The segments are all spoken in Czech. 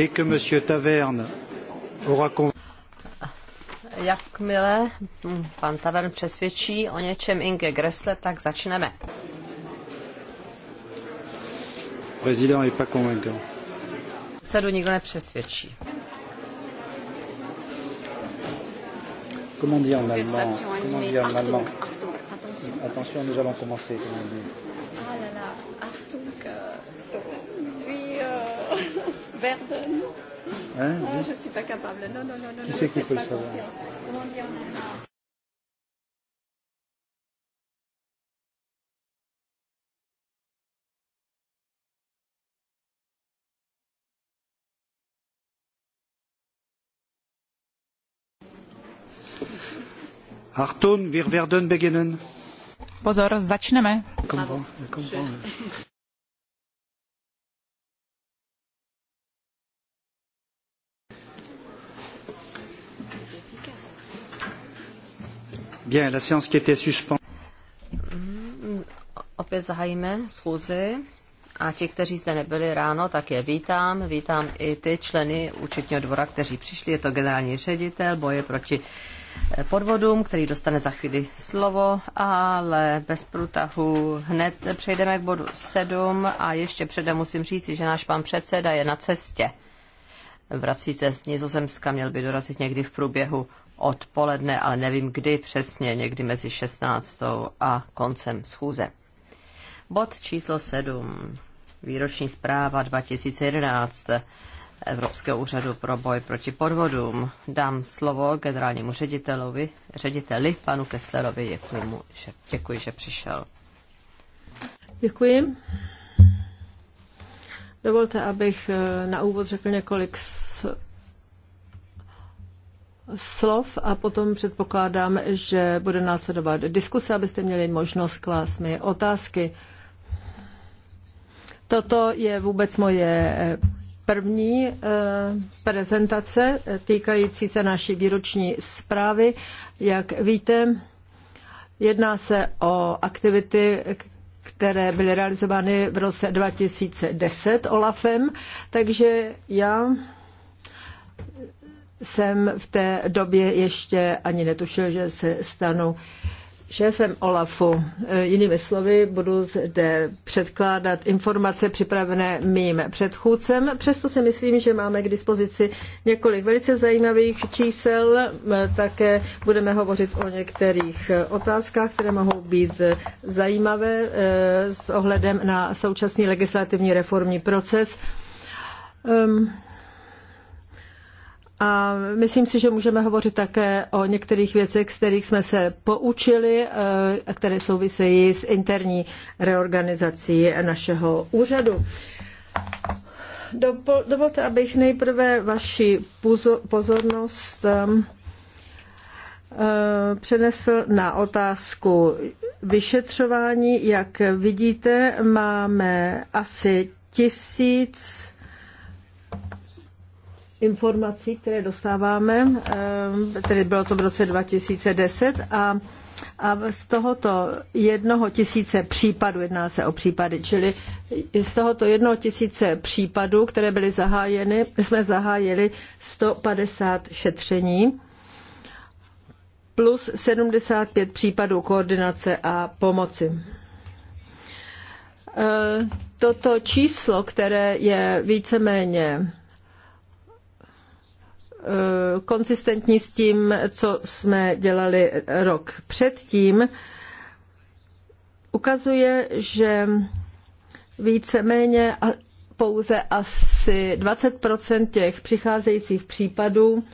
Dès que Monsieur Taverne aura Jakmile pan Tavern přesvědčí o něčem Inge Gressle, tak začneme. Prezident je pas convaincant. Sedu nikdo nepřesvědčí. Comment dire en allemand Comment dire en allemand Attention, nous allons commencer. Comment dire Verden. Hein, oh, oui. Je ne suis pas capable. Non, non, non, non. Qui c'est qui peut le savoir Hartun, wir werden beginnen. Pozor, začneme. Kompo, kompo. Bien, la séance qui était suspendue. Mm, opět zahájíme schůzi a ti, kteří zde nebyli ráno, tak je vítám. Vítám i ty členy účetního dvora, kteří přišli. Je to generální ředitel boje proti eh, podvodům, který dostane za chvíli slovo, ale bez průtahu hned přejdeme k bodu 7 a ještě předem musím říci, že náš pan předseda je na cestě. Vrací se z Nizozemska, měl by dorazit někdy v průběhu odpoledne, ale nevím kdy přesně, někdy mezi 16. a koncem schůze. Bod číslo 7. Výroční zpráva 2011 Evropského úřadu pro boj proti podvodům. Dám slovo generálnímu ředitelovi, řediteli, panu Kesslerovi. Děkuji, mu, že, děkuji, že přišel. Děkuji. Dovolte, abych eh, na úvod řekl několik slov a potom předpokládám, že bude následovat diskuse, abyste měli možnost klást mi otázky. Toto je vůbec moje eh, první eh, prezentace týkající se naší výroční zprávy. Jak víte, jedná se o aktivity, které byly realizovány v roce 2010 OLAFem, takže já jsem v té době ještě ani netušil, že se stanu šéfem OLAFu. Jinými slovy, budu zde předkládat informace připravené mým předchůdcem. Přesto si myslím, že máme k dispozici několik velice zajímavých čísel. Také budeme hovořit o některých otázkách, které mohou být zajímavé eh, s ohledem na současný legislativní reformní proces. Ehm, a myslím si, že můžeme hovořit také o některých věcech, z kterých jsme se poučili, eh, a které souvisejí s interní reorganizací našeho úřadu. Dovolte, abych nejprve vaši pozornost ehm, eh, přenesl na otázku vyšetřování. Jak vidíte, máme asi tisíc informací, které dostáváme, eh, tedy bylo to v roce 2010 a a z tohoto jednoho tisíce případů, jedná se o případy, čili z tohoto jednoho tisíce případů, které byly zahájeny, jsme zahájili 150 šetření plus 75 případů koordinace a pomoci. Eh, toto číslo, které je víceméně Eh, konzistentní s tím, co jsme dělali rok předtím, ukazuje, že víceméně pouze asi 20 těch přicházejících případů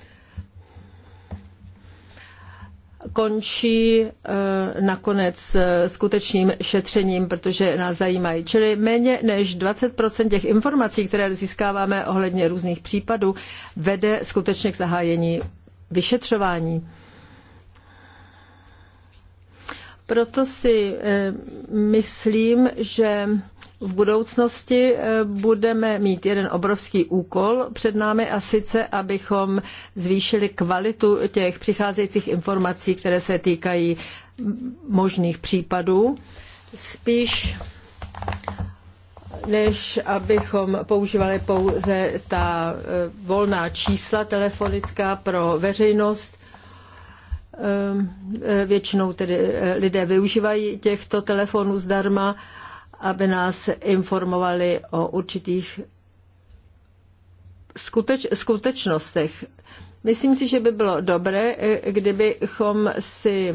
končí eh, nakonec eh, skutečným šetřením, protože nás zajímají. Čili méně než 20% těch informací, které získáváme ohledně různých případů, vede skutečně k zahájení vyšetřování. Proto si eh, myslím, že v budoucnosti eh, budeme mít jeden obrovský úkol před námi a sice, abychom zvýšili kvalitu těch přicházejících informací, které se týkají možných případů, spíš než abychom používali pouze ta eh, volná čísla telefonická pro veřejnost, eh, většinou tedy lidé využívají těchto telefonů zdarma aby nás informovali o určitých skuteč, skutečnostech. Myslím si, že by bylo dobré, kdybychom si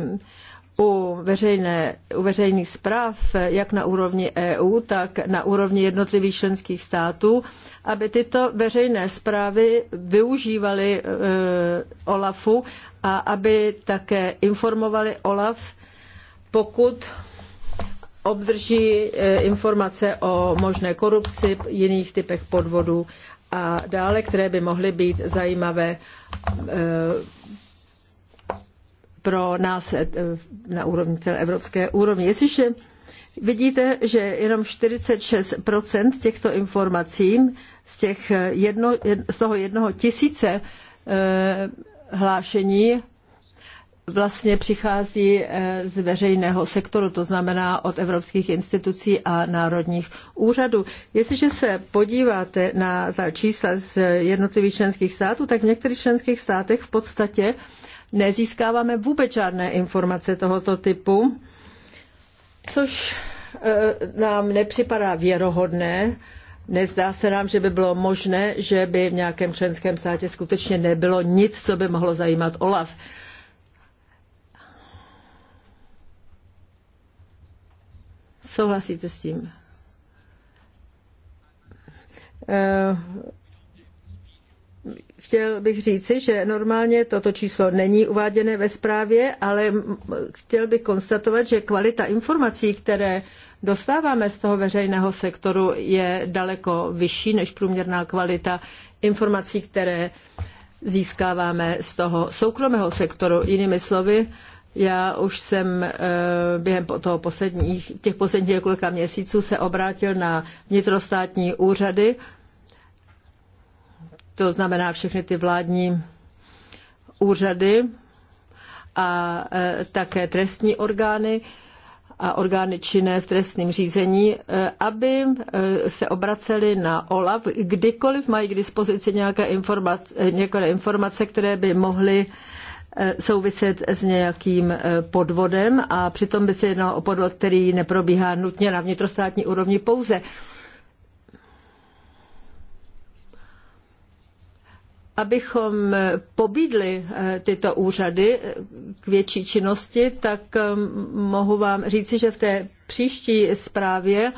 u, veřejné, u veřejných zpráv, jak na úrovni EU, tak na úrovni jednotlivých členských států, aby tyto veřejné zprávy využívaly e, OLAFu a aby také informovali OLAF, pokud obdrží eh, informace o možné korupci, jiných typech podvodů a dále, které by mohly být zajímavé eh, pro nás eh, na úrovni celé evropské úrovni. Jestliže vidíte, že jenom 46% těchto informací z, těch jedno, z toho jednoho tisíce hlášení vlastně přichází eh, z veřejného sektoru, to znamená od evropských institucí a národních úřadů. Jestliže se podíváte na ta čísla z jednotlivých členských států, tak v některých členských státech v podstatě nezískáváme vůbec žádné informace tohoto typu, což eh, nám nepřipadá věrohodné. Nezdá se nám, že by bylo možné, že by v nějakém členském státě skutečně nebylo nic, co by mohlo zajímat OLAF. Souhlasíte s tím? Eh, chtěl bych říci, že normálně toto číslo není uváděné ve zprávě, ale chtěl bych konstatovat, že kvalita informací, které dostáváme z toho veřejného sektoru, je daleko vyšší než průměrná kvalita informací, které získáváme z toho soukromého sektoru. Jinými slovy, já už jsem eh, během toho posledních, těch posledních několika měsíců se obrátil na vnitrostátní úřady, to znamená všechny ty vládní úřady a eh, také trestní orgány a orgány činné v trestním řízení, eh, aby se obraceli na OLAF, kdykoliv mají k dispozici nějaké informace, některé informace které by mohly Eh, souviset s nějakým eh, podvodem a přitom by se jednalo o podvod, který neprobíhá nutně na vnitrostátní úrovni pouze. Abychom eh, pobídli tyto úřady k větší činnosti, tak mohu vám říci, že v té příští zprávě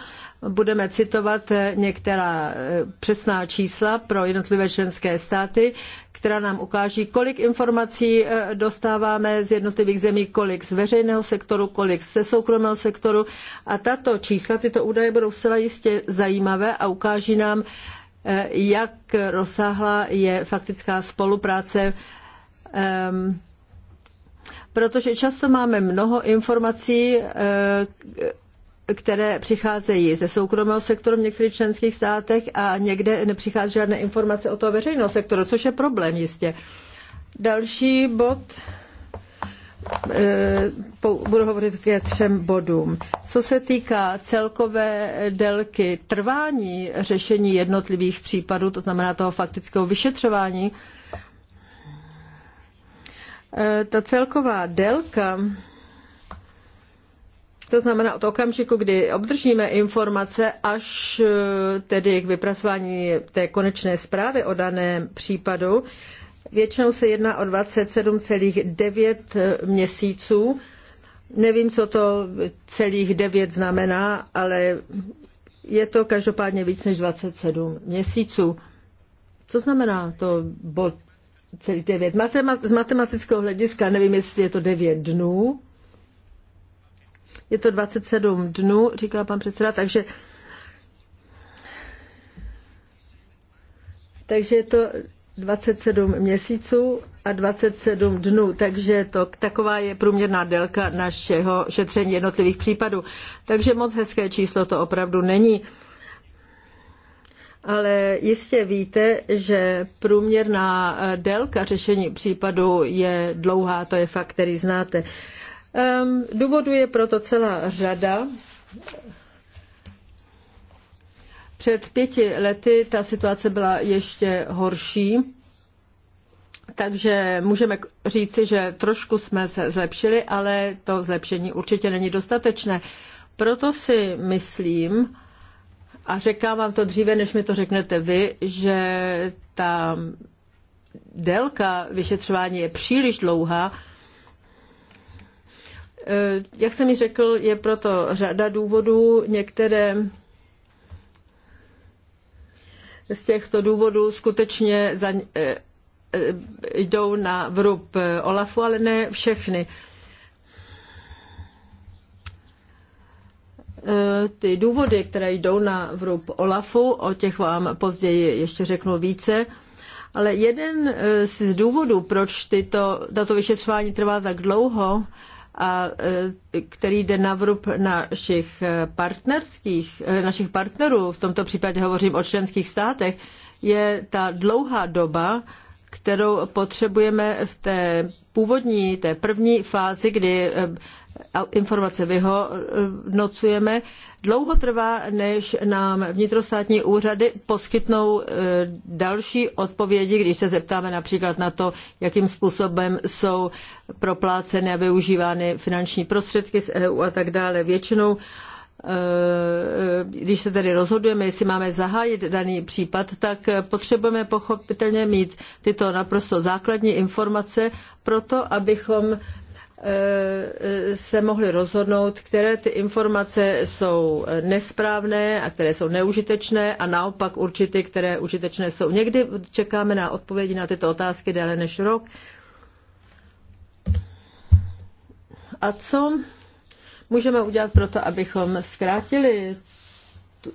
budeme citovat některá přesná čísla pro jednotlivé členské státy, která nám ukáže, kolik informací eh, dostáváme z jednotlivých zemí, kolik z veřejného sektoru, kolik ze soukromého sektoru. A tato čísla, tyto údaje budou zcela jistě zajímavé a ukáží nám, eh, jak rozsáhlá je faktická spolupráce ehm, protože často máme mnoho informací, eh, které přicházejí ze soukromého sektoru v některých členských státech a někde nepřichází žádné informace o toho veřejného sektoru, což je problém jistě. Další bod eh, budu hovořit ke třem bodům. Co se týká celkové délky trvání řešení jednotlivých případů, to znamená toho faktického vyšetřování, eh, ta celková délka to znamená od okamžiku, kdy obdržíme informace, až eh, tedy k vypracování té konečné zprávy o daném případu, většinou se jedná o 27,9 měsíců. Nevím, co to celých 9 znamená, ale je to každopádně víc než 27 měsíců. Co znamená to bod celý 9? z matematického hlediska nevím, jestli je to 9 dnů, je to 27 dnů, říká pan předseda, takže takže je to 27 měsíců a 27 dnů, takže to, taková je průměrná délka našeho šetření jednotlivých případů. Takže moc hezké číslo to opravdu není. Ale jistě víte, že průměrná délka řešení případu je dlouhá, to je fakt, který znáte. Ehm, důvodu je proto celá řada. Před pěti lety ta situace byla ještě horší, takže můžeme říci, že trošku jsme se zlepšili, ale to zlepšení určitě není dostatečné. Proto si myslím, a řekám vám to dříve, než mi to řeknete vy, že ta délka vyšetřování je příliš dlouhá, Eh, jak jsem mi řekl, je proto řada důvodů. Některé z těchto důvodů skutečně za, eh, eh, jdou na vrub Olafu, ale ne všechny. Ty důvody, které jdou na vrub Olafu, o těch vám později ještě řeknu více, ale jeden z důvodů, proč tyto, tato vyšetřování trvá tak dlouho, a e, který jde na vrub našich partnerských, e, našich partnerů, v tomto případě hovořím o členských státech, je ta dlouhá doba, kterou potřebujeme v té původní, té první fázi, kdy e, informace vyhodnocujeme. Dlouho trvá, než nám vnitrostátní úřady poskytnou e, další odpovědi, když se zeptáme například na to, jakým způsobem jsou propláceny a využívány finanční prostředky z EU a tak dále. Většinou e, e, když se tedy rozhodujeme, jestli máme zahájit daný případ, tak potřebujeme pochopitelně mít tyto naprosto základní informace pro to, abychom Eh, se mohli rozhodnout, které ty informace jsou nesprávné a které jsou neužitečné a naopak určitě, které užitečné jsou. Někdy čekáme na odpovědi na tyto otázky déle než rok. A co můžeme udělat pro to, abychom zkrátili tu,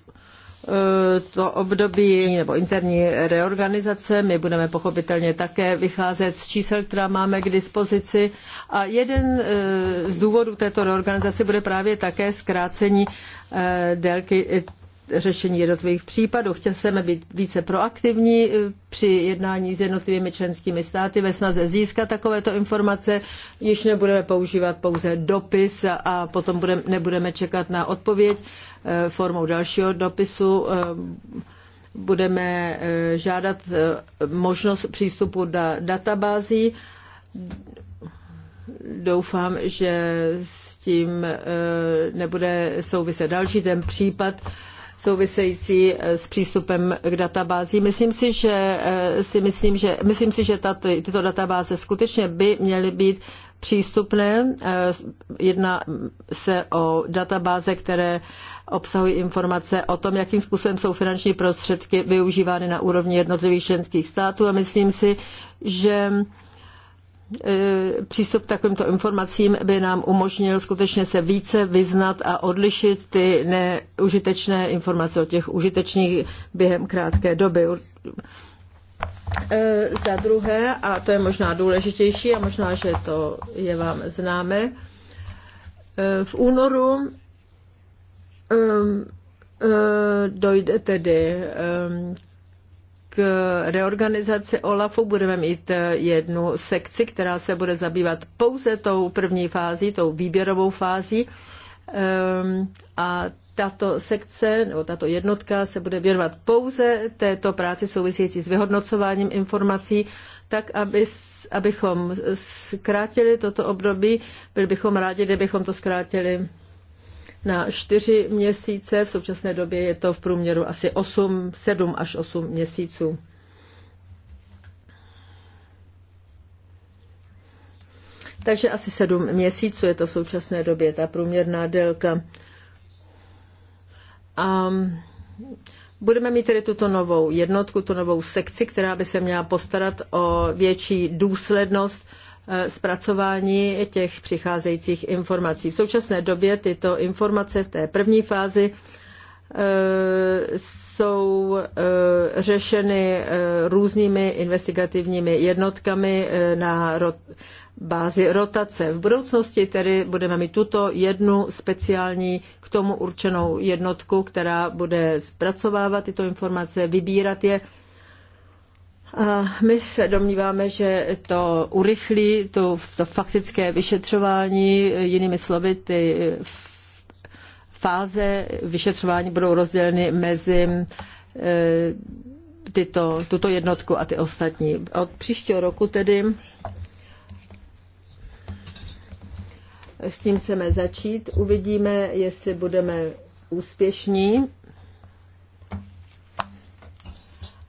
Eh, to období nebo interní reorganizace. My budeme pochopitelně také vycházet z čísel, která máme k dispozici. A jeden eh, z důvodů této reorganizace bude právě také zkrácení eh, délky řešení jednotlivých případů. Chceme být více proaktivní eh, při jednání s jednotlivými členskými státy ve snaze získat takovéto informace. Již nebudeme používat pouze dopis a potom budeme, nebudeme čekat na odpověď eh, formou dalšího dopisu. Eh, budeme žádat možnost přístupu do databází. Doufám, že s tím nebude souviset další ten případ související eh, s přístupem k databázi. Myslím si, že, eh, si myslím, že, myslím si, že tato, tyto databáze skutečně by měly být přístupné. Eh, jedná se o databáze, které obsahují informace o tom, jakým způsobem jsou finanční prostředky využívány na úrovni jednotlivých členských států a myslím si, že Eh, přístup k takovýmto informacím by nám umožnil skutečně se více vyznat a odlišit ty neužitečné informace od těch užitečných během krátké doby. Eh, za druhé, a to je možná důležitější a možná, že to je vám známe, eh, v únoru dojde tedy reorganizaci OLAFu budeme mít eh, jednu sekci, která se bude zabývat pouze tou první fází, tou výběrovou fází. Ehm, a tato sekce nebo tato jednotka se bude věnovat pouze této práci související s vyhodnocováním informací, tak aby, abychom zkrátili toto období. Byli bychom rádi, kdybychom to zkrátili na čtyři měsíce. V současné době je to v průměru asi 8, 7 až 8 měsíců. Takže asi 7 měsíců je to v současné době ta průměrná délka. A Budeme mít tedy tuto novou jednotku, tu novou sekci, která by se měla postarat o větší důslednost Eh, zpracování těch přicházejících informací. V současné době tyto informace v té první fázi eh, jsou eh, řešeny různými investigativními jednotkami na bázi rotace. V budoucnosti tedy budeme mít tuto jednu speciální k tomu určenou jednotku, která bude zpracovávat tyto informace, vybírat je my se domníváme, že to urychlí to, to faktické vyšetřování, jinými slovy, ty fáze vyšetřování budou rozděleny mezi eh, tyto, tuto jednotku a ty ostatní. Od příštího roku tedy s tím chceme začít. Uvidíme, jestli budeme úspěšní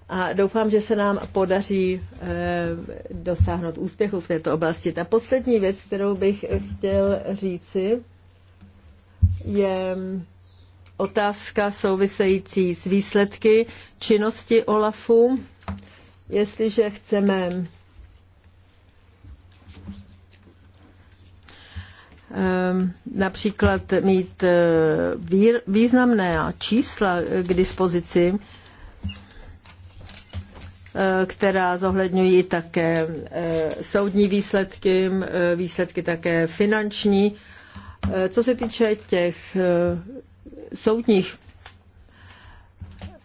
a doufám, že se nám podaří eh, dosáhnout úspěchu v této oblasti. Ta poslední věc, kterou bych chtěl říci, je otázka související s výsledky činnosti OLAFu. Jestliže chceme ehm, například mít eh, významné čísla k dispozici, Eh, která zohledňují také eh, soudní výsledky, eh, výsledky také finanční. Co se týče těch soudních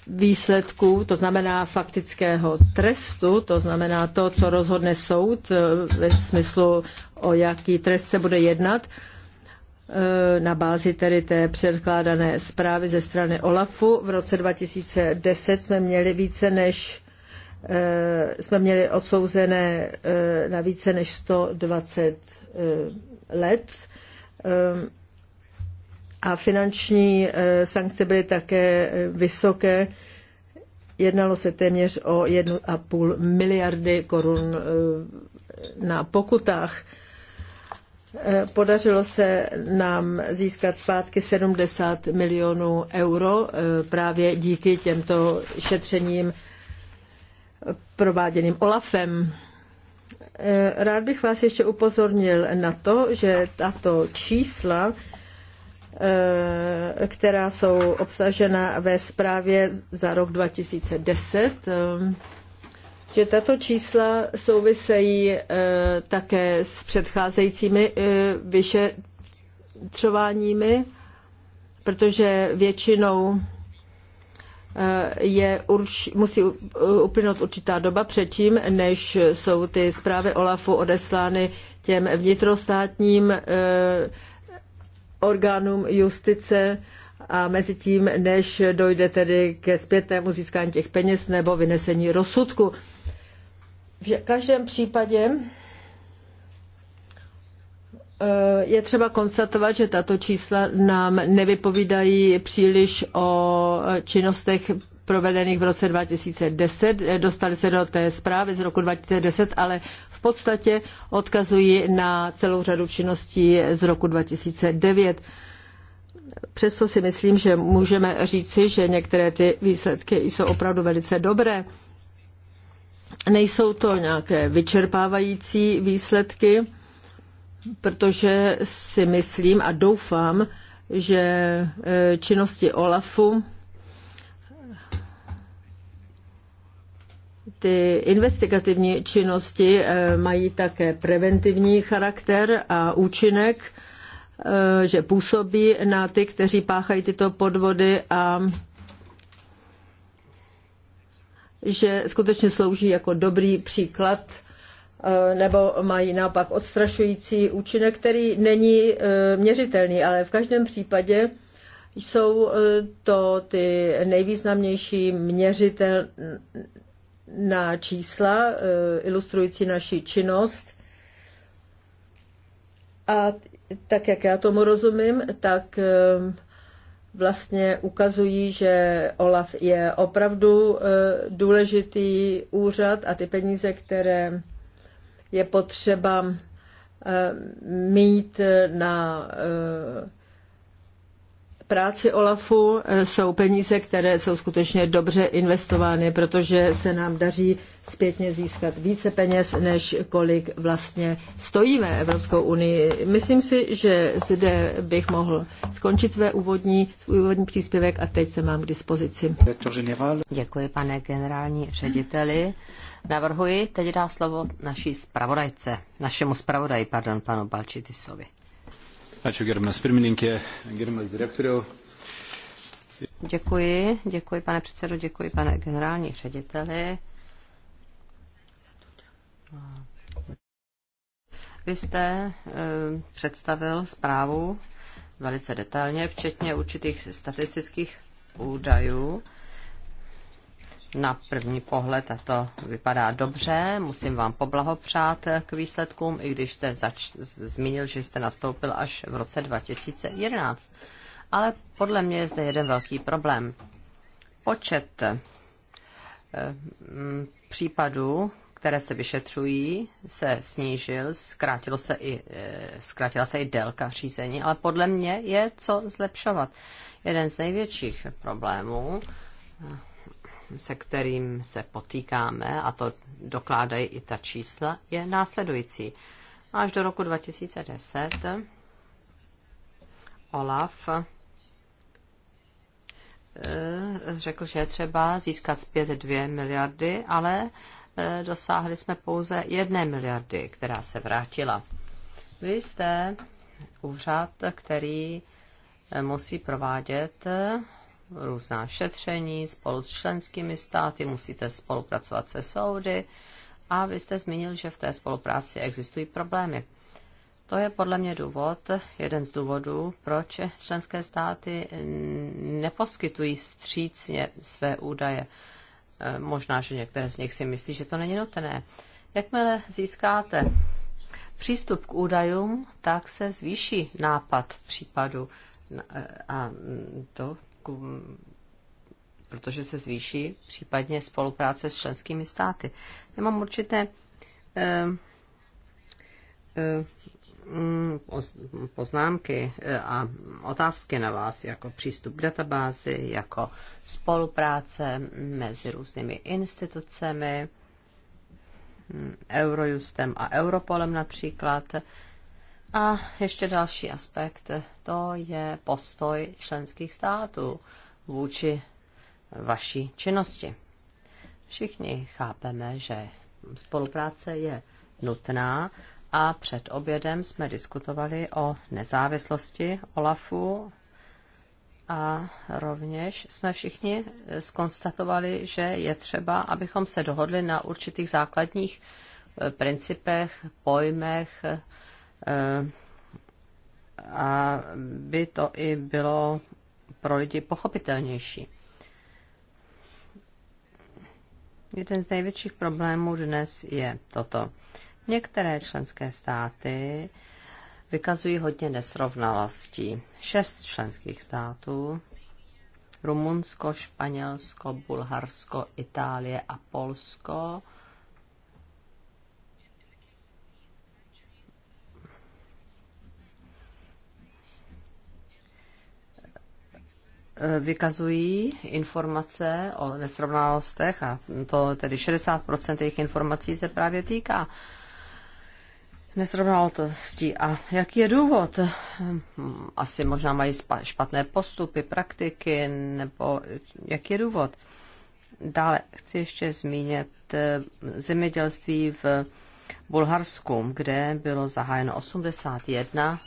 výsledků, to znamená faktického trestu, to znamená to, co rozhodne soud ve smyslu, o jaký trest se bude jednat, na bázi tedy té předkládané zprávy ze strany OLAFu. V roce 2010 jsme měli více než Eh, jsme měli odsouzené eh, na více než 120 eh, let a finanční sankce byly také vysoké. Jednalo se téměř o 1,5 miliardy korun na pokutách. Podařilo se nám získat zpátky 70 milionů euro právě díky těmto šetřením prováděným OLAFem. Eh, rád bych vás ještě upozornil na to, že tato čísla, eh, která jsou obsažena ve zprávě za rok 2010, eh, že tato čísla souvisejí také s předcházejícími vyšetřováními, protože většinou Eh, je urč, musí eh, uplynout určitá doba předtím, než jsou ty zprávy OLAFu odeslány těm vnitrostátním eh, orgánům justice a mezi tím, než dojde tedy ke zpětnému získání těch peněz nebo vynesení rozsudku. V každém případě Eh, je třeba konstatovat, že tato čísla nám nevypovídají příliš o činnostech provedených v roce 2010. Eh, dostali se do té zprávy z roku 2010, ale v podstatě odkazují na celou řadu činností z roku 2009. Přesto si myslím, že můžeme říci, že některé ty výsledky jsou opravdu velice dobré. Nejsou to nějaké vyčerpávající výsledky protože si myslím a doufám, že eh, činnosti OLAFu ty investigativní činnosti eh, mají také preventivní charakter a účinek, eh, že působí na ty, kteří páchají tyto podvody a že skutečně slouží jako dobrý příklad Eh, nebo mají naopak odstrašující účinek, který není eh, měřitelný, ale v každém případě jsou eh, to ty nejvýznamnější měřitelná čísla, ilustrující naši činnost. A tak, jak já tomu rozumím, tak vlastně ukazují, že OLAF je opravdu důležitý úřad a ty peníze, které je potřeba eh, mít na eh, práci OLAFu eh, jsou peníze, které jsou skutečně dobře investovány, protože se nám daří zpětně získat více peněz, než kolik vlastně stojíme Evropskou unii. Myslím si, že zde bych mohl skončit své úvodní, svůj úvodní příspěvek a teď se mám k dispozici. Děkuji, pane generální řediteli navrhuji teď dá slovo naší zpravodajce, našemu zpravodaji, pardon, panu Balčitisovi. Ačiū, pirmininkė, direktoriau. Děkuji, děkuji pane předsedo, děkuji pane generální řediteli. Vy jste eh, představil zprávu velice detailně, včetně určitých statistických údajů na první pohled a to vypadá dobře. Musím vám poblahopřát k výsledkům, i když jste zač- zmínil, že jste nastoupil až v roce 2011. Ale podle mě je zde jeden velký problém. Počet eh, mm, případů, které se vyšetřují, se snížil, zkrátilo se i, eh, zkrátila se i délka řízení, ale podle mě je co zlepšovat. Jeden z největších problémů eh, se kterým se potýkáme, a to dokládají i ta čísla, je následující. Až do roku 2010 Olaf eh, řekl, že je třeba získat zpět 2 miliardy, ale eh, dosáhli jsme pouze 1 miliardy, která se vrátila. Vy jste úřad, který eh, musí provádět různá šetření spolu s členskými státy, musíte spolupracovat se soudy a vy jste zmínil, že v té spolupráci existují problémy. To je podle mě důvod, jeden z důvodů, proč členské státy neposkytují vstřícně své údaje. E, možná, že některé z nich si myslí, že to není nutné. Jakmile získáte přístup k údajům, tak se zvýší nápad případu. E, a to protože se zvýší případně spolupráce s členskými státy. Já mám určité eh, eh, poznámky eh, a otázky na vás, jako přístup k databázi, jako spolupráce mezi různými institucemi, hm, Eurojustem a Europolem například. A ještě další aspekt, to je postoj členských států vůči vaší činnosti. Všichni chápeme, že spolupráce je nutná a před obědem jsme diskutovali o nezávislosti OLAFu a rovněž jsme všichni skonstatovali, že je třeba, abychom se dohodli na určitých základních principech, pojmech, Eh, a by to i bylo pro lidi pochopitelnější. Jeden z největších problémů dnes je toto. Některé členské státy vykazují hodně nesrovnalostí. Šest členských států Rumunsko, Španělsko, Bulharsko, Itálie a Polsko vykazují informace o nesrovnalostech a to tedy 60% jejich informací se právě týká nesrovnalostí. A jaký je důvod? Asi možná mají špatné postupy, praktiky, nebo jaký je důvod? Dále chci ještě zmínit eh, zemědělství v Bulharsku, kde bylo zahájeno 81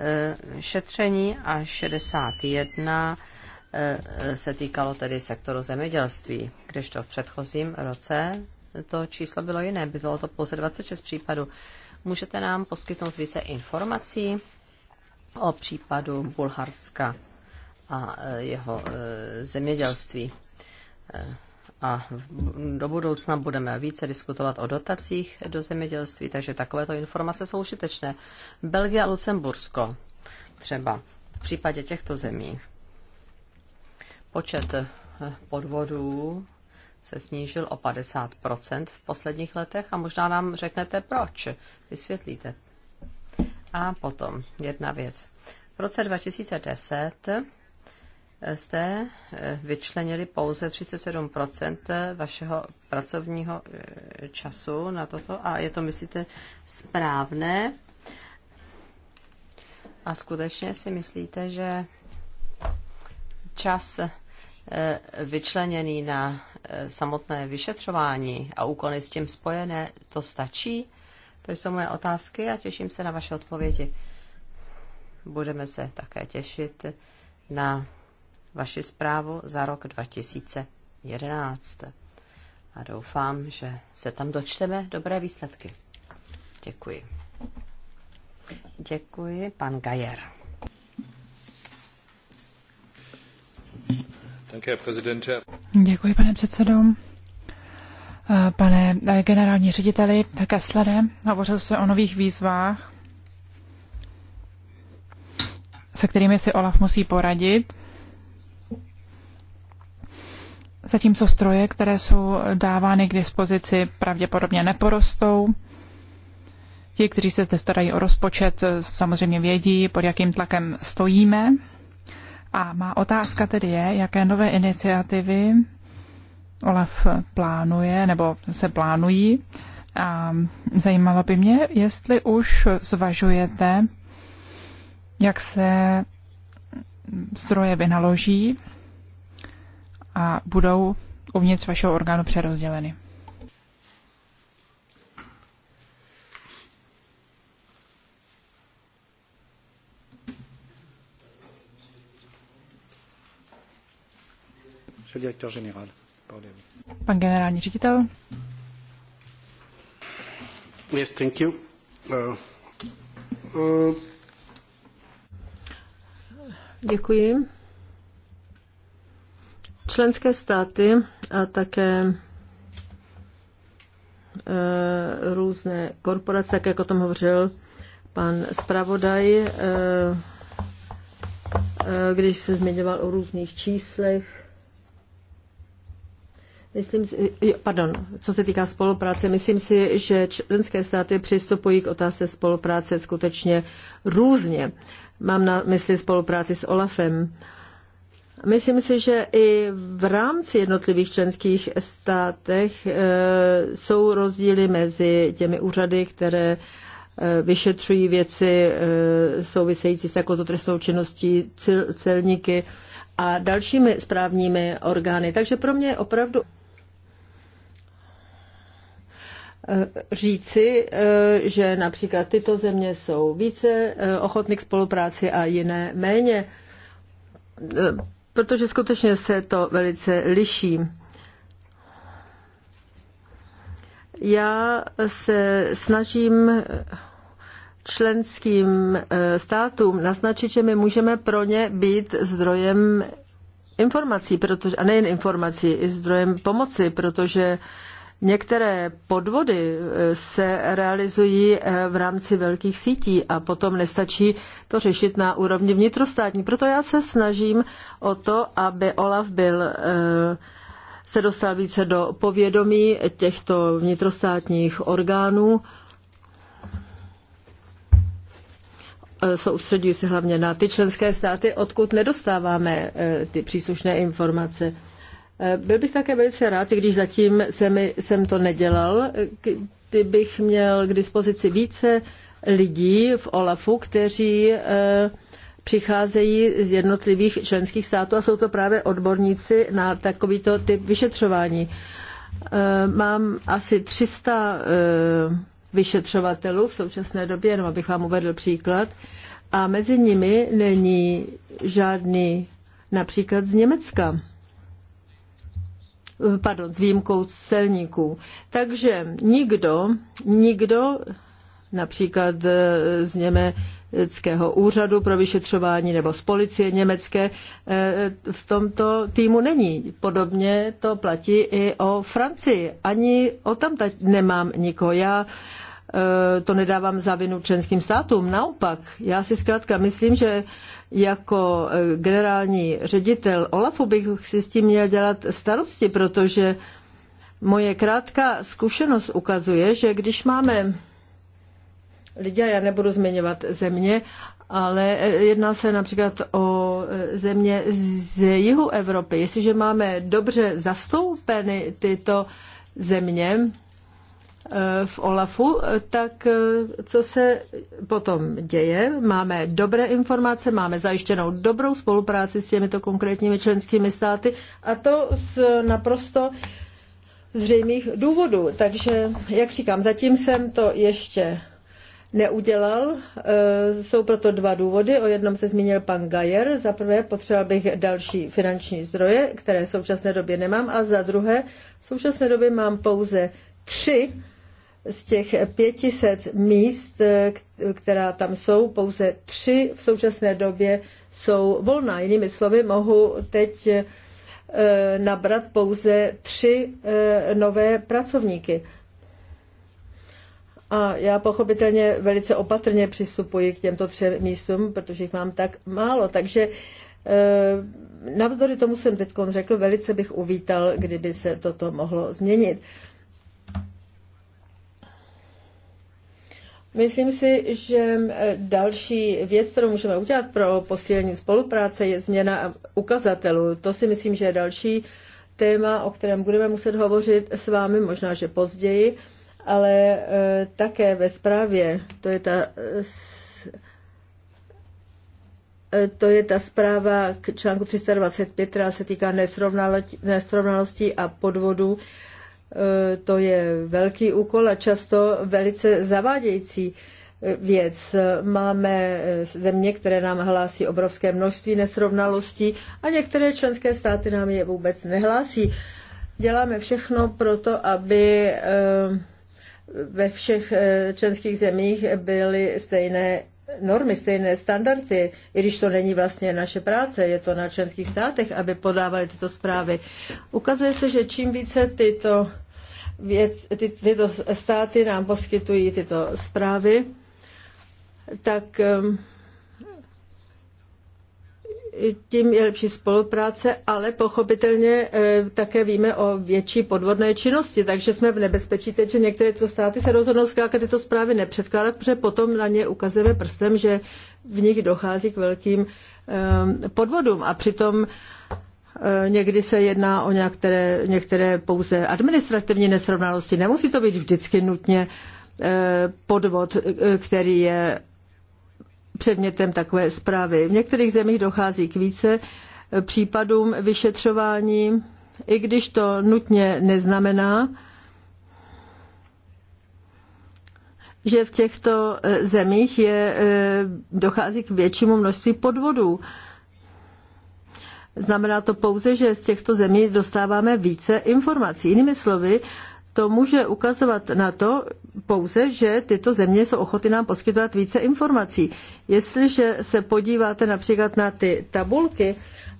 eh, šetření a 61 Eh, se týkalo tedy sektoru zemědělství, kdežto v předchozím roce to číslo bylo jiné, bylo to pouze 26 případů. Můžete nám poskytnout více informací o případu Bulharska a eh, jeho eh, zemědělství? a do budoucna budeme více diskutovat o dotacích do zemědělství, takže takovéto informace jsou užitečné. Belgie a Lucembursko třeba v případě těchto zemí Počet eh, podvodů se snížil o 50 v posledních letech a možná nám řeknete proč. Vysvětlíte. A potom jedna věc. V roce 2010 eh, jste eh, vyčlenili pouze 37 vašeho pracovního času na toto a je to, myslíte, správné? A skutečně si myslíte, že čas vyčleněný na eh, samotné vyšetřování a úkony s tím spojené, to stačí? To jsou moje otázky a těším se na vaše odpovědi. Budeme se také těšit na vaši zprávu za rok 2011. A doufám, že se tam dočteme dobré výsledky. Děkuji. Děkuji, pan Gajer. Děkuji, pane předsedo. Eh, pane eh, generální řediteli Kesslere, hovořil se o nových výzvách, se kterými si Olaf musí poradit. Zatímco stroje, které jsou dávány k dispozici, pravděpodobně neporostou. Ti, kteří se zde starají o rozpočet, samozřejmě vědí, pod jakým tlakem stojíme. A má otázka tedy je, jaké nové iniciativy OLAF plánuje nebo se plánují. A zajímalo by mě, jestli už zvažujete, jak se zdroje vynaloží a budou uvnitř vašeho orgánu přerozděleny. le directeur général. Pardon. Pan generální ředitel. Yes, thank you. Uh, uh... Děkuji. Členské státy a také uh, různé korporace, tak jak o tom hovořil pan zpravodaj, uh, uh, když se zmiňoval o různých číslech, Myslím si, pardon, co se týká spolupráce, myslím si, že členské státy přistupují k otázce spolupráce skutečně různě. Mám na mysli spolupráci s OLAFem. Myslím si, že i v rámci jednotlivých členských státech e, jsou rozdíly mezi těmi úřady, které e, vyšetřují věci e, související s takovou trestnou činností, cel, celníky a dalšími správními orgány. Takže pro mě je opravdu Eh, říci, eh, že například tyto země jsou více eh, ochotny k spolupráci a jiné méně, protože skutečně se to velice liší. Já se snažím členským státům naznačit, že my můžeme pro ně být zdrojem informací, protože, a nejen informací, i zdrojem pomoci, protože uh, Některé podvody eh, se realizují eh, v rámci velkých sítí a potom nestačí to řešit na úrovni vnitrostátní. Proto já se snažím o to, aby OLAF byl eh, se dostal více do povědomí těchto vnitrostátních orgánů. Soustředují se hlavně na ty členské státy, odkud nedostáváme ty příslušné informace. Eh, byl bych také velice rád, i když zatím jsem, jsem to nedělal, kdybych měl k dispozici více lidí v OLAFu, kteří eh, přicházejí z jednotlivých členských států a jsou to právě odborníci na takovýto typ vyšetřování. Eh, mám asi 300 vyšetřovatelů v současné době, jenom abych vám uvedl příklad, a mezi nimi není žádný například z Německa pardon, s výjimkou celníků. Takže nikdo, nikdo například e, z německého úřadu pro vyšetřování nebo z policie německé e, v tomto týmu není. Podobně to platí i o Francii. Ani o tam nemám nikoho. Já Eh, to nedávám za vinu členským státům. Naopak, já si zkrátka myslím, že jako eh, generální ředitel Olafu bych si s tím měl dělat starosti, protože moje krátká zkušenost ukazuje, že když máme lidi, a já nebudu zmiňovat země, ale eh, jedná se například o země z jihu Evropy. Jestliže máme dobře zastoupeny tyto země, v OLAFu, tak eh, co se potom děje? Máme dobré informace, máme zajištěnou dobrou spolupráci s těmito konkrétními členskými státy a to z naprosto zřejmých důvodů. Takže, jak říkám, zatím jsem to ještě neudělal. Eh, jsou proto dva důvody. O jednom se zmínil pan Gajer. Za prvé potřeboval bych další finanční zdroje, které v současné době nemám. A za druhé, v současné době mám pouze tři z těch 500 míst, eh, která tam jsou, pouze tři v současné době jsou volná. Jinými slovy, mohu teď eh, nabrat pouze tři eh, nové pracovníky. A já pochopitelně velice opatrně přistupuji k těmto třem místům, protože jich mám tak málo. Takže navzdory tomu jsem teď řekl, velice bych uvítal, kdyby se toto mohlo změnit. Myslím si, že e, další věc, kterou můžeme udělat pro posílení spolupráce, je změna ukazatelů. To si myslím, že je další téma, o kterém budeme muset hovořit s vámi, možná, že později, ale e, také ve zprávě. To je ta e, to je ta zpráva k článku 325, která se týká nesrovnalostí a podvodů E, to je velký úkol a často velice zavádějící e, věc. Máme e, země, které nám hlásí obrovské množství nesrovnalostí a některé členské státy nám je vůbec nehlásí. Děláme všechno pro to, aby ve všech členských zemích byly stejné normy, stejné standardy, i když to není vlastně naše práce, je to na členských státech, aby podávali tyto zprávy. Ukazuje se, že čím více tyto, věc, ty, tyto státy nám poskytují tyto zprávy, tak um, tím je lepší spolupráce, ale pochopitelně eh, také víme o větší podvodné činnosti, takže jsme v nebezpečí teď, že některé to státy se rozhodnou zkrátka tyto zprávy nepředkládat, protože potom na ně ukazujeme prstem, že v nich dochází k velkým eh, podvodům a přitom eh, Někdy se jedná o některé, některé pouze administrativní nesrovnalosti. Nemusí to být vždycky nutně podvod, který je předmětem takové zprávy. V některých zemích dochází k více případům vyšetřování, i když to nutně neznamená, že v těchto e, zemích je, e, dochází k většímu množství podvodů. Znamená to pouze, že z těchto zemí dostáváme více informací. Jinými slovy, to může ukazovat na to, pouze, že tyto země jsou ochoty nám poskytovat více informací. Jestliže se podíváte například na ty tabulky,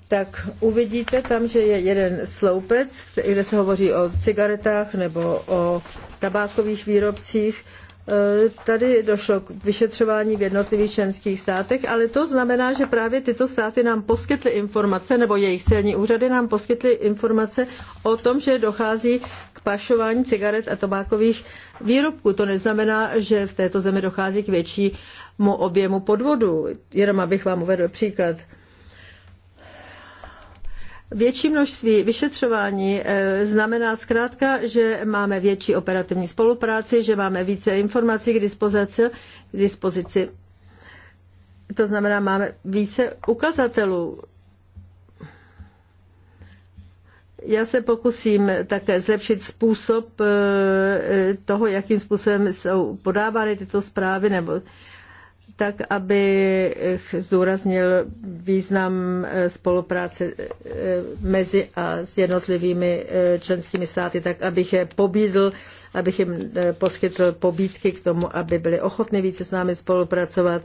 tak uvidíte tam, že je jeden sloupec, kde se hovoří o cigaretách nebo o tabákových výrobcích Eh, tady došlo k vyšetřování v jednotlivých členských státech, ale to znamená, že právě tyto státy nám poskytly informace, nebo jejich silní úřady nám poskytly informace o tom, že dochází k pašování cigaret a tobákových výrobků. To neznamená, že v této zemi dochází k většímu objemu podvodu. Jenom abych vám uvedl příklad. Větší množství vyšetřování eh, znamená zkrátka, že máme větší operativní spolupráci, že máme více informací k dispozici. K dispozici. To znamená, máme více ukazatelů. Já se pokusím také zlepšit způsob eh, toho, jakým způsobem jsou podávány tyto zprávy nebo tak aby zdůraznil význam eh, spolupráce eh, mezi a s jednotlivými eh, členskými státy, tak abych je pobídl, abych jim poskytl pobídky k tomu, aby byli ochotni více s námi spolupracovat.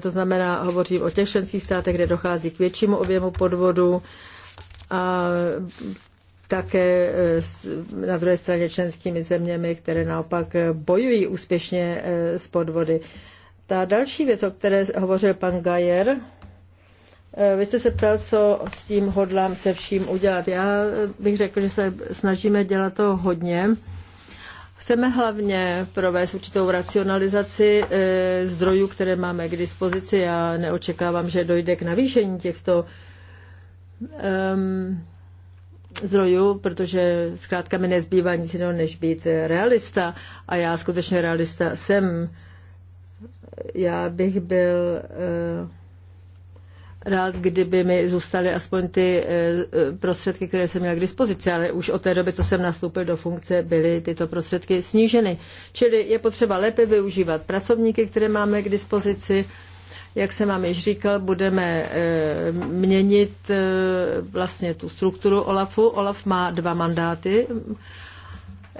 To znamená, hovořím o těch členských státech, kde dochází k většímu objemu podvodu a také eh, na druhé straně členskými zeměmi, které naopak eh, bojují úspěšně eh, s podvody. Ta další věc, o které hovořil pan Gajer, vy jste se ptal, co s tím hodlám se vším udělat. Já bych řekl, že se snažíme dělat to hodně. Chceme hlavně provést určitou racionalizaci zdrojů, které máme k dispozici. Já neočekávám, že dojde k navýšení těchto um, zdrojů, protože zkrátka mi nezbývá nic jiného, než být realista. A já skutečně realista jsem. Já bych byl eh, rád, kdyby mi zůstaly aspoň ty eh, prostředky, které jsem měl k dispozici, ale už od té doby, co jsem nastoupil do funkce, byly tyto prostředky sníženy. Čili je potřeba lépe využívat pracovníky, které máme k dispozici, jak jsem vám již říkal, budeme eh, měnit eh, vlastně tu strukturu OLAFu. OLAF má dva mandáty.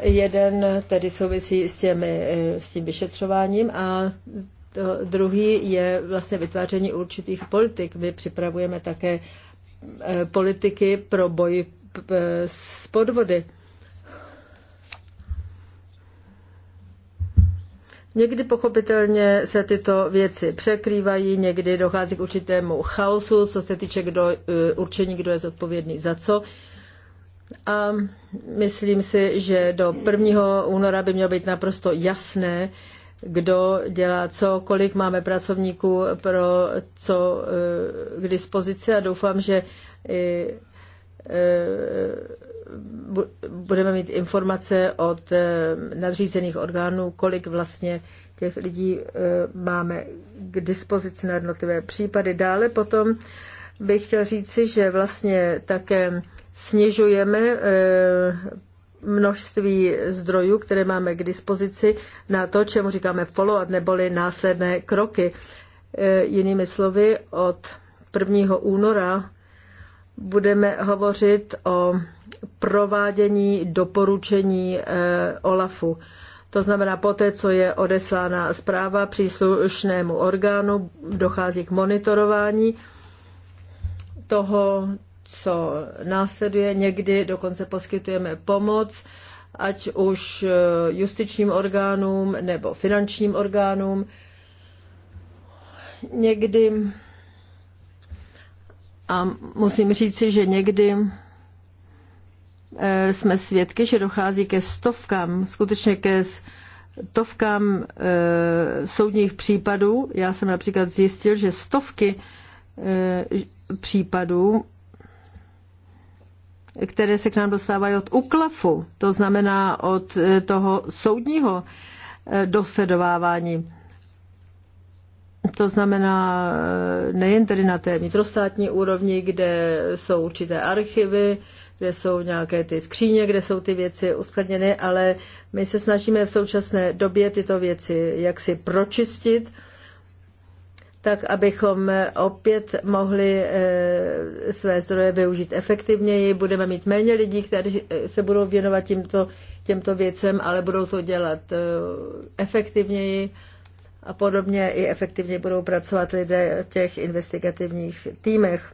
Jeden tedy souvisí s, těmi, eh, s tím vyšetřováním a druhý je vlastně vytváření určitých politik. My připravujeme také politiky pro boj s podvody. Někdy pochopitelně se tyto věci překrývají, někdy dochází k určitému chaosu, co se týče kdo, e, určení, kdo je zodpovědný za co. A myslím si, že do 1. února by mělo být naprosto jasné, kdo dělá co, kolik máme pracovníků pro co e, k dispozici a doufám, že i e, budeme mít informace od eh, nadřízených orgánů, kolik vlastně těch lidí eh, máme k dispozici na jednotlivé případy. Dále potom bych chtěl říci, že vlastně také snižujeme eh, množství zdrojů, které máme k dispozici na to, čemu říkáme follow-up neboli následné kroky. Jinými slovy, od 1. února budeme hovořit o provádění doporučení eh, OLAFu. To znamená, poté, co je odeslána zpráva příslušnému orgánu, dochází k monitorování toho, co následuje. Někdy dokonce poskytujeme pomoc, ať už eh, justičním orgánům nebo finančním orgánům. Někdy, a musím říci, že někdy Eh, jsme svědky, že dochází ke stovkám, skutečně ke stovkám eh, soudních případů. Já jsem například zjistil, že stovky eh, případů které se k nám dostávají od UKLAFu, to znamená od toho soudního dosledovávání. To znamená nejen tedy na té vnitrostátní úrovni, kde jsou určité archivy, kde jsou nějaké ty skříně, kde jsou ty věci uskladněny, ale my se snažíme v současné době tyto věci jaksi pročistit, tak abychom opět mohli eh, své zdroje využít efektivněji. Budeme mít méně lidí, kteří eh, se budou věnovat tímto, těmto věcem, ale budou to dělat eh, efektivněji a podobně i efektivně budou pracovat lidé v těch investigativních týmech.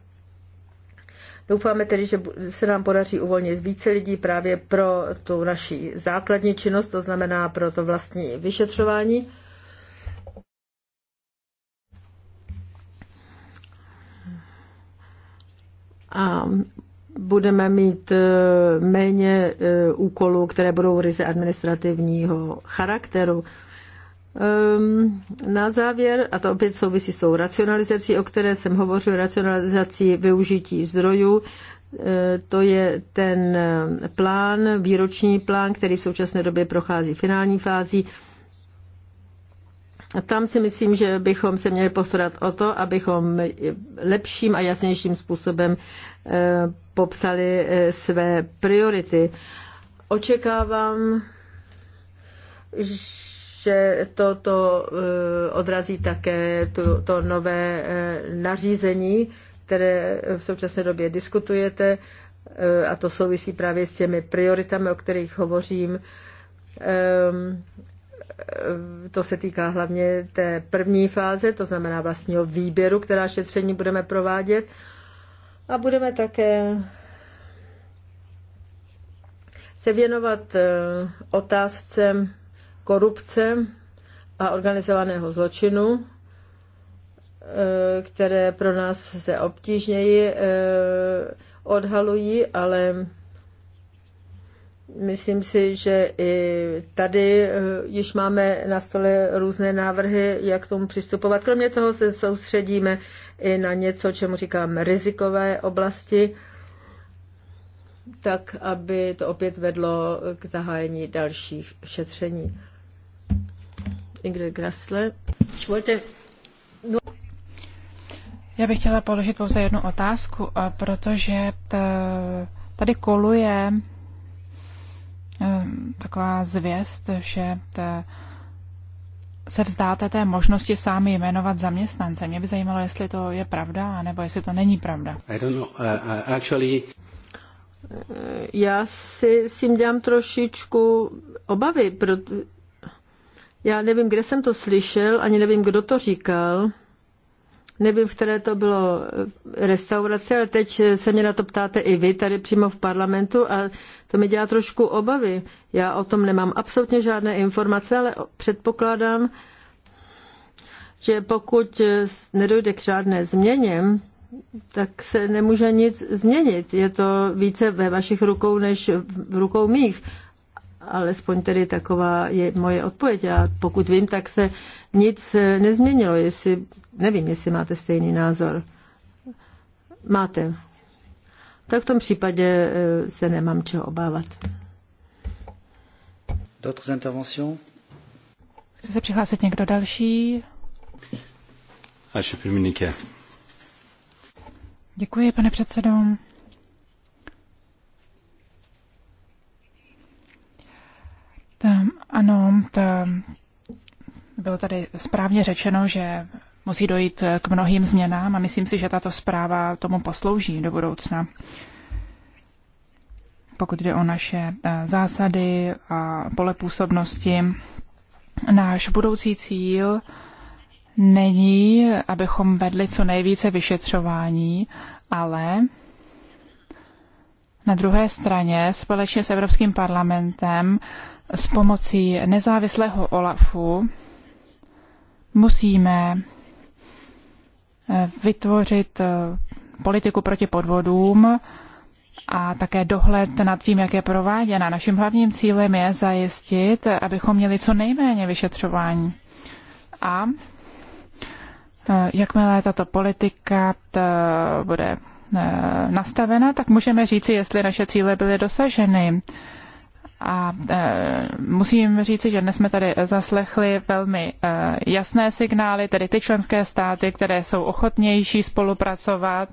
Doufáme tedy, že se nám podaří uvolnit více lidí právě pro tu naši základní činnost, to znamená pro to vlastní vyšetřování. A budeme mít e, méně e, úkolů, které budou ryze administrativního charakteru. Ehm, na závěr, a to opět souvisí s tou racionalizací, o které jsem hovořil, racionalizací využití zdrojů, eh, to je ten eh, plán, výroční plán, který v současné době prochází finální fází. A tam si myslím, že bychom se měli postarat o to, abychom lepším a jasnějším způsobem eh, popsali své priority. Očekávám, že že toto eh, odrazí také to, to nové eh, nařízení, které v současné době diskutujete eh, a to souvisí právě s těmi prioritami, o kterých hovořím. Ehm, to se týká hlavně té první fáze, to znamená vlastního výběru, která šetření budeme provádět. A budeme také se věnovat otázce korupce a organizovaného zločinu, e, které pro nás se obtížněji e, odhalují, ale myslím si, že i tady e, již máme na stole různé návrhy, jak k tomu přistupovat. Kromě toho se soustředíme i na něco, čemu říkám rizikové oblasti, tak aby to opět vedlo k zahájení dalších šetření. Ingrid Grassle. Já bych chtěla položit pouze jednu otázku, protože tady koluje taková zvěst, že se vzdáte té možnosti sami jmenovat zaměstnance. Mě by zajímalo, jestli to je pravda, nebo jestli to není pravda. I don't know. Uh, uh, actually... Já si s tím dělám trošičku obavy, protože já nevím, kde jsem to slyšel, ani nevím, kdo to říkal. Nevím, v které to bylo eh, restaurace, ale teď eh, se mě na to ptáte i vy tady přímo v parlamentu a to mi dělá trošku obavy. Já o tom nemám absolutně žádné informace, ale předpokládám, že pokud eh, nedojde k žádné změně, tak se nemůže nic změnit. Je to více ve vašich rukou než v rukou mých. Alespoň tedy taková je moje odpověď. A pokud vím, tak se nic eh, nezměnilo. Jestli, nevím, jestli máte stejný názor. Máte. Tak v tom případě eh, se nemám čeho obávat. Chce se přihlásit někdo další? Až Děkuji, pane předsedo. Ta, ano, ta, bylo tady správně řečeno, že musí dojít k mnohým změnám a myslím si, že tato zpráva tomu poslouží do budoucna. Pokud jde o naše eh, zásady a pole působnosti, náš budoucí cíl není, abychom vedli co nejvíce vyšetřování, ale na druhé straně společně s Evropským parlamentem s pomocí nezávislého OLAFu musíme eh, vytvořit eh, politiku proti podvodům a také dohled nad tím, jak je prováděna. Naším hlavním cílem je zajistit, abychom měli co nejméně vyšetřování. A eh, jakmile tato politika bude nastavena, tak můžeme říci, jestli naše cíle byly dosaženy. A e, musím říci, že dnes jsme tady zaslechli velmi e, jasné signály, tedy ty členské státy, které jsou ochotnější spolupracovat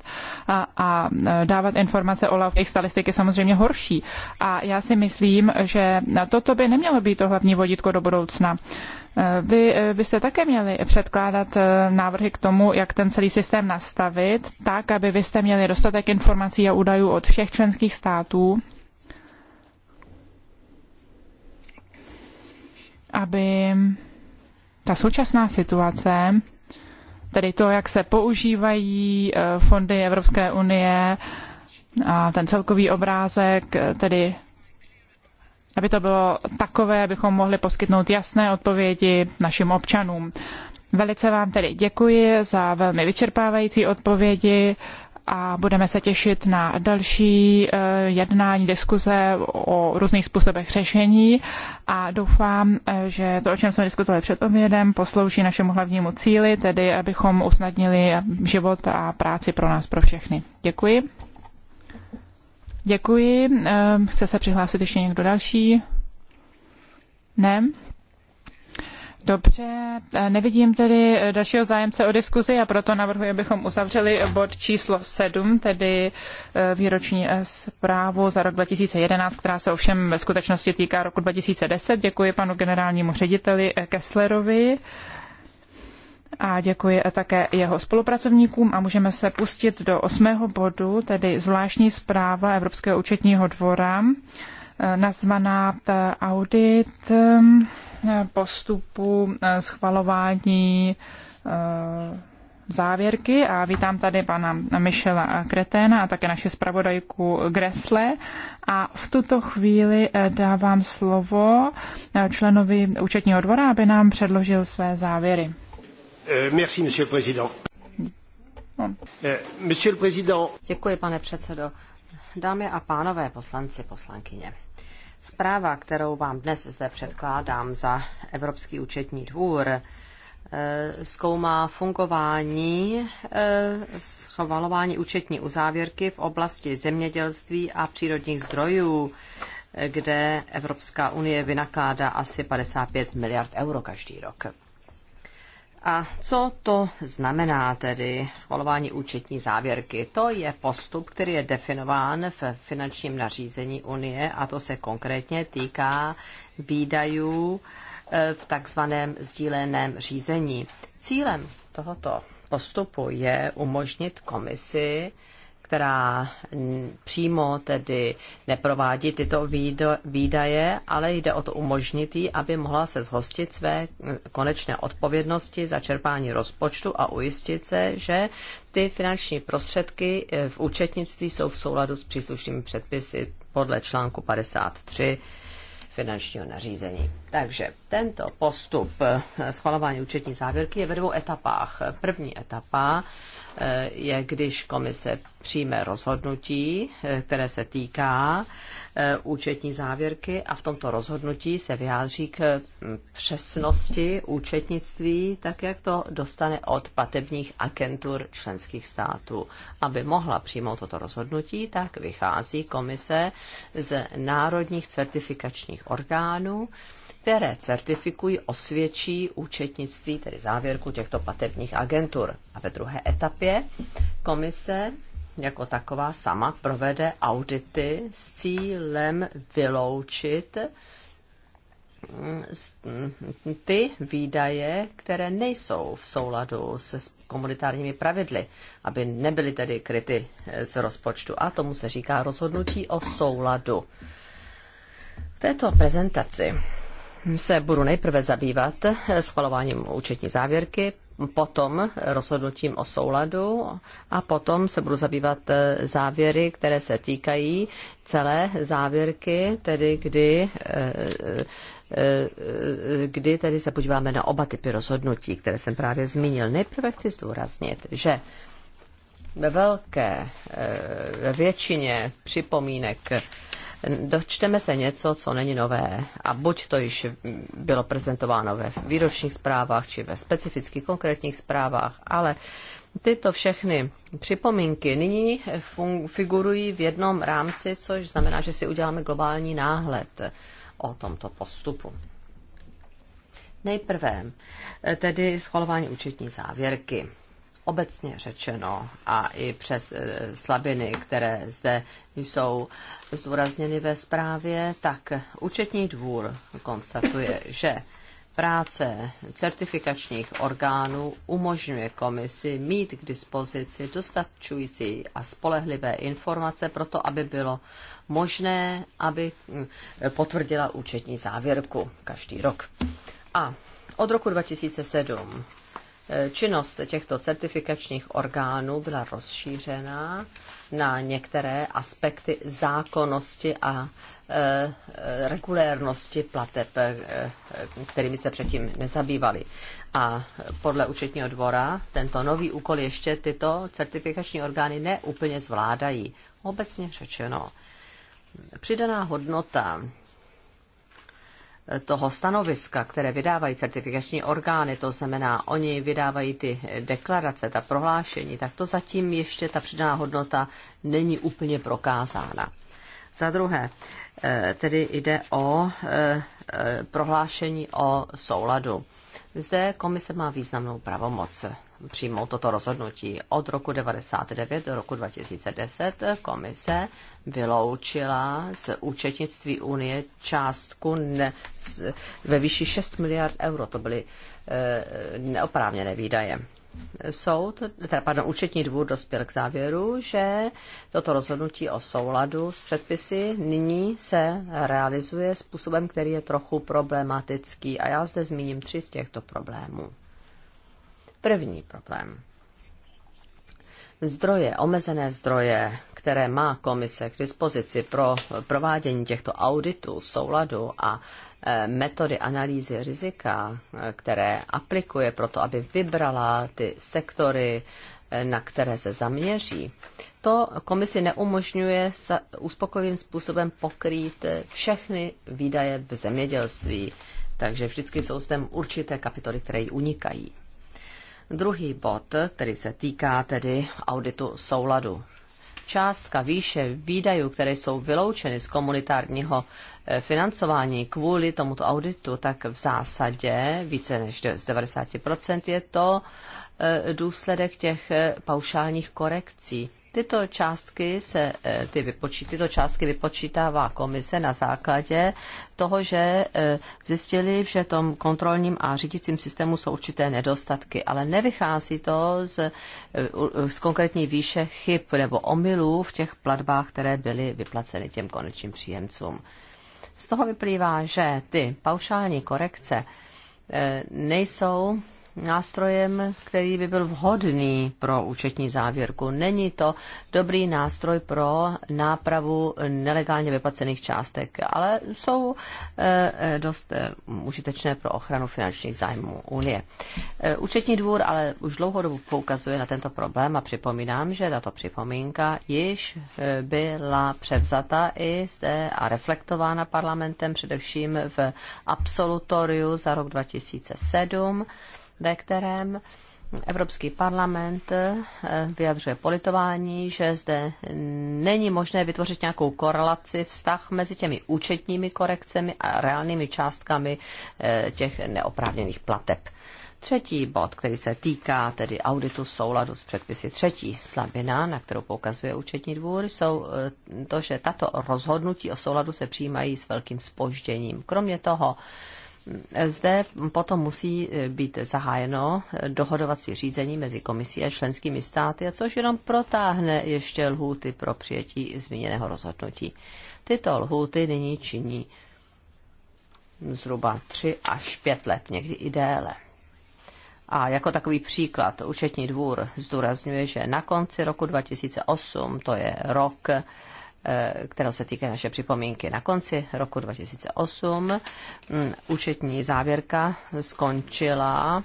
a, a e, dávat informace o LAV. Jejich statistiky samozřejmě horší. A já si myslím, že toto by nemělo být to hlavní vodítko do budoucna. E, vy e, byste také měli předkládat návrhy k tomu, jak ten celý systém nastavit, tak, aby vy jste měli dostatek informací a údajů od všech členských států aby ta současná situace, tedy to, jak se používají eh, fondy Evropské unie a ten celkový obrázek, eh, tedy aby to bylo takové, abychom mohli poskytnout jasné odpovědi našim občanům. Velice vám tedy děkuji za velmi vyčerpávající odpovědi a budeme se těšit na další eh, jednání, diskuze o různých způsobech řešení a doufám, eh, že to, o čem jsme diskutovali před obědem, poslouží našemu hlavnímu cíli, tedy abychom usnadnili život a práci pro nás, pro všechny. Děkuji. Děkuji. Eh, chce se přihlásit ještě někdo další? Ne? Dobře, e, nevidím tedy e, dalšího zájemce o diskuzi a proto navrhuji, abychom uzavřeli bod číslo 7, tedy e, výroční zprávu za rok 2011, která se ovšem ve skutečnosti týká roku 2010. Děkuji panu generálnímu řediteli Kesslerovi a děkuji také jeho spolupracovníkům a můžeme se pustit do osmého bodu, tedy zvláštní zpráva Evropského účetního dvora nazvaná audit postupu eh, schvalování eh, závěrky a vítám tady pana Michela Kreténa a také naše zpravodajku Gresle. A v tuto chvíli eh, dávám slovo členovi účetního dvora, aby nám předložil své závěry. Merci, monsieur président. No. Monsieur le président. Děkuji, pane předsedo. Dámy a pánové, poslanci, poslankyně. Zpráva, kterou vám dnes zde předkládám za Evropský účetní dvůr, eh, zkoumá fungování eh, schvalování účetní uzávěrky v oblasti zemědělství a přírodních zdrojů, eh, kde Evropská unie vynakládá asi 55 miliard euro každý rok. A co to znamená tedy schvalování účetní závěrky? To je postup, který je definován v finančním nařízení Unie a to se konkrétně týká výdajů eh, v takzvaném sdíleném řízení. Cílem tohoto postupu je umožnit komisi která přímo tedy neprovádí tyto výdaje, ale jde o to umožnit jí, aby mohla se zhostit své konečné odpovědnosti za čerpání rozpočtu a ujistit se, že ty finanční prostředky e, v účetnictví jsou v souladu s příslušnými předpisy podle článku 53 finančního nařízení. Takže tento postup eh, schvalování účetní závěrky je ve dvou etapách. První etapa eh, je, když komise přijme rozhodnutí, eh, které se týká účetní závěrky a v tomto rozhodnutí se vyjádří k hm, přesnosti účetnictví, tak jak to dostane od patebních agentur členských států. Aby mohla přijmout toto rozhodnutí, tak vychází komise z národních certifikačních orgánů, které certifikují, osvědčí účetnictví, tedy závěrku těchto platebních agentur. A ve druhé etapě komise jako taková sama provede audity s cílem vyloučit mm, mm, ty výdaje, které nejsou v souladu se komunitárními pravidly, aby nebyly tedy kryty eh, z rozpočtu. A tomu se říká rozhodnutí o souladu. V této prezentaci se budu nejprve zabývat schvalováním účetní závěrky, potom rozhodnutím o souladu a potom se budu zabývat eh, závěry, které se týkají celé závěrky, tedy kdy, eh, eh, kdy tedy se podíváme na oba typy rozhodnutí, které jsem právě zmínil. Nejprve chci zdůraznit, že ve velké, ve většině připomínek dočteme se něco, co není nové a buď to již bylo prezentováno ve výročních zprávách či ve specifických konkrétních zprávách, ale tyto všechny připomínky nyní figurují v jednom rámci, což znamená, že si uděláme globální náhled o tomto postupu. Nejprve tedy schvalování účetní závěrky obecně řečeno a i přes e, slabiny, které zde jsou zdůrazněny ve zprávě, tak účetní dvůr konstatuje, že práce certifikačních orgánů umožňuje komisi mít k dispozici dostačující a spolehlivé informace pro to, aby bylo možné, aby potvrdila účetní závěrku každý rok. A od roku 2007 Činnost těchto certifikačních orgánů byla rozšířena na některé aspekty zákonnosti a e, e regulérnosti plateb, e, e, kterými se předtím nezabývali. A podle účetního dvora tento nový úkol ještě tyto certifikační orgány neúplně zvládají. Obecně řečeno, přidaná hodnota toho stanoviska, které vydávají certifikační orgány, to znamená, oni vydávají ty deklarace, ta prohlášení, tak to zatím ještě ta přidaná hodnota není úplně prokázána. Za druhé, eh, tedy jde o eh, eh, prohlášení o souladu. Zde komise má významnou pravomoc přijmout toto rozhodnutí. Od roku 1999 do roku 2010 komise vyloučila z účetnictví Unie částku ne, ve výši 6 miliard euro. To byly e, neoprávněné výdaje. Soud, teda pardon, účetní dvůr dospěl k závěru, že toto rozhodnutí o souladu s předpisy nyní se realizuje způsobem, který je trochu problematický. A já zde zmíním tři z těchto problémů. První problém zdroje, omezené zdroje, které má komise k dispozici pro provádění těchto auditů, souladu a e, metody analýzy rizika, e, které aplikuje pro to, aby vybrala ty sektory, e, na které se zaměří, to komisi neumožňuje uspokojivým způsobem pokrýt všechny výdaje v zemědělství. Takže vždycky jsou zde určité kapitoly, které ji unikají. Druhý bod, který se týká tedy auditu souladu. Částka výše výdajů, které jsou vyloučeny z komunitárního eh, financování kvůli tomuto auditu, tak v zásadě více než z 90% je to eh, důsledek těch eh, paušálních korekcí Tyto částky se, eh, ty vypočí, tyto částky vypočítává komise na základě toho, že eh, zjistili, že tom kontrolním a řídicím systému jsou určité nedostatky, ale nevychází to z, eh, z konkrétní výše chyb nebo omylů v těch platbách, které byly vyplaceny těm konečným příjemcům. Z toho vyplývá, že ty paušální korekce nejsou nástrojem, který by byl vhodný pro účetní závěrku. Není to dobrý nástroj pro nápravu nelegálně vyplacených částek, ale jsou eh, eh, dost eh, užitečné pro ochranu finančních zájmů Unie. Účetní dvůr ale už dlouhodobu poukazuje na tento problém a připomínám, že tato připomínka již byla převzata i zde a reflektována parlamentem především v absolutoriu za rok 2007 ve kterém Evropský parlament eh, vyjadřuje politování, že zde není možné vytvořit nějakou korelaci, vztah mezi těmi účetními korekcemi a reálnými částkami eh, těch neoprávněných plateb. Třetí bod, který se týká tedy auditu souladu s předpisy třetí slabina, na kterou poukazuje účetní dvůr, jsou eh, to, že tato rozhodnutí o souladu se přijímají s velkým spožděním. Kromě toho, zde potom musí e, být zahájeno e, dohodovací řízení mezi komisí a členskými státy, A což jenom protáhne ještě lhůty pro přijetí zmíněného rozhodnutí. Tyto lhůty nyní činí zhruba 3 až 5 let, někdy i déle. A jako takový příklad, účetní dvůr zdůrazňuje, že na konci roku 2008, to je rok, Eh, kterou se týká naše připomínky. Na konci roku 2008 mm, účetní závěrka skončila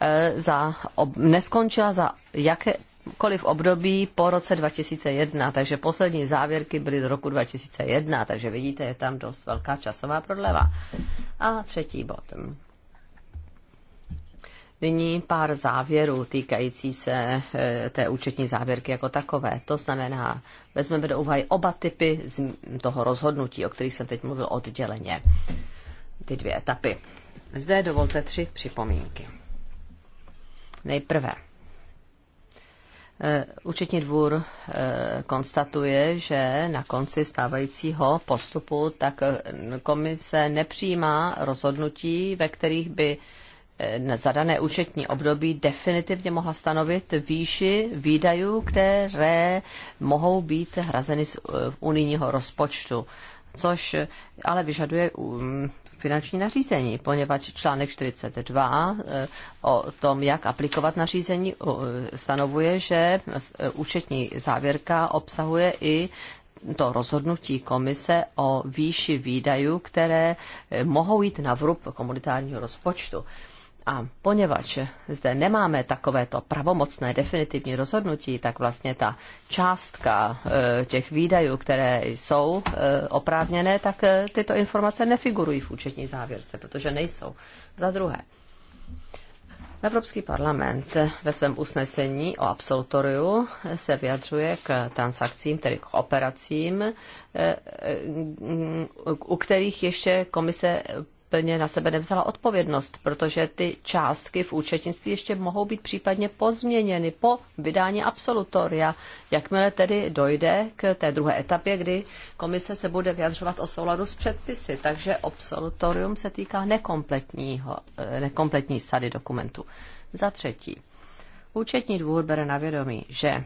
eh, za, ob, neskončila za jaké, jakékoliv období po roce 2001, takže poslední závěrky byly do roku 2001, takže vidíte, je tam dost velká časová prodleva. A třetí bod. Nyní pár závěrů týkající se eh, té účetní závěrky jako takové. To znamená, vezmeme do úvahy oba typy z toho rozhodnutí, o kterých jsem teď mluvil odděleně. Ty dvě etapy. Zde dovolte tři připomínky. Nejprve. Eh, účetní dvůr eh, konstatuje, že na konci stávajícího postupu tak komise nepřijímá rozhodnutí, ve kterých by za dané účetní období definitivně mohla stanovit výši výdajů, které mohou být hrazeny z eh, unijního rozpočtu což ale vyžaduje mm, finanční nařízení, poněvadž článek 42 eh, o tom, jak aplikovat nařízení, eh, stanovuje, že účetní závěrka obsahuje i to rozhodnutí komise o výši výdajů, které mohou jít na vrub komunitárního rozpočtu. A poněvadž zde nemáme takovéto pravomocné definitivní rozhodnutí, tak vlastně ta částka e, těch výdajů, které jsou e, oprávněné, tak e, tyto informace nefigurují v účetní závěrce, protože nejsou. Za druhé, Evropský parlament ve svém usnesení o absolutoriu se vyjadřuje k transakcím, tedy k operacím, u kterých ještě komise plně na sebe nevzala odpovědnost, protože ty částky v účetnictví ještě mohou být případně pozměněny po vydání absolutoria, jakmile tedy dojde k té druhé etapě, kdy komise se bude vyjadřovat o souladu s předpisy. Takže absolutorium se týká nekompletního, eh, nekompletní sady dokumentu. Za třetí, účetní dvůr bere na vědomí, že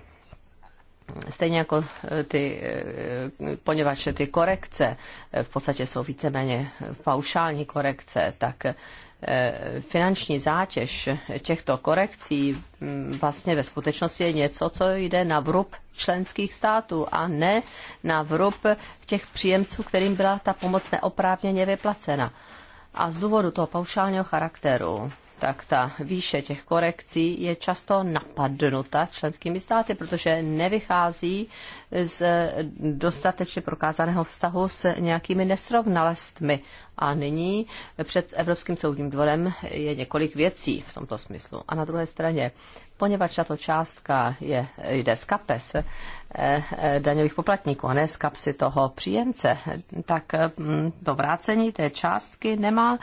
stejně jako e, ty, e, poněvadž ty korekce e, v podstatě jsou víceméně paušální korekce, tak finanční zátěž těchto korekcí vlastně ve skutečnosti je něco, co jde na vrub členských států a ne na vrub těch příjemců, kterým byla ta pomoc neoprávněně vyplacena. A z důvodu toho paušálního charakteru tak ta výše těch korekcí je často napadnuta členskými státy, protože nevychází z dostatečně prokázaného vztahu s nějakými nesrovnalostmi. A nyní před Evropským soudním dvorem je několik věcí v tomto smyslu. A na druhé straně poněvadž tato částka je, jde z kapes eh, eh, daňových poplatníků a ne z kapsy toho příjemce, tak hm, to vrácení té částky nemá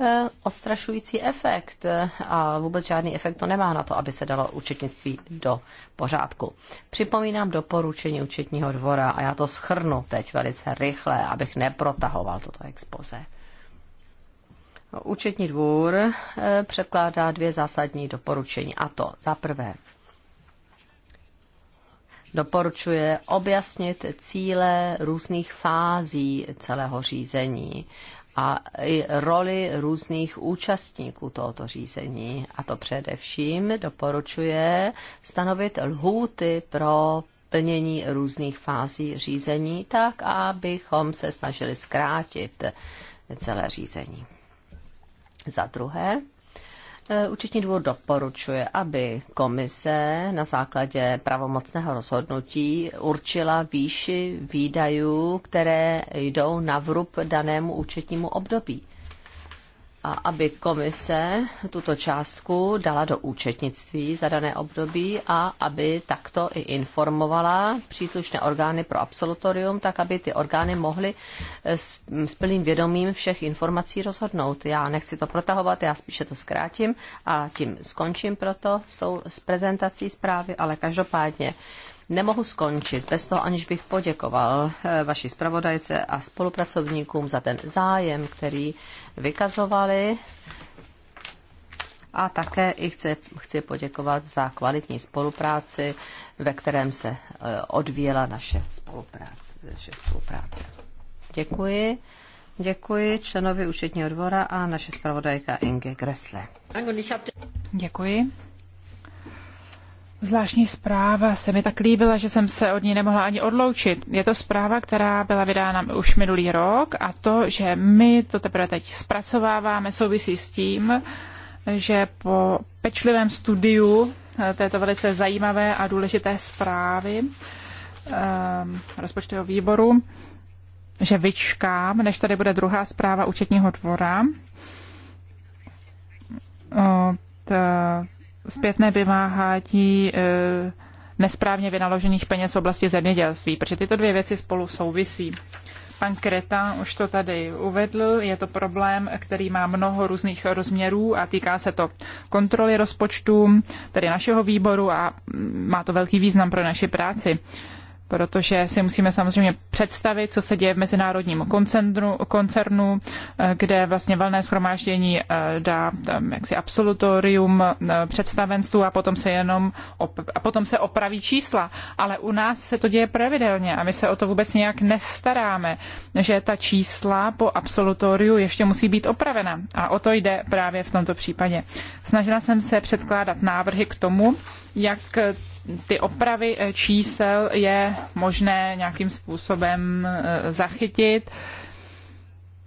eh, odstrašující efekt a vůbec žádný efekt to nemá na to, aby se dalo účetnictví do pořádku. Připomínám doporučení účetního dvora a já to schrnu teď velice rychle, abych neprotahoval toto expoze. Účetní dvůr eh, předkládá dvě zásadní doporučení. A to za prvé doporučuje objasnit cíle různých fází celého řízení a i roli různých účastníků tohoto řízení. A to především doporučuje stanovit lhůty pro plnění různých fází řízení tak, abychom se snažili zkrátit celé řízení. Za druhé, e, Účetní dvůr doporučuje, aby komise na základě pravomocného rozhodnutí určila výši výdajů, které jdou na vrub danému účetnímu období a aby komise tuto částku dala do účetnictví za dané období a aby takto i informovala příslušné orgány pro absolutorium, tak aby ty orgány mohly s, s plným vědomím všech informací rozhodnout. Já nechci to protahovat, já spíše to zkrátím a tím skončím proto s tou s prezentací zprávy, ale každopádně nemohu skončit bez toho, aniž bych poděkoval eh, vaší zpravodajce a spolupracovníkům za ten zájem, který vykazovali. A také i chci, chci poděkovat za kvalitní spolupráci, ve kterém se eh, odvíjela naše spolupráce. Naše spolupráce. Děkuji. Děkuji členovi účetního dvora a naše zpravodajka Inge Gressle. Děkuji. Zvláštní zpráva se mi tak líbila, že jsem se od ní nemohla ani odloučit. Je to zpráva, která byla vydána už minulý rok a to, že my to teprve teď zpracováváme, souvisí s tím, že po pečlivém studiu této velice zajímavé a důležité zprávy ehm, rozpočtového výboru, že vyčkám, než tady bude druhá zpráva účetního dvora od zpětné vymáhání e, nesprávně vynaložených peněz v oblasti zemědělství, protože tyto dvě věci spolu souvisí. Pan Kreta už to tady uvedl, je to problém, který má mnoho různých rozměrů a týká se to kontroly rozpočtu, tedy našeho výboru a má to velký význam pro naši práci protože si musíme samozřejmě představit, co se děje v mezinárodním koncernu, koncernu eh, kde vlastně valné schromáždění eh, dá jaksi absolutorium eh, představenstvu a potom se jenom op- a potom se opraví čísla. Ale u nás se to děje pravidelně a my se o to vůbec nějak nestaráme, že ta čísla po absolutoriu ještě musí být opravena. A o to jde právě v tomto případě. Snažila jsem se předkládat návrhy k tomu, jak ty opravy eh, čísel je možné nějakým způsobem eh, zachytit.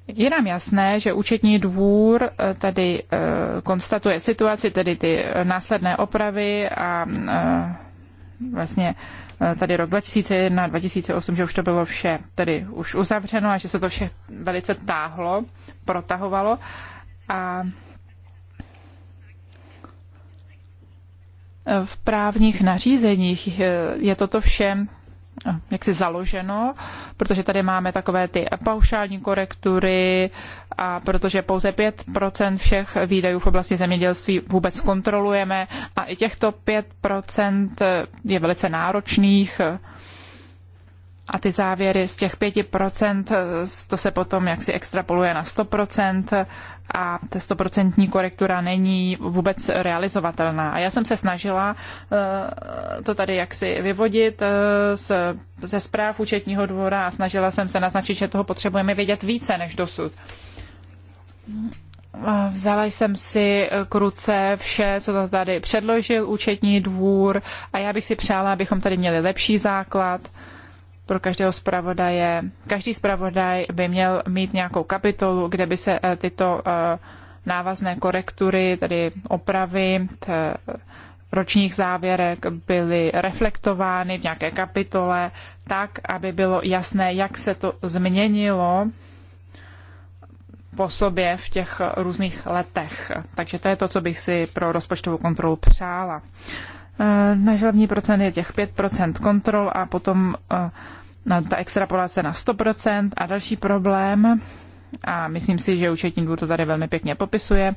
Je nám jasné, že účetní dvůr eh, tady konstatuje situaci, tedy ty následné opravy a vlastně tady rok 2001, 2008, že už to bylo vše tedy už uzavřeno a že se to vše velice táhlo, protahovalo. A v právních nařízeních je toto všem eh, jaksi založeno, protože tady máme takové ty paušální korektury a protože pouze 5% všech výdajů v oblasti zemědělství vůbec kontrolujeme a i těchto 5% je velice náročných a ty závěry z těch 5%, to se potom jaksi extrapoluje na 100% a ta 100% korektura není vůbec realizovatelná. A já jsem se snažila eh, to tady jaksi vyvodit eh, ze zpráv účetního dvora a snažila jsem se naznačit, že toho potřebujeme vědět více než dosud. Eh, vzala jsem si k ruce vše, co to tady předložil účetní dvůr a já bych si přála, abychom tady měli lepší základ pro každého zpravodaje. Každý zpravodaj by měl mít nějakou kapitolu, kde by se eh, tyto eh, návazné korektury, tedy opravy ročních závěrek byly reflektovány v nějaké kapitole, tak, aby bylo jasné, jak se to změnilo po sobě v těch různých letech. Takže to je to, co bych si pro rozpočtovou kontrolu přála. Eh, Než hlavní procent je těch 5% kontrol a potom eh, ta extrapolace na 100% a další problém, a myslím si, že účetní dvůr to tady velmi pěkně popisuje,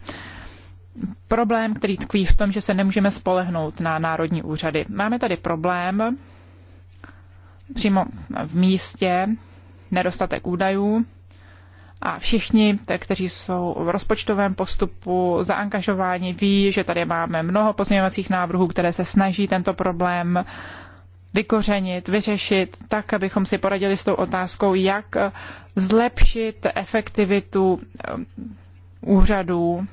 problém, který tkví v tom, že se nemůžeme spolehnout na národní úřady. Máme tady problém přímo v místě, nedostatek údajů, a všichni, kteří jsou v rozpočtovém postupu zaangažováni, ví, že tady máme mnoho pozměňovacích návrhů, které se snaží tento problém vykořenit, vyřešit, tak, abychom si poradili s tou otázkou, jak zlepšit efektivitu eh, úřadů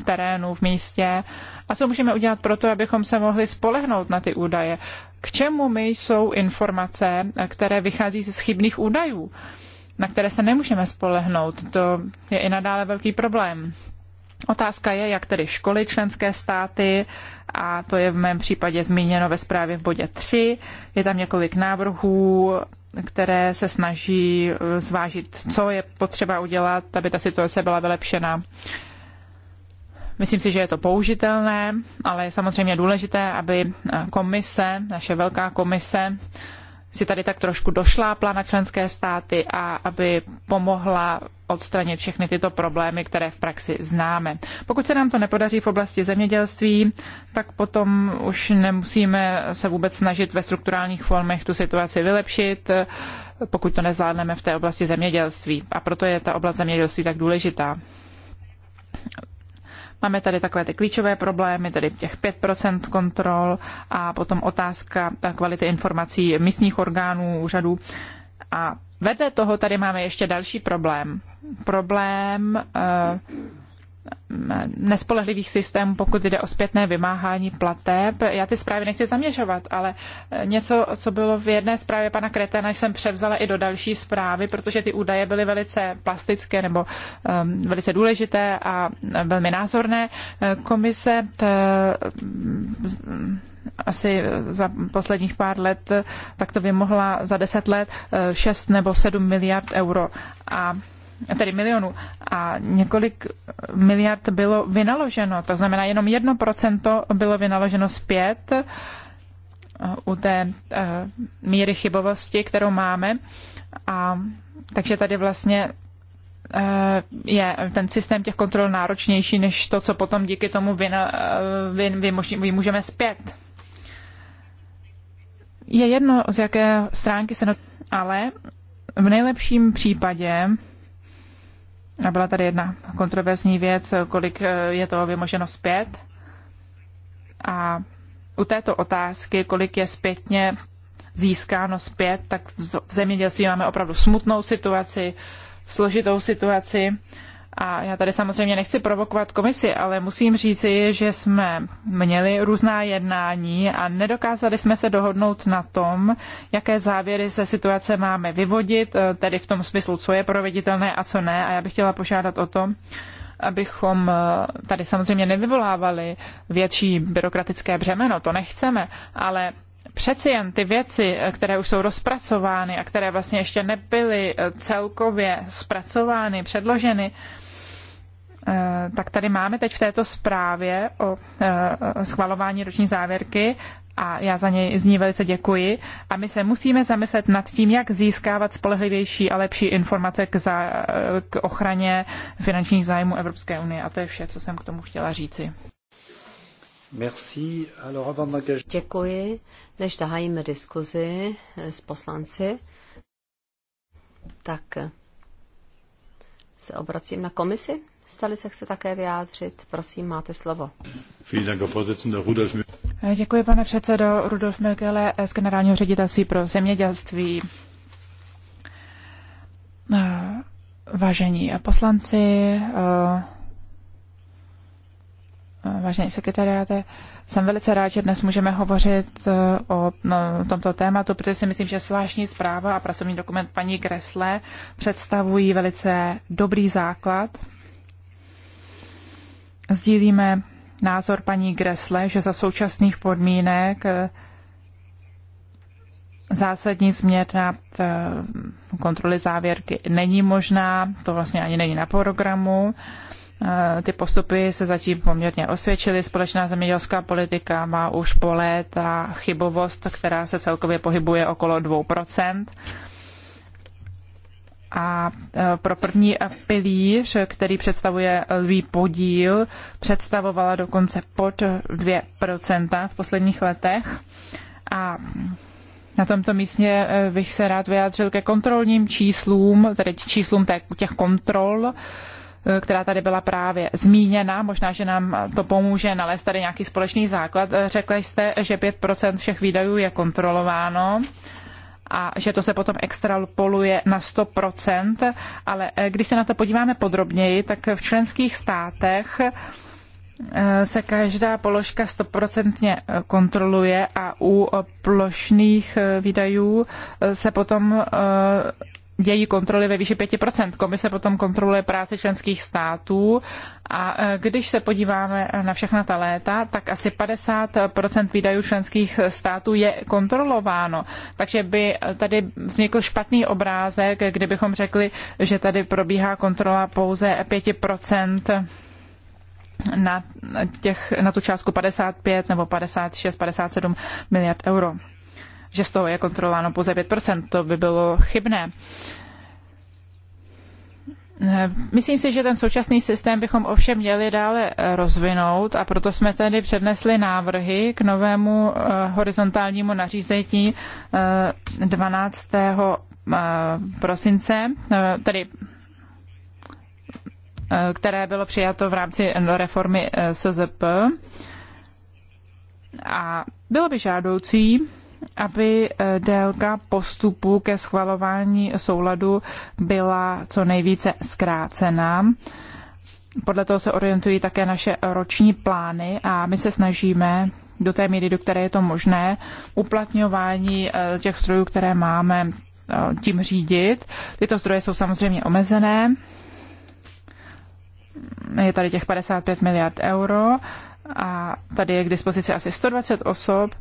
v terénu, v místě a co můžeme udělat pro to, abychom se mohli spolehnout na ty údaje. K čemu my jsou informace, které vychází z chybných údajů? na které se nemůžeme spolehnout. To je i nadále velký problém. Otázka je, jak tedy školy členské státy, a to je v mém případě zmíněno ve zprávě v bodě 3. Je tam několik návrhů, které se snaží eh, zvážit, co je potřeba udělat, aby ta situace byla vylepšena. Myslím si, že je to použitelné, ale je samozřejmě důležité, aby eh, komise, naše velká komise, si tady tak trošku došlápla na členské státy a aby pomohla odstranit všechny tyto problémy, které v praxi známe. Pokud se nám to nepodaří v oblasti zemědělství, tak potom už nemusíme se vůbec snažit ve strukturálních formech tu situaci vylepšit, pokud to nezvládneme v té oblasti zemědělství. A proto je ta oblast zemědělství tak důležitá. Máme tady takové ty klíčové problémy, tedy těch 5% kontrol a potom otázka kvality informací místních orgánů, úřadů. A vedle toho tady máme ještě další problém. Problém uh, Mm, nespolehlivých systémů, pokud jde o zpětné vymáhání plateb. Já ty zprávy nechci zaměřovat, ale eh, něco, co bylo v jedné zprávě pana Kretena, jsem převzala i do další zprávy, protože ty údaje byly velice plastické nebo um, velice důležité a eh, velmi názorné. Eh, komise t, mm, asi za posledních pár let tak to vymohla za deset let 6 nebo 7 miliard euro. A tedy milionů, a několik miliard bylo vynaloženo. To znamená, jenom jedno procento bylo vynaloženo zpět eh, u té eh, míry chybovosti, kterou máme. A takže tady vlastně eh, je ten systém těch kontrol náročnější než to, co potom díky tomu vymůžeme zpět. Je jedno, z jaké stránky se... not... ale v nejlepším případě byla tady jedna kontroverzní věc, kolik eh, je toho vymoženo zpět. A u této otázky, kolik je zpětně získáno zpět, tak v zemědělství máme opravdu smutnou situaci, složitou situaci a já tady samozřejmě nechci provokovat komisi, ale musím říci, že jsme měli různá jednání a nedokázali jsme se dohodnout na tom, jaké závěry se situace máme vyvodit, eh, tedy v tom smyslu, co je proveditelné a co ne. A já bych chtěla požádat o to, abychom eh, tady samozřejmě nevyvolávali větší byrokratické břemeno, to nechceme, ale přeci jen ty věci, eh, které už jsou rozpracovány a které vlastně ještě nebyly celkově zpracovány, předloženy, Eh, tak tady máme teď v této zprávě eh, o schvalování roční závěrky a já za něj z ní velice děkuji. A my se musíme zamyslet nad tím, jak získávat spolehlivější a lepší informace k, za, eh, k ochraně finančních zájmů Evropské unie. A to je vše, co jsem k tomu chtěla říci. Merci. Alors avant de... Děkuji. Než zahájíme diskuzi s poslanci, tak se obracím na komisi. Stali se chce také vyjádřit. Prosím, máte slovo. Děkuji, pane předsedo. Rudolf Merkele z generálního ředitelství pro zemědělství. Vážení poslanci, vážení sekretariáte, jsem velice rád, že dnes můžeme hovořit o no, tomto tématu, protože si myslím, že zvláštní zpráva a pracovní dokument paní Kresle představují velice dobrý základ Sdílíme názor paní Gresle, že za současných podmínek eh, zásadní na eh, kontroly závěrky není možná, to vlastně ani není na programu. Eh, ty postupy se zatím poměrně osvědčily. Společná zemědělská politika má už po léta chybovost, která se celkově pohybuje okolo 2 a e, pro první pilíř, který představuje lví podíl, představovala dokonce pod 2% v posledních letech. A na tomto místě e, bych se rád vyjádřil ke kontrolním číslům, tedy číslům těch kontrol, e, která tady byla právě zmíněna. Možná, že nám to pomůže nalézt tady nějaký společný základ. Řekla jste, že 5% všech výdajů je kontrolováno a že to se potom extrapoluje na 100%, ale eh, když se na to podíváme podrobněji, tak v členských státech eh, se každá položka stoprocentně eh, kontroluje a u plošných výdajů se potom Dějí kontroly ve výši 5%. Komise potom kontroluje práci členských států a e, když se podíváme na všechna ta léta, tak asi 50% výdajů členských států je kontrolováno. Takže by tady vznikl špatný obrázek, kdybychom řekli, že tady probíhá kontrola pouze 5% na, těch, na tu částku 55 nebo 56, 57 miliard euro že z toho je kontrolováno pouze 5%, to by bylo chybné. Myslím si, že ten současný systém bychom ovšem měli dále rozvinout a proto jsme tedy přednesli návrhy k novému eh, horizontálnímu nařízení 12. Eh, eh, prosince, tedy které bylo přijato v rámci reformy SZP. A bylo by žádoucí, aby eh, délka postupu ke schvalování souladu byla co nejvíce zkrácená. Podle toho se orientují také naše roční plány a my se snažíme do té míry, do které je to možné, uplatňování eh, těch strojů, které máme, eh, tím řídit. Tyto zdroje jsou samozřejmě omezené. Je tady těch 55 miliard euro a tady je k dispozici asi 120 osob,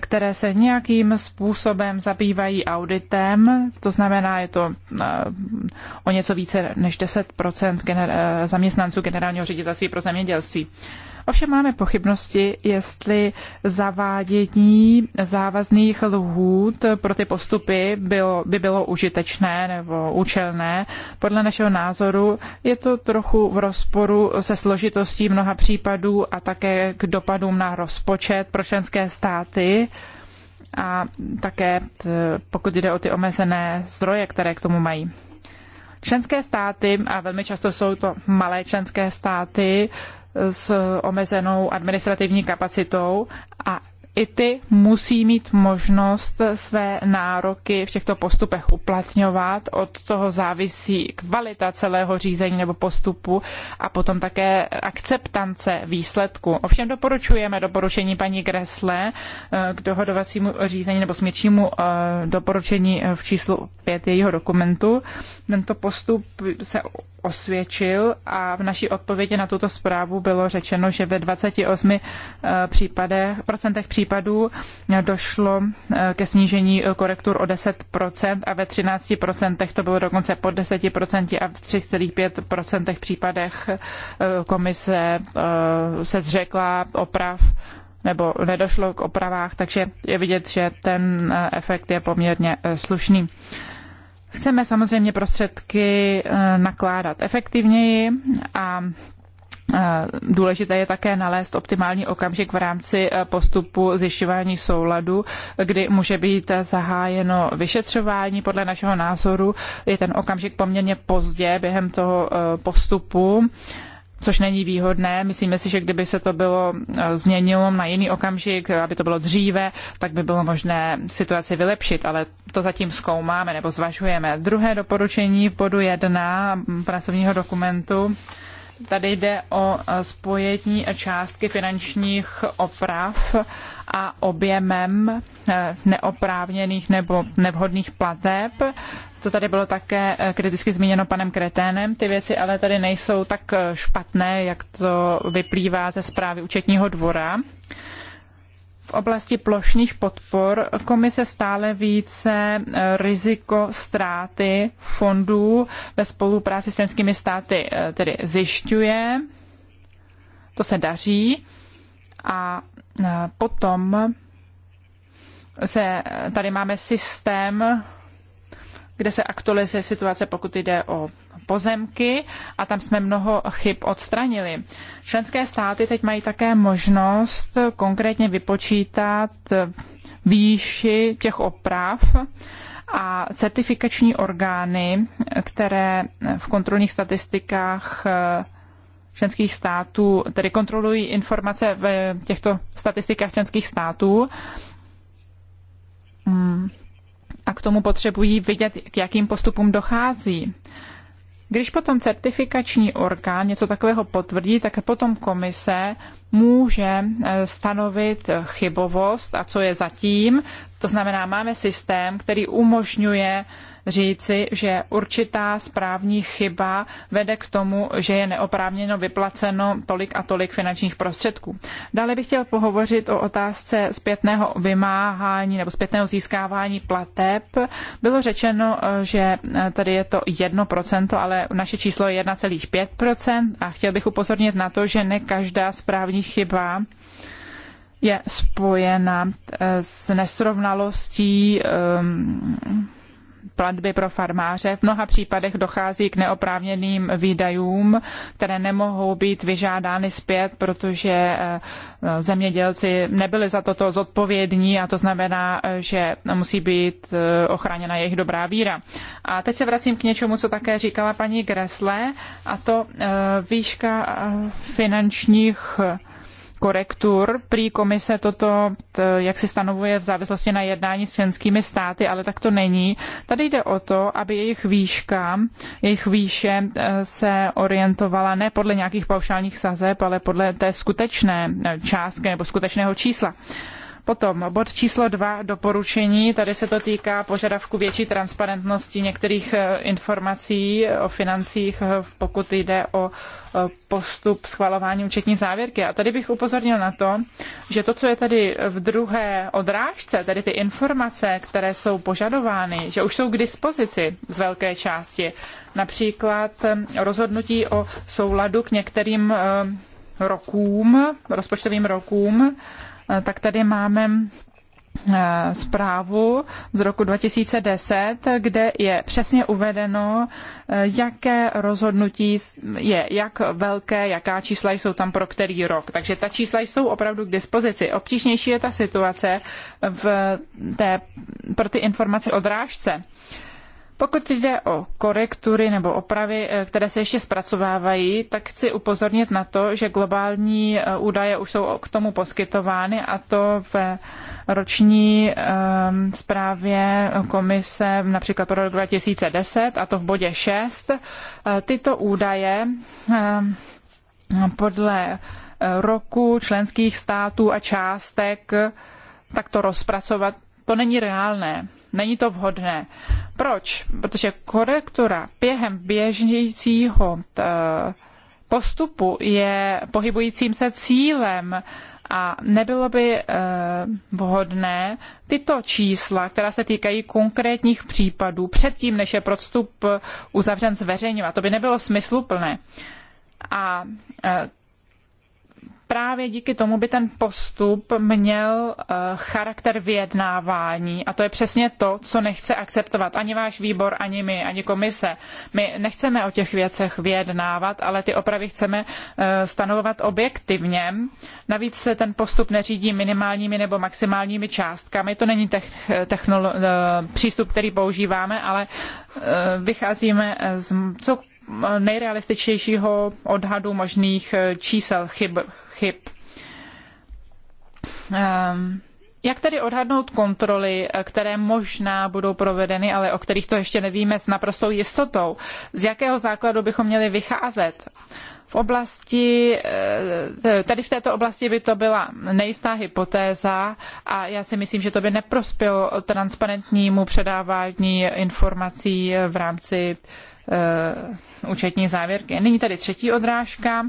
které se nějakým způsobem zabývají auditem, to znamená, je to eh, o něco více než 10 eh, zaměstnanců generálního ředitelství pro zemědělství. Ovšem máme pochybnosti, jestli zavádění závazných lhůt pro ty postupy bylo, by bylo užitečné nebo účelné. Podle našeho názoru je to trochu v rozporu se složitostí mnoha případů a také k dopadům na rozpočet pro členské státy a také eh, pokud jde o ty omezené zdroje, které k tomu mají. Členské státy, a velmi často jsou to malé členské státy s omezenou administrativní kapacitou a i ty musí mít možnost své nároky v těchto postupech uplatňovat. Od toho závisí kvalita celého řízení nebo postupu a potom také akceptance výsledku. Ovšem doporučujeme doporučení paní Gresle eh, k dohodovacímu řízení nebo směrčímu eh, doporučení v číslu 5 jejího dokumentu. Tento postup se osvědčil a v naší odpovědi na tuto zprávu bylo řečeno, že ve 28 eh, případech, procentech případů eh, došlo eh, ke snížení korektur o 10% a ve 13% to bylo dokonce pod 10% a v 3,5% případech komise se zřekla oprav nebo nedošlo k opravách, takže je vidět, že ten efekt je poměrně slušný. Chceme samozřejmě prostředky eh, nakládat efektivněji a eh, Důležité je také nalézt optimální okamžik v rámci eh, postupu zjišťování souladu, kdy může být zahájeno vyšetřování. Podle našeho názoru je ten okamžik poměrně pozdě během toho postupu což není výhodné. Myslíme si, že kdyby se to bylo e, změnilo na jiný okamžik, e, aby to bylo dříve, tak by bylo možné situaci vylepšit, ale to zatím zkoumáme nebo zvažujeme. Druhé doporučení v bodu 1 pracovního dokumentu Tady jde o e, spojení částky finančních oprav a objemem e, neoprávněných nebo nevhodných plateb. To tady bylo také e, kriticky zmíněno panem Kreténem. Ty věci ale tady nejsou tak špatné, jak to vyplývá ze zprávy účetního dvora v oblasti plošných podpor komise stále více eh, riziko ztráty fondů ve spolupráci s členskými státy eh, tedy zjišťuje. To se daří. A eh, potom se, tady máme systém, kde se aktualizuje situace, pokud jde o pozemky a tam jsme mnoho chyb odstranili. Členské státy teď mají také možnost konkrétně vypočítat výši těch oprav a certifikační orgány, které v kontrolních statistikách eh, členských států, tedy kontrolují informace v těchto statistikách členských států. Hmm. A k tomu potřebují vidět, k jakým postupům dochází. Když potom certifikační orgán něco takového potvrdí, tak potom komise může eh, stanovit eh, chybovost a co je zatím, to znamená, máme systém, který umožňuje říci, že určitá správní chyba vede k tomu, že je neoprávněno vyplaceno tolik a tolik finančních prostředků. Dále bych chtěl pohovořit o otázce zpětného vymáhání nebo zpětného získávání plateb. Bylo řečeno, že tady je to 1%, ale naše číslo je 1,5% a chtěl bych upozornit na to, že ne každá správní chyba je spojena eh, s nesrovnalostí ehm, platby pro farmáře. V mnoha případech dochází k neoprávněným výdajům, které nemohou být vyžádány zpět, protože eh, zemědělci nebyli za toto zodpovědní a to znamená, eh, že musí být ochráněna jejich dobrá víra. A teď se vracím k něčemu, co také říkala paní Gresle, a to výška finančních korektur. Prý komise toto, jak si stanovuje v závislosti na jednání s členskými státy, ale tak to není. Tady jde o to, aby jejich výška, jejich výše e, se orientovala ne podle nějakých paušálních sazeb, ale podle té skutečné e, částky nebo skutečného čísla. Potom bod číslo dva doporučení, tady se to týká požadavku větší transparentnosti některých eh, informací o financích, eh, pokud jde o eh, postup schvalování účetní závěrky. A tady bych upozornil na to, že to, co je tady v druhé odrážce, tedy ty informace, které jsou požadovány, že už jsou k dispozici z velké části, například rozhodnutí o souladu k některým rokům, rozpočtovým rokům, Eh, tak tady máme eh, zprávu z roku 2010, kde je přesně uvedeno, eh, jaké rozhodnutí je, jak velké, jaká čísla jsou tam pro který rok. Takže ta čísla jsou opravdu k dispozici. Obtížnější je ta situace v té, pro ty informace o drážce. Pokud jde o korektury nebo opravy, eh, které se ještě zpracovávají, tak chci upozornit na to, že globální eh, údaje už jsou k tomu poskytovány a to v roční um, zprávě komise například pro rok 2010 a to v bodě 6. Eh, tyto údaje ehm, podle roku členských států a částek takto rozpracovat, to není reálné Není to vhodné. Proč? Protože korektura během běžnějícího postupu je pohybujícím se cílem a nebylo by e, vhodné tyto čísla, která se týkají konkrétních případů, předtím, než je prostup uzavřen, zveřejňovat. To by nebylo smysluplné. A e, právě díky tomu by ten postup měl eh, charakter vyjednávání a to je přesně to, co nechce akceptovat ani váš výbor, ani my, ani komise. My nechceme o těch věcech vyjednávat, ale ty opravy chceme eh, stanovovat objektivně. Navíc se ten postup neřídí minimálními nebo maximálními částkami. To není eh, přístup, který používáme, ale vycházíme z co nejrealističtějšího odhadu možných eh, čísel chyb. chyb. Ehm, jak tedy odhadnout kontroly, eh, které možná budou provedeny, ale o kterých to ještě nevíme s naprostou jistotou? Z jakého základu bychom měli vycházet? V oblasti, eh, tady v této oblasti by to byla nejistá hypotéza a já si myslím, že to by neprospělo transparentnímu předávání informací v rámci Eh, účetní závěrky. Nyní tady třetí odrážka.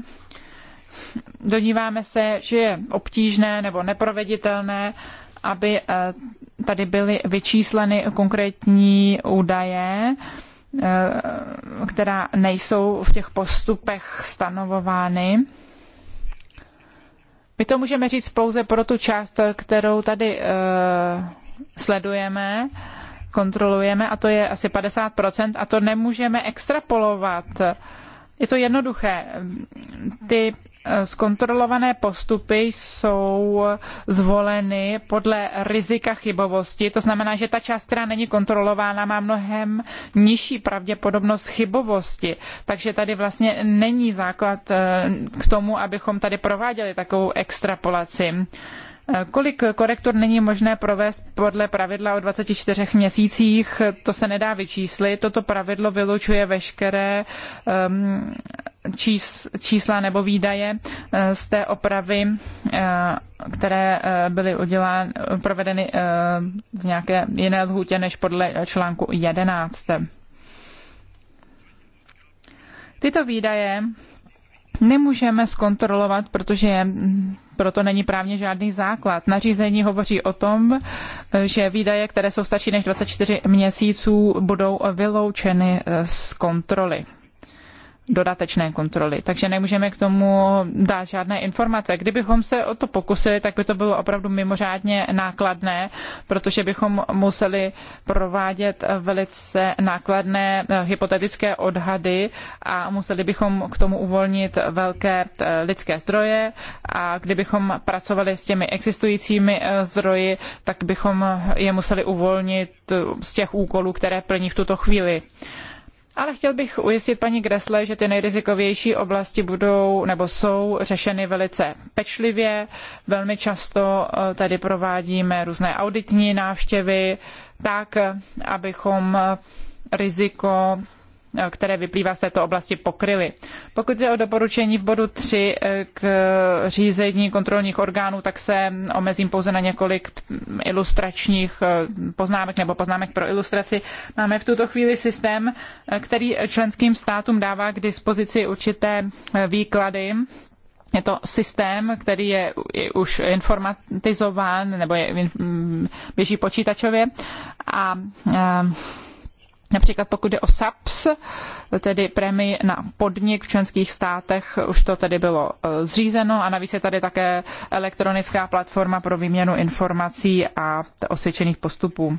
Dodíváme se, že je obtížné nebo neproveditelné, aby eh, tady byly vyčísleny konkrétní údaje, eh, která nejsou v těch postupech stanovovány. My to můžeme říct pouze pro tu část, kterou tady sledujeme kontrolujeme, a to je asi 50%, a to nemůžeme extrapolovat. Je to jednoduché. Ty eh, zkontrolované postupy jsou zvoleny podle rizika chybovosti. To znamená, že ta část, která není kontrolována, má mnohem nižší pravděpodobnost chybovosti. Takže tady vlastně není základ eh, k tomu, abychom tady prováděli takovou extrapolaci. Kolik korektur není možné provést podle pravidla o 24 měsících, to se nedá vyčíslit. Toto pravidlo vylučuje veškeré um, čísla nebo výdaje eh, z té opravy, eh, které eh, byly udělán, provedeny v nějaké jiné lhůtě než podle článku 11. Tyto výdaje nemůžeme zkontrolovat, protože proto není právně žádný základ. Nařízení hovoří o tom, že výdaje, které jsou starší než 24 měsíců, budou vyloučeny z kontroly dodatečné kontroly. Takže nemůžeme k tomu dát žádné informace. Kdybychom se o to pokusili, tak by to bylo opravdu mimořádně nákladné, protože bychom museli provádět velice nákladné eh, hypotetické odhady a museli bychom k tomu uvolnit velké eh, lidské zdroje a kdybychom pracovali s těmi existujícími eh, zdroji, tak bychom je museli uvolnit z těch úkolů, které plní v tuto chvíli. Ale chtěl bych ujistit paní Gresle, že ty nejrizikovější oblasti budou nebo jsou řešeny velice pečlivě. Velmi často eh, tady provádíme různé auditní návštěvy, tak, eh, abychom eh, riziko které vyplývá z této oblasti, pokryly. Pokud jde o doporučení v bodu 3 eh, k řízení kontrolních orgánů, tak se omezím pouze na několik ilustračních eh, poznámek nebo poznámek pro ilustraci. Máme v tuto chvíli systém, eh, který členským státům dává k dispozici určité výklady je to systém, který je, už informatizován nebo je, mm, běží počítačově a, a Například pokud jde o SAPS, tedy prémii na podnik v členských státech, už to tedy bylo e, zřízeno a navíc je tady také elektronická platforma pro výměnu informací a osvědčených postupů.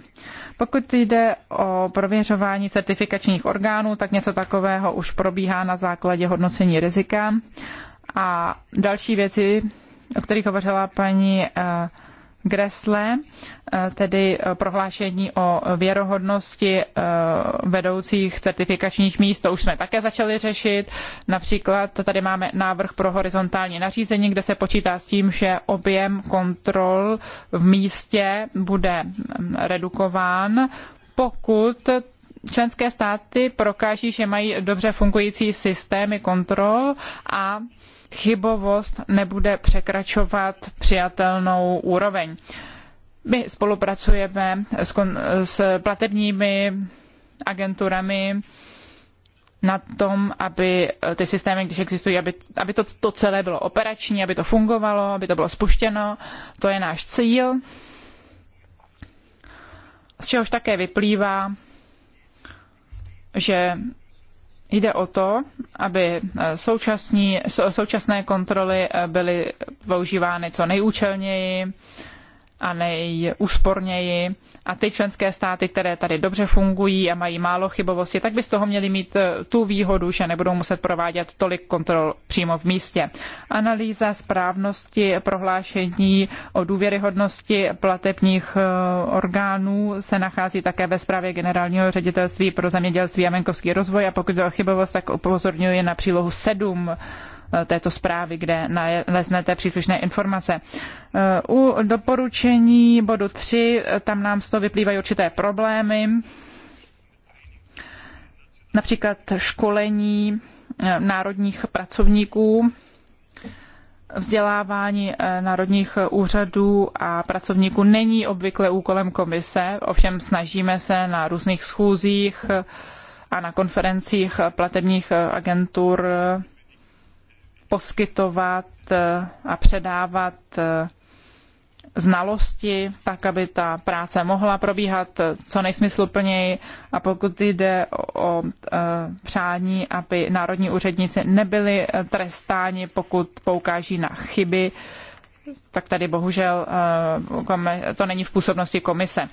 Pokud jde o prověřování certifikačních orgánů, tak něco takového už probíhá na základě hodnocení rizika. A další věci, o kterých hovořila paní e, Gressle, eh, tedy eh, prohlášení o věrohodnosti eh, vedoucích certifikačních míst, to už jsme také začali řešit. Například tady máme návrh pro horizontální nařízení, kde se počítá s tím, že objem kontrol v místě bude mm, redukován, pokud členské státy prokáží, že mají dobře fungující systémy kontrol a chybovost nebude překračovat přijatelnou úroveň. My spolupracujeme s, s platebními agenturami na tom, aby eh, ty systémy, když existují, aby, aby to, to celé bylo operační, aby to fungovalo, aby to bylo spuštěno. To je náš cíl, z čehož také vyplývá, že Jde o to, aby eh, současní, současné kontroly eh, byly používány co nejúčelněji, a nejúsporněji. A ty členské státy, které tady dobře fungují a mají málo chybovosti, tak by z toho měly mít eh, tu výhodu, že nebudou muset provádět tolik kontrol přímo v místě. Analýza správnosti prohlášení o důvěryhodnosti platebních eh, orgánů se nachází také ve zprávě Generálního ředitelství pro zemědělství a venkovský rozvoj a pokud jde o chybovost, tak upozorňuji na přílohu 7 této zprávy, kde naleznete příslušné informace. Eh, u doporučení bodu 3, eh, tam nám z toho vyplývají určité problémy, například školení eh, národních pracovníků, Vzdělávání národních úřadů a pracovníků není obvykle úkolem komise, ovšem snažíme se na různých schůzích a na konferencích platebních agentur poskytovat eh, a předávat eh, znalosti, tak aby ta práce mohla probíhat eh, co nejsmysluplněji. A pokud jde o přání, aby národní úředníci nebyli trestáni, pokud poukáží na chyby, tak tady bohužel to není v působnosti komise.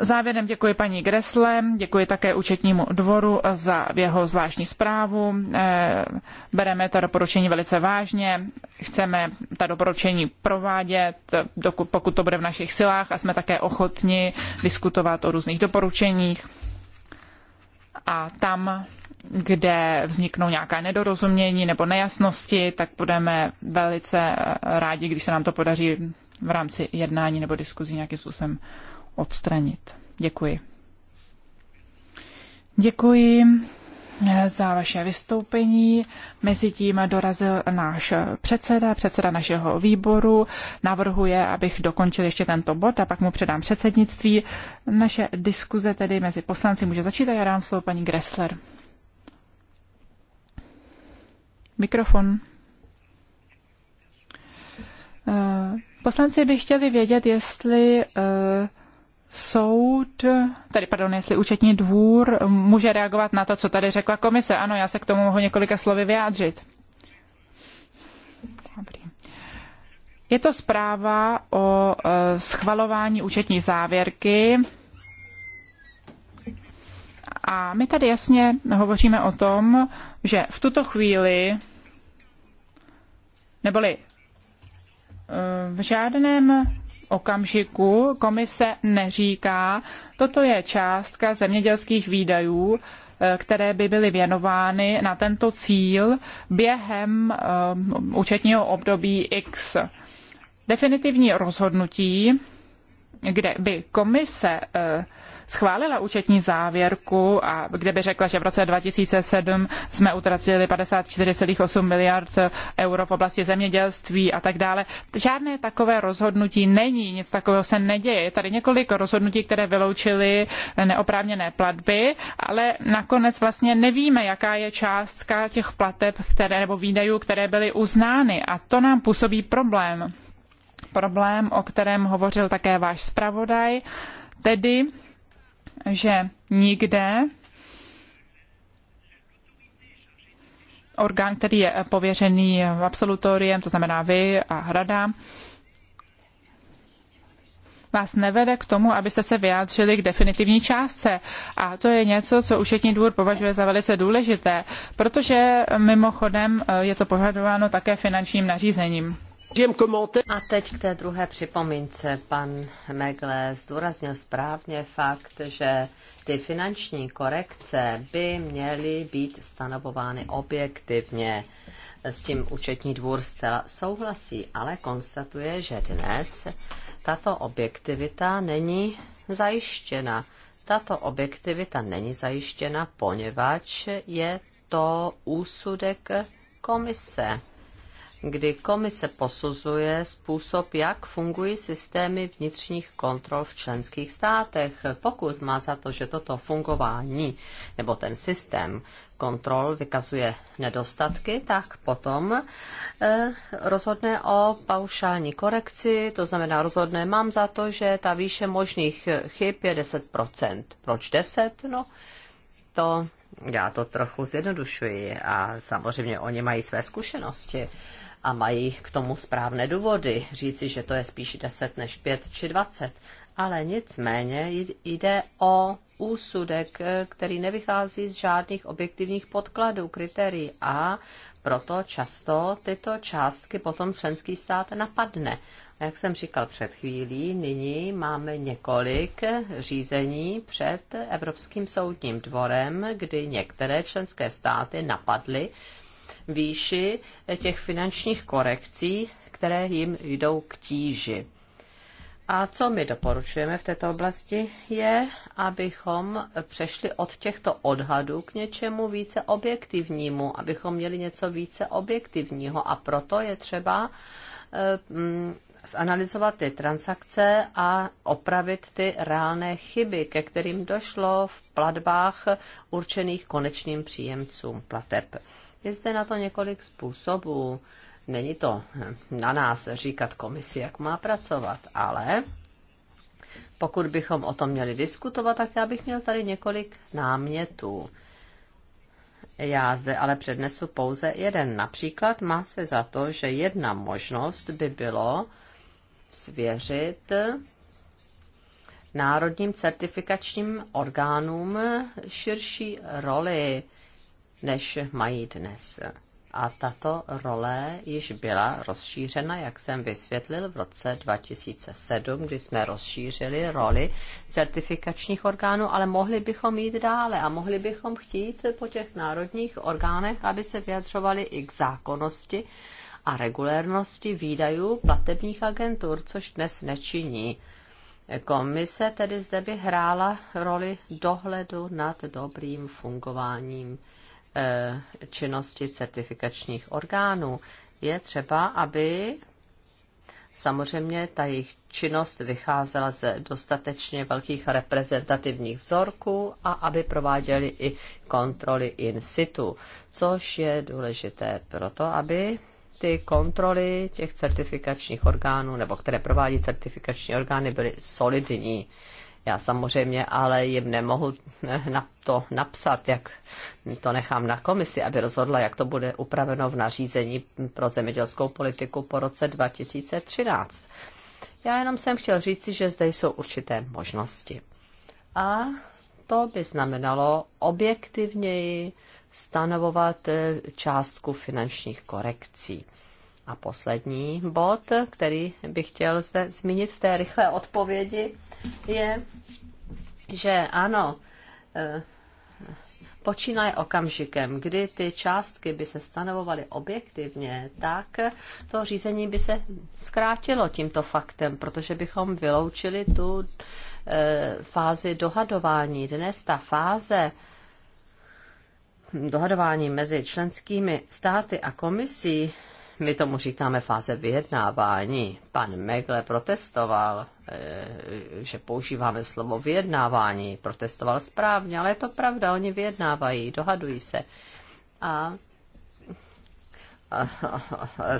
Závěrem děkuji paní Gressle, děkuji také účetnímu dvoru za jeho zvláštní zprávu. Eh, bereme ta doporučení velice vážně, chceme ta doporučení provádět, pokud to bude v našich silách a jsme také ochotni diskutovat o různých doporučeních. A tam, kde vzniknou nějaká nedorozumění nebo nejasnosti, tak budeme velice rádi, když se nám to podaří v rámci jednání nebo diskuzí nějakým způsobem odstranit. Děkuji. Děkuji eh, za vaše vystoupení. Mezitím dorazil náš předseda, předseda našeho výboru. Navrhuje, abych dokončil ještě tento bod a pak mu předám předsednictví. Naše diskuze tedy mezi poslanci může začít a já dám slovo paní Gressler. Mikrofon. Eh, poslanci by chtěli vědět, jestli eh, soud, tady pardon, jestli účetní dvůr může reagovat na to, co tady řekla komise. Ano, já se k tomu mohu několika slovy vyjádřit. Dobrý. Je to zpráva o e, schvalování účetní závěrky. A my tady jasně hovoříme o tom, že v tuto chvíli, neboli e, v žádném okamžiku komise neříká, toto je částka zemědělských výdajů, eh, které by byly věnovány na tento cíl během eh, účetního období X. Definitivní rozhodnutí, kde by komise uh, schválila účetní závěrku, a kde by řekla, že v roce 2007 jsme utratili 54,8 miliard euro v oblasti zemědělství a tak dále. Žádné takové rozhodnutí není, nic takového se neděje. Je tady několik rozhodnutí, které vyloučily neoprávněné platby, ale nakonec vlastně nevíme, jaká je částka těch plateb které, nebo výdajů, které byly uznány. A to nám působí problém. Problém, o kterém hovořil také váš zpravodaj, tedy že nikde orgán, který je pověřený absolutoriem, to znamená vy a hrada, vás nevede k tomu, abyste se vyjádřili k definitivní částce. A to je něco, co účetní dvůr považuje za velice důležité, protože mimochodem je to požadováno také finančním nařízením. A teď k té druhé připomínce. Pan Megle zdůraznil správně fakt, že ty finanční korekce by měly být stanovovány objektivně. S tím účetní dvůr zcela souhlasí, ale konstatuje, že dnes tato objektivita není zajištěna. Tato objektivita není zajištěna, poněvadž je to úsudek komise kdy komise posuzuje způsob, jak fungují systémy vnitřních kontrol v členských státech. Pokud má za to, že toto fungování nebo ten systém kontrol vykazuje nedostatky, tak potom eh, rozhodne o paušální korekci, to znamená rozhodne, mám za to, že ta výše možných chyb je 10%. Proč 10? No, to já to trochu zjednodušuji a samozřejmě oni mají své zkušenosti a mají k tomu správné důvody. Říci, že to je spíš 10 než 5 či 20. Ale nicméně jde o úsudek, který nevychází z žádných objektivních podkladů, kritérií a proto často tyto částky potom členský stát napadne. A jak jsem říkal před chvílí, nyní máme několik řízení před Evropským soudním dvorem, kdy některé členské státy napadly výši těch finančních korekcí, které jim jdou k tíži. A co my doporučujeme v této oblasti je, abychom přešli od těchto odhadů k něčemu více objektivnímu, abychom měli něco více objektivního a proto je třeba eh, mm, zanalizovat ty transakce a opravit ty reálné chyby, ke kterým došlo v platbách určených konečným příjemcům plateb. Je zde na to několik způsobů. Není to na nás říkat komisi, jak má pracovat, ale pokud bychom o tom měli diskutovat, tak já bych měl tady několik námětů. Já zde ale přednesu pouze jeden. Například má se za to, že jedna možnost by bylo svěřit národním certifikačním orgánům širší roli než mají dnes. A tato role již byla rozšířena, jak jsem vysvětlil, v roce 2007, kdy jsme rozšířili roli certifikačních orgánů, ale mohli bychom jít dále a mohli bychom chtít po těch národních orgánech, aby se vyjadřovali i k zákonnosti a regulérnosti výdajů platebních agentur, což dnes nečiní. Komise tedy zde by hrála roli dohledu nad dobrým fungováním Eh, činnosti certifikačních orgánů. Je třeba, aby samozřejmě ta jejich činnost vycházela ze dostatečně velkých reprezentativních vzorků a aby prováděli i kontroly in situ, což je důležité proto, aby ty kontroly těch certifikačních orgánů, nebo které provádí certifikační orgány, byly solidní. Já samozřejmě ale jim nemohu eh, na to napsat, jak to nechám na komisi, aby rozhodla, jak to bude upraveno v nařízení pro zemědělskou politiku po roce 2013. Já jenom jsem chtěl říci, že zde jsou určité možnosti. A to by znamenalo objektivněji stanovovat eh, částku finančních korekcí. A poslední bod, který bych chtěl zde zmínit v té rychlé odpovědi, je, že ano, e, počínaje okamžikem, kdy ty částky by se stanovovaly objektivně, tak to řízení by se zkrátilo tímto faktem, protože bychom vyloučili tu e, fázi dohadování. Dnes ta fáze dohadování mezi členskými státy a komisí my tomu říkáme fáze vyjednávání. Pan Megle protestoval, eh, že používáme slovo vyjednávání. Protestoval správně, ale je to pravda, oni vyjednávají, dohadují se. A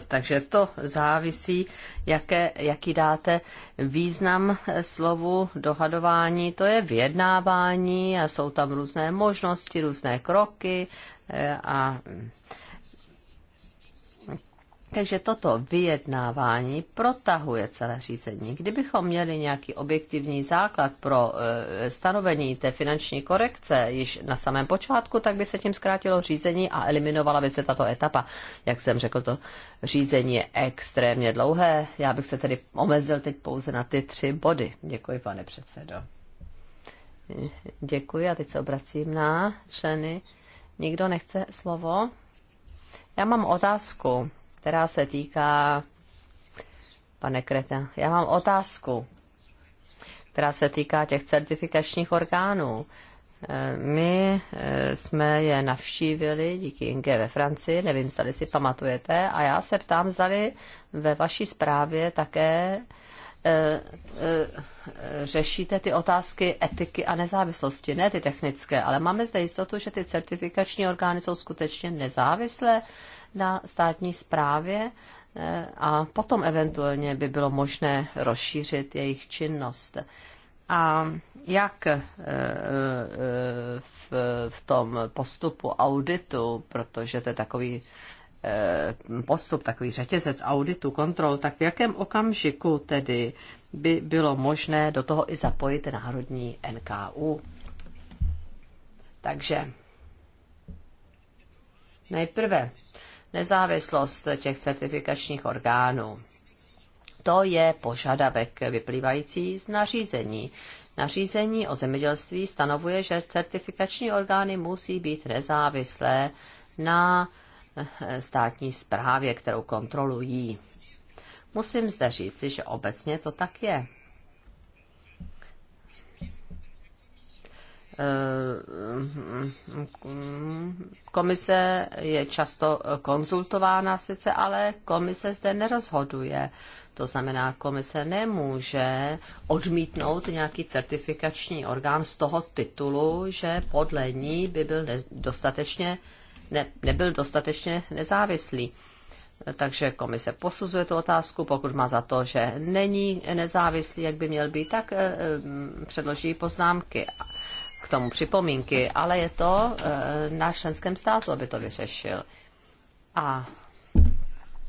takže to závisí, jaké, jaký dáte význam slovu dohadování. To je vyjednávání a jsou tam různé možnosti, různé kroky eh, a že toto vyjednávání protahuje celé řízení. Kdybychom měli nějaký objektivní základ pro e, stanovení té finanční korekce již na samém počátku, tak by se tím zkrátilo řízení a eliminovala by se tato etapa. Jak jsem řekl, to řízení je extrémně dlouhé. Já bych se tedy omezil teď pouze na ty tři body. Děkuji, pane předsedo. Děkuji a teď se obracím na členy. Nikdo nechce slovo? Já mám otázku která se týká, pane Kreta, já mám otázku, která se týká těch certifikačních orgánů. Eh, my eh, jsme je navštívili díky Inge ve Francii, nevím, zda si pamatujete, a já se ptám, zda ve vaší zprávě také eh, řešíte ty otázky etiky a nezávislosti, ne ty technické, ale máme zde jistotu, že ty certifikační orgány jsou skutečně nezávislé, na státní správě eh, a potom eventuálně by bylo možné rozšířit jejich činnost. A jak eh, eh, v tom postupu auditu, protože to je takový postup, takový řetězec auditu, kontrol, tak v jakém okamžiku tedy by bylo možné do toho i zapojit národní NKU? Takže nejprve nezávislost těch certifikačních orgánů. To je požadavek vyplývající z nařízení. Nařízení o zemědělství stanovuje, že certifikační orgány musí být nezávislé na eh, státní správě, kterou kontrolují. Musím zde říci, že obecně to tak je. Eh, komise je často konzultována sice, ale komise zde nerozhoduje. To znamená, komise nemůže odmítnout nějaký certifikační orgán z toho titulu, že podle ní by byl dostatečně, ne, nebyl dostatečně nezávislý. Takže komise posuzuje tu otázku, pokud má za to, že není nezávislý, jak by měl být, tak eh, eh, předloží poznámky k tomu připomínky, ale je to eh, na členském státu, aby to vyřešil. A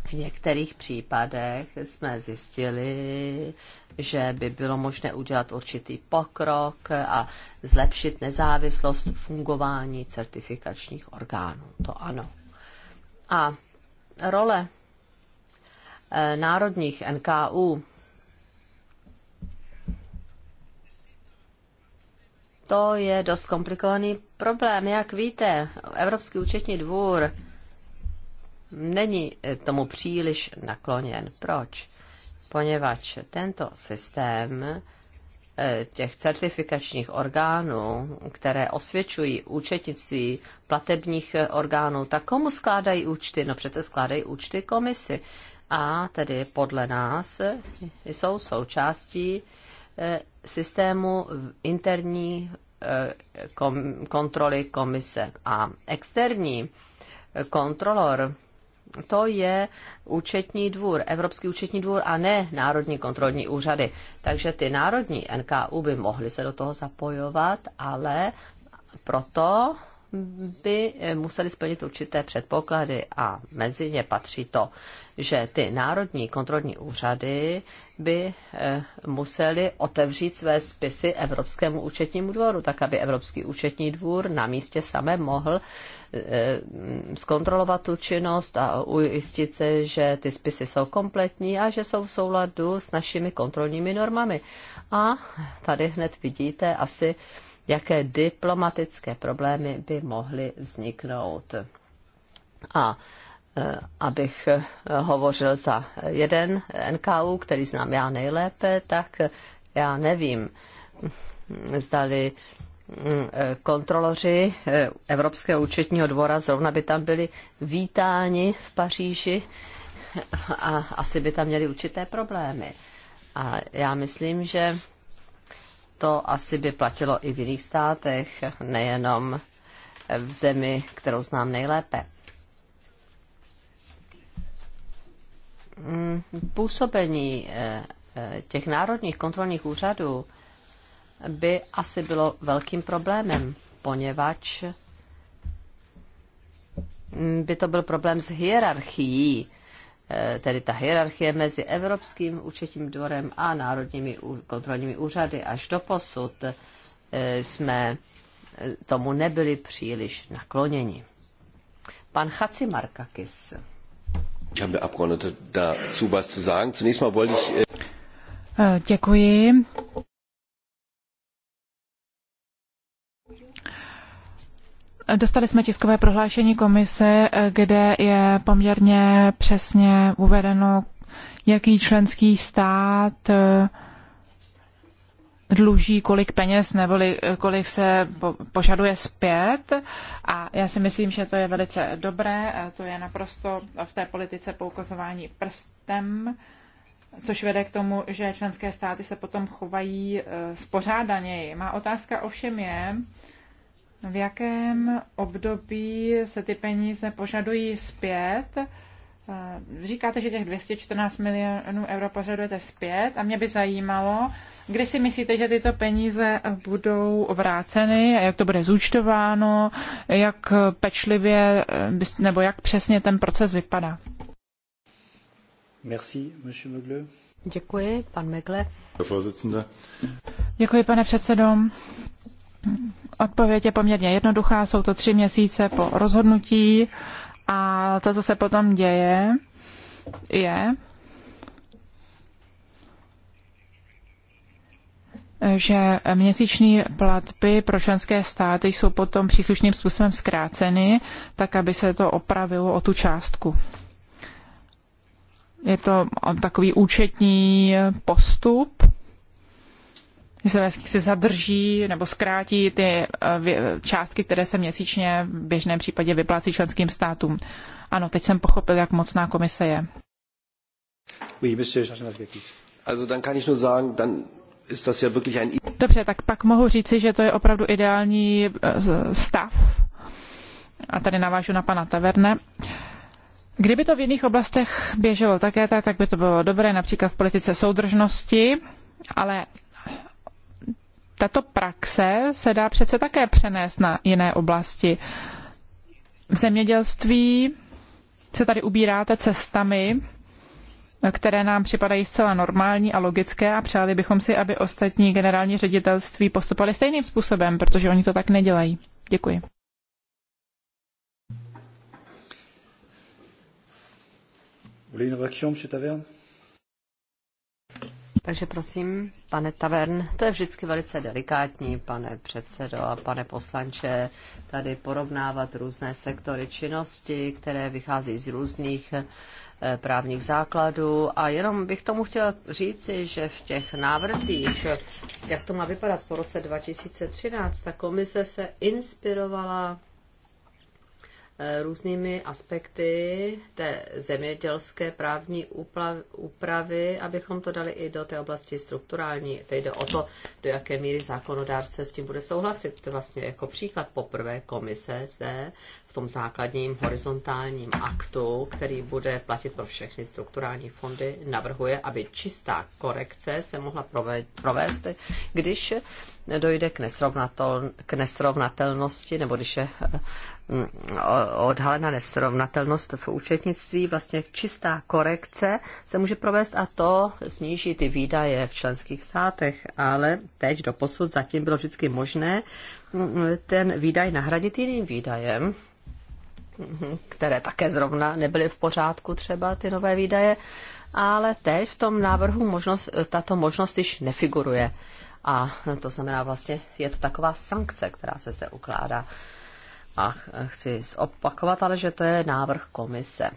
v některých případech jsme zjistili, že by bylo možné udělat určitý pokrok a zlepšit nezávislost fungování certifikačních orgánů. To ano. A role eh, národních NKU to je dost komplikovaný problém. Jak víte, Evropský účetní dvůr není tomu příliš nakloněn. Proč? Poněvadž tento systém eh, těch certifikačních orgánů, které osvědčují účetnictví platebních eh, orgánů, tak komu skládají účty? No přece skládají účty komisi. A tedy podle nás jsou součástí Eh, systému interní eh, kontroly komise. A externí eh, kontrolor to je účetní dvůr, Evropský účetní dvůr a ne národní kontrolní úřady. Takže ty národní NKU by mohly se do toho zapojovat, ale proto by eh, museli splnit určité předpoklady a mezi ně patří to, že ty národní kontrolní úřady by eh, museli otevřít své spisy Evropskému účetnímu dvoru, tak aby Evropský účetní dvůr na místě samé mohl eh, zkontrolovat tu činnost a ujistit se, že ty spisy jsou kompletní a že jsou v souladu s našimi kontrolními normami. A tady hned vidíte asi, jaké diplomatické problémy by mohly vzniknout. A e, abych e, hovořil za jeden NKU, který znám já nejlépe, tak já nevím, zdali mm, e, kontroloři Evropského účetního dvora zrovna by tam byli vítáni v Paříži a asi by tam měli určité problémy. A já myslím, že to asi by platilo i v jiných státech, nejenom v zemi, kterou znám nejlépe. Mm, působení eh, eh, těch národních kontrolních úřadů by asi bylo velkým problémem, poněvadž mm, by to byl problém s hierarchií Eh, tedy ta hierarchie mezi Evropským účetním dvorem a národními kontrolními úřady. Až do posud eh, jsme eh, tomu nebyli příliš nakloněni. Pan Chaci Markakis. Äh, děkuji. Dostali jsme tiskové prohlášení komise, kde je poměrně přesně uvedeno, jaký členský stát eh, dluží kolik peněz nebo eh, kolik se požaduje zpět. A já si myslím, že to je velice dobré. To je naprosto v té politice poukazování prstem, což vede k tomu, že členské státy se potom chovají eh, spořádaněji. Má otázka ovšem je, v jakém období se ty peníze požadují zpět. Říkáte, že těch 214 milionů euro požadujete zpět a mě by zajímalo, kdy si myslíte, že tyto peníze budou vráceny a jak to bude zúčtováno, jak pečlivě nebo jak přesně ten proces vypadá. Merci, monsieur Děkuji, pan Megle. Děkuji, pane předsedo. Odpověď je poměrně jednoduchá, jsou to tři měsíce po rozhodnutí a to, co se potom děje, je, že měsíční platby pro členské státy jsou potom příslušným způsobem zkráceny, tak aby se to opravilo o tu částku. Je to takový účetní postup, že se zadrží nebo zkrátí ty eh, částky, které se měsíčně v běžném případě vyplácí členským státům. Ano, teď jsem pochopil, jak mocná komise je. Dobře, tak pak mohu říci, že to je opravdu ideální eh, stav. A tady navážu na pana Taverne. Kdyby to v jiných oblastech běželo také tak, tak by to bylo dobré, například v politice soudržnosti, ale tato praxe se dá přece také přenést na jiné oblasti. V zemědělství se tady ubíráte cestami, které nám připadají zcela normální a logické a přáli bychom si, aby ostatní generální ředitelství postupovali stejným způsobem, protože oni to tak nedělají. Děkuji. Vous voulez une réaction, M. Taverne takže prosím, pane Tavern, to je vždycky velice delikátní, pane předsedo a pane poslanče, tady porovnávat různé sektory činnosti, které vychází z různých eh, právních základů a jenom bych tomu chtěla říci, že v těch návrzích, jak to má vypadat po roce 2013, ta komise se inspirovala Eh, různými aspekty té zemědělské právní úpravy, abychom to dali i do té oblasti strukturální. Teď jde o to, do jaké míry zákonodárce s tím bude souhlasit. Vlastně jako příklad poprvé komise zde v tom základním horizontálním aktu, který bude platit pro všechny strukturální fondy, navrhuje, aby čistá korekce se mohla provést, když dojde k, nesrovnatel, k nesrovnatelnosti nebo když je eh, Mm, odhalena nesrovnatelnost v účetnictví, vlastně čistá korekce se může provést a to sníží ty výdaje v členských státech, ale teď do posud zatím bylo vždycky možné mm, ten výdaj nahradit jiným výdajem, mm, které také zrovna nebyly v pořádku třeba ty nové výdaje, ale teď v tom návrhu možnost, tato možnost již nefiguruje. A to znamená vlastně, je to taková sankce, která se zde ukládá. A chci zopakovat, ale že to je návrh komise.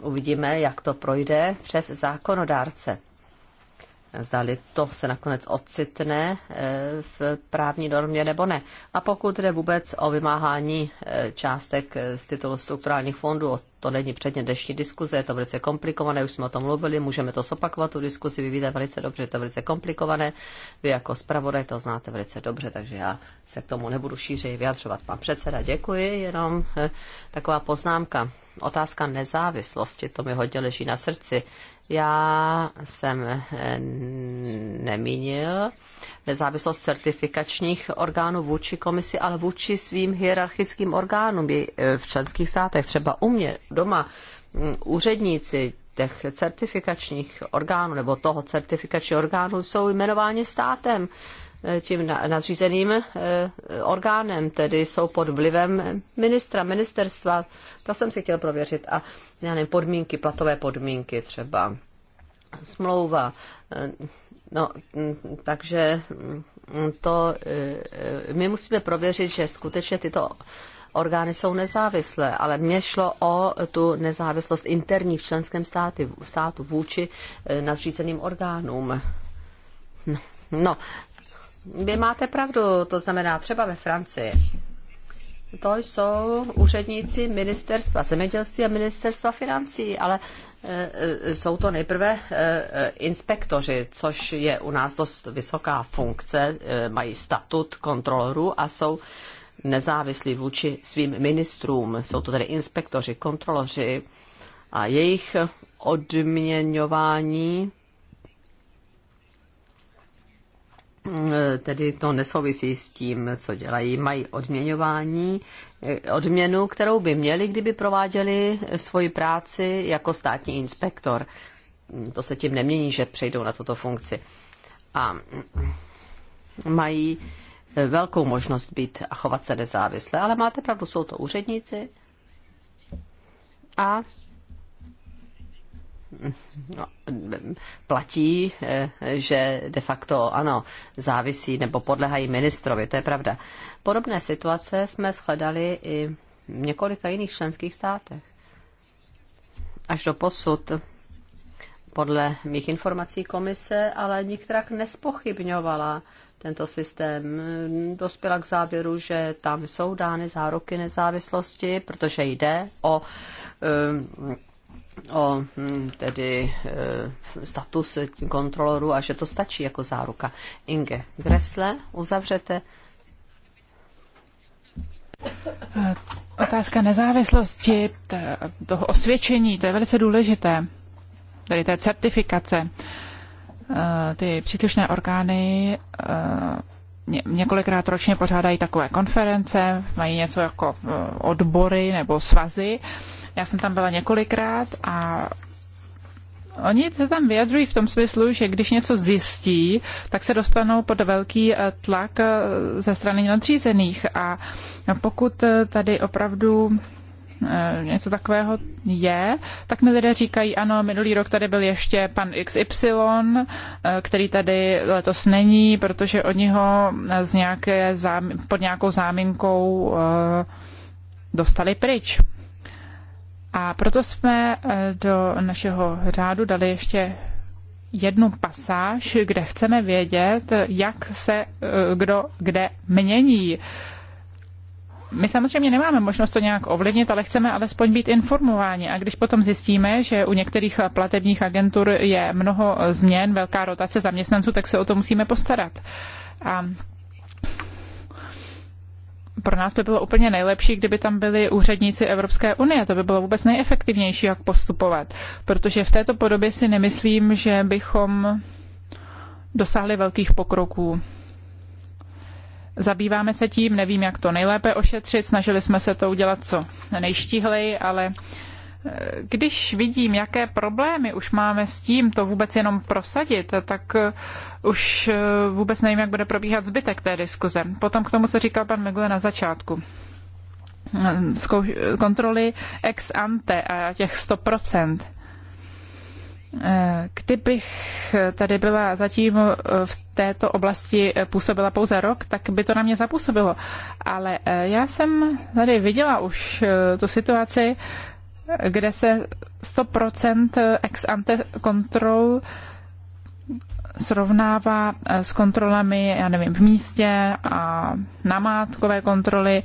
Uvidíme, jak to projde přes zákonodárce zdali to se nakonec ocitne eh, v právní normě nebo ne. A pokud jde vůbec o vymáhání eh, částek eh, z titulu strukturálních fondů, to není předně dnešní diskuze, je to velice komplikované, už jsme o tom mluvili, můžeme to zopakovat, tu diskuzi víte velice dobře, je to velice komplikované, vy jako zpravodaj to znáte velice dobře, takže já se k tomu nebudu šířeji vyjadřovat. Pan předseda, děkuji, jenom taková poznámka. Otázka nezávislosti, to mi hodně leží na srdci. Já jsem eh, nemínil nezávislost certifikačních orgánů vůči komisi, ale vůči svým hierarchickým orgánům eh, v členských státech. Třeba u mě doma mm, úředníci těch certifikačních orgánů nebo toho certifikačního orgánu jsou jmenováni státem tím nadřízeným eh, orgánem, tedy jsou pod vlivem ministra, ministerstva. To jsem si chtěl prověřit. A já nevím, podmínky, platové podmínky třeba, smlouva. Eh, no, mm, takže mm, to eh, my musíme prověřit, že skutečně tyto orgány jsou nezávislé, ale mně šlo o tu nezávislost interní v členském státy, státu vůči nadřízeným orgánům. No, no vy máte pravdu, to znamená třeba ve Francii. To jsou úředníci ministerstva zemědělství a ministerstva financí, ale eh, eh, jsou to nejprve eh, inspektoři, což je u nás dost vysoká funkce, mají statut kontrolorů a jsou nezávislí vůči svým ministrům. Jsou to tedy inspektoři, kontroloři a jejich odměňování tedy to nesouvisí s tím, co dělají. Mají odměňování, odměnu, kterou by měli, kdyby prováděli svoji práci jako státní inspektor. To se tím nemění, že přejdou na tuto funkci. A mají velkou možnost být a chovat se nezávisle, ale máte pravdu, jsou to úředníci a no, platí, eh, že de facto ano, závisí nebo podlehají ministrovi, to je pravda. Podobné situace jsme shledali i v několika jiných členských státech. Až do posud, podle mých informací komise, ale nikterak nespochybňovala tento systém dospěla k závěru, že tam jsou dány záruky nezávislosti, protože jde o um, o hm, tedy eh, status kontroloru a že to stačí jako záruka. Inge Gressle, uzavřete. Eh, otázka nezávislosti, toho osvědčení, to je velice důležité, tedy té certifikace. Eh, ty příslušné orgány několikrát ročně pořádají takové konference, mají něco jako eh, odbory nebo svazy. Já jsem tam byla několikrát a Oni se tam vyjadřují v tom smyslu, že když něco zjistí, tak se dostanou pod velký eh, tlak eh, ze strany nadřízených. A no, pokud tady opravdu Eh, něco takového je, tak mi lidé říkají, ano, minulý rok tady byl ještě pan XY, eh, který tady letos není, protože oni ho z nějaké zám, pod nějakou záminkou eh, dostali pryč. A proto jsme do našeho řádu dali ještě jednu pasáž, kde chceme vědět, jak se kdo kde mění. My samozřejmě nemáme možnost to nějak ovlivnit, ale chceme alespoň být informováni. A když potom zjistíme, že u některých platebních agentur je mnoho změn, velká rotace zaměstnanců, tak se o to musíme postarat. A pro nás by bylo úplně nejlepší, kdyby tam byli úředníci Evropské unie. To by bylo vůbec nejefektivnější, jak postupovat. Protože v této podobě si nemyslím, že bychom dosáhli velkých pokroků. Zabýváme se tím, nevím, jak to nejlépe ošetřit, snažili jsme se to udělat co nejštíhleji, ale eh, když vidím, jaké problémy už máme s tím to vůbec jenom prosadit, tak eh, už eh, vůbec nevím, jak bude probíhat zbytek té diskuze. Potom k tomu, co říkal pan Megle na začátku. Kontroly ex ante a těch 100%. Kdybych tady byla zatím v této oblasti eh, působila pouze rok, tak by to na mě zapůsobilo. Ale eh, já jsem tady viděla už eh, tu situaci, kde se 100% ex ante kontrol srovnává s kontrolami, já nevím, v místě a namátkové kontroly.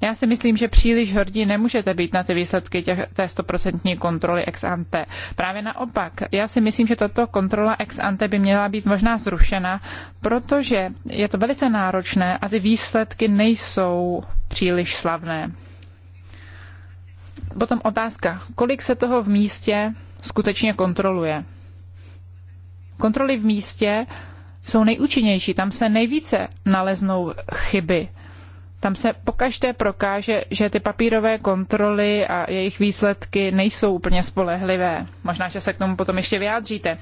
Já si myslím, že příliš hrdí nemůžete být na ty výsledky těch, té stoprocentní kontroly ex ante. Právě naopak, já si myslím, že tato kontrola ex ante by měla být možná zrušena, protože je to velice náročné a ty výsledky nejsou příliš slavné. Potom otázka, kolik se toho v místě skutečně kontroluje? Kontroly v místě jsou nejúčinnější, tam se nejvíce naleznou chyby. Tam se pokaždé prokáže, že ty papírové kontroly a jejich výsledky nejsou úplně spolehlivé. Možná, že se k tomu potom ještě vyjádříte.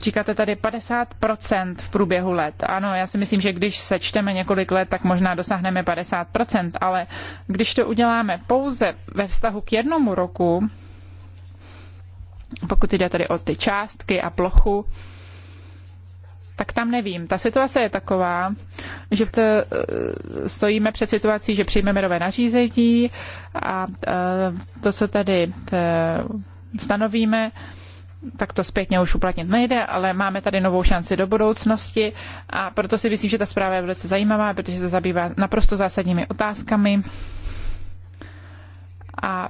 Říkáte tady 50% v průběhu let. Ano, já si myslím, že když sečteme několik let, tak možná dosáhneme 50%, ale když to uděláme pouze ve vztahu k jednomu roku, pokud jde tady o ty částky a plochu, tak tam nevím. Ta situace je taková, že to, eh, stojíme před situací, že přijmeme nové nařízení a eh, to, co tady stanovíme, tak to zpětně už uplatnit nejde, ale máme tady novou šanci do budoucnosti a proto si myslím, že ta zpráva je velice zajímavá, protože se zabývá naprosto zásadními otázkami a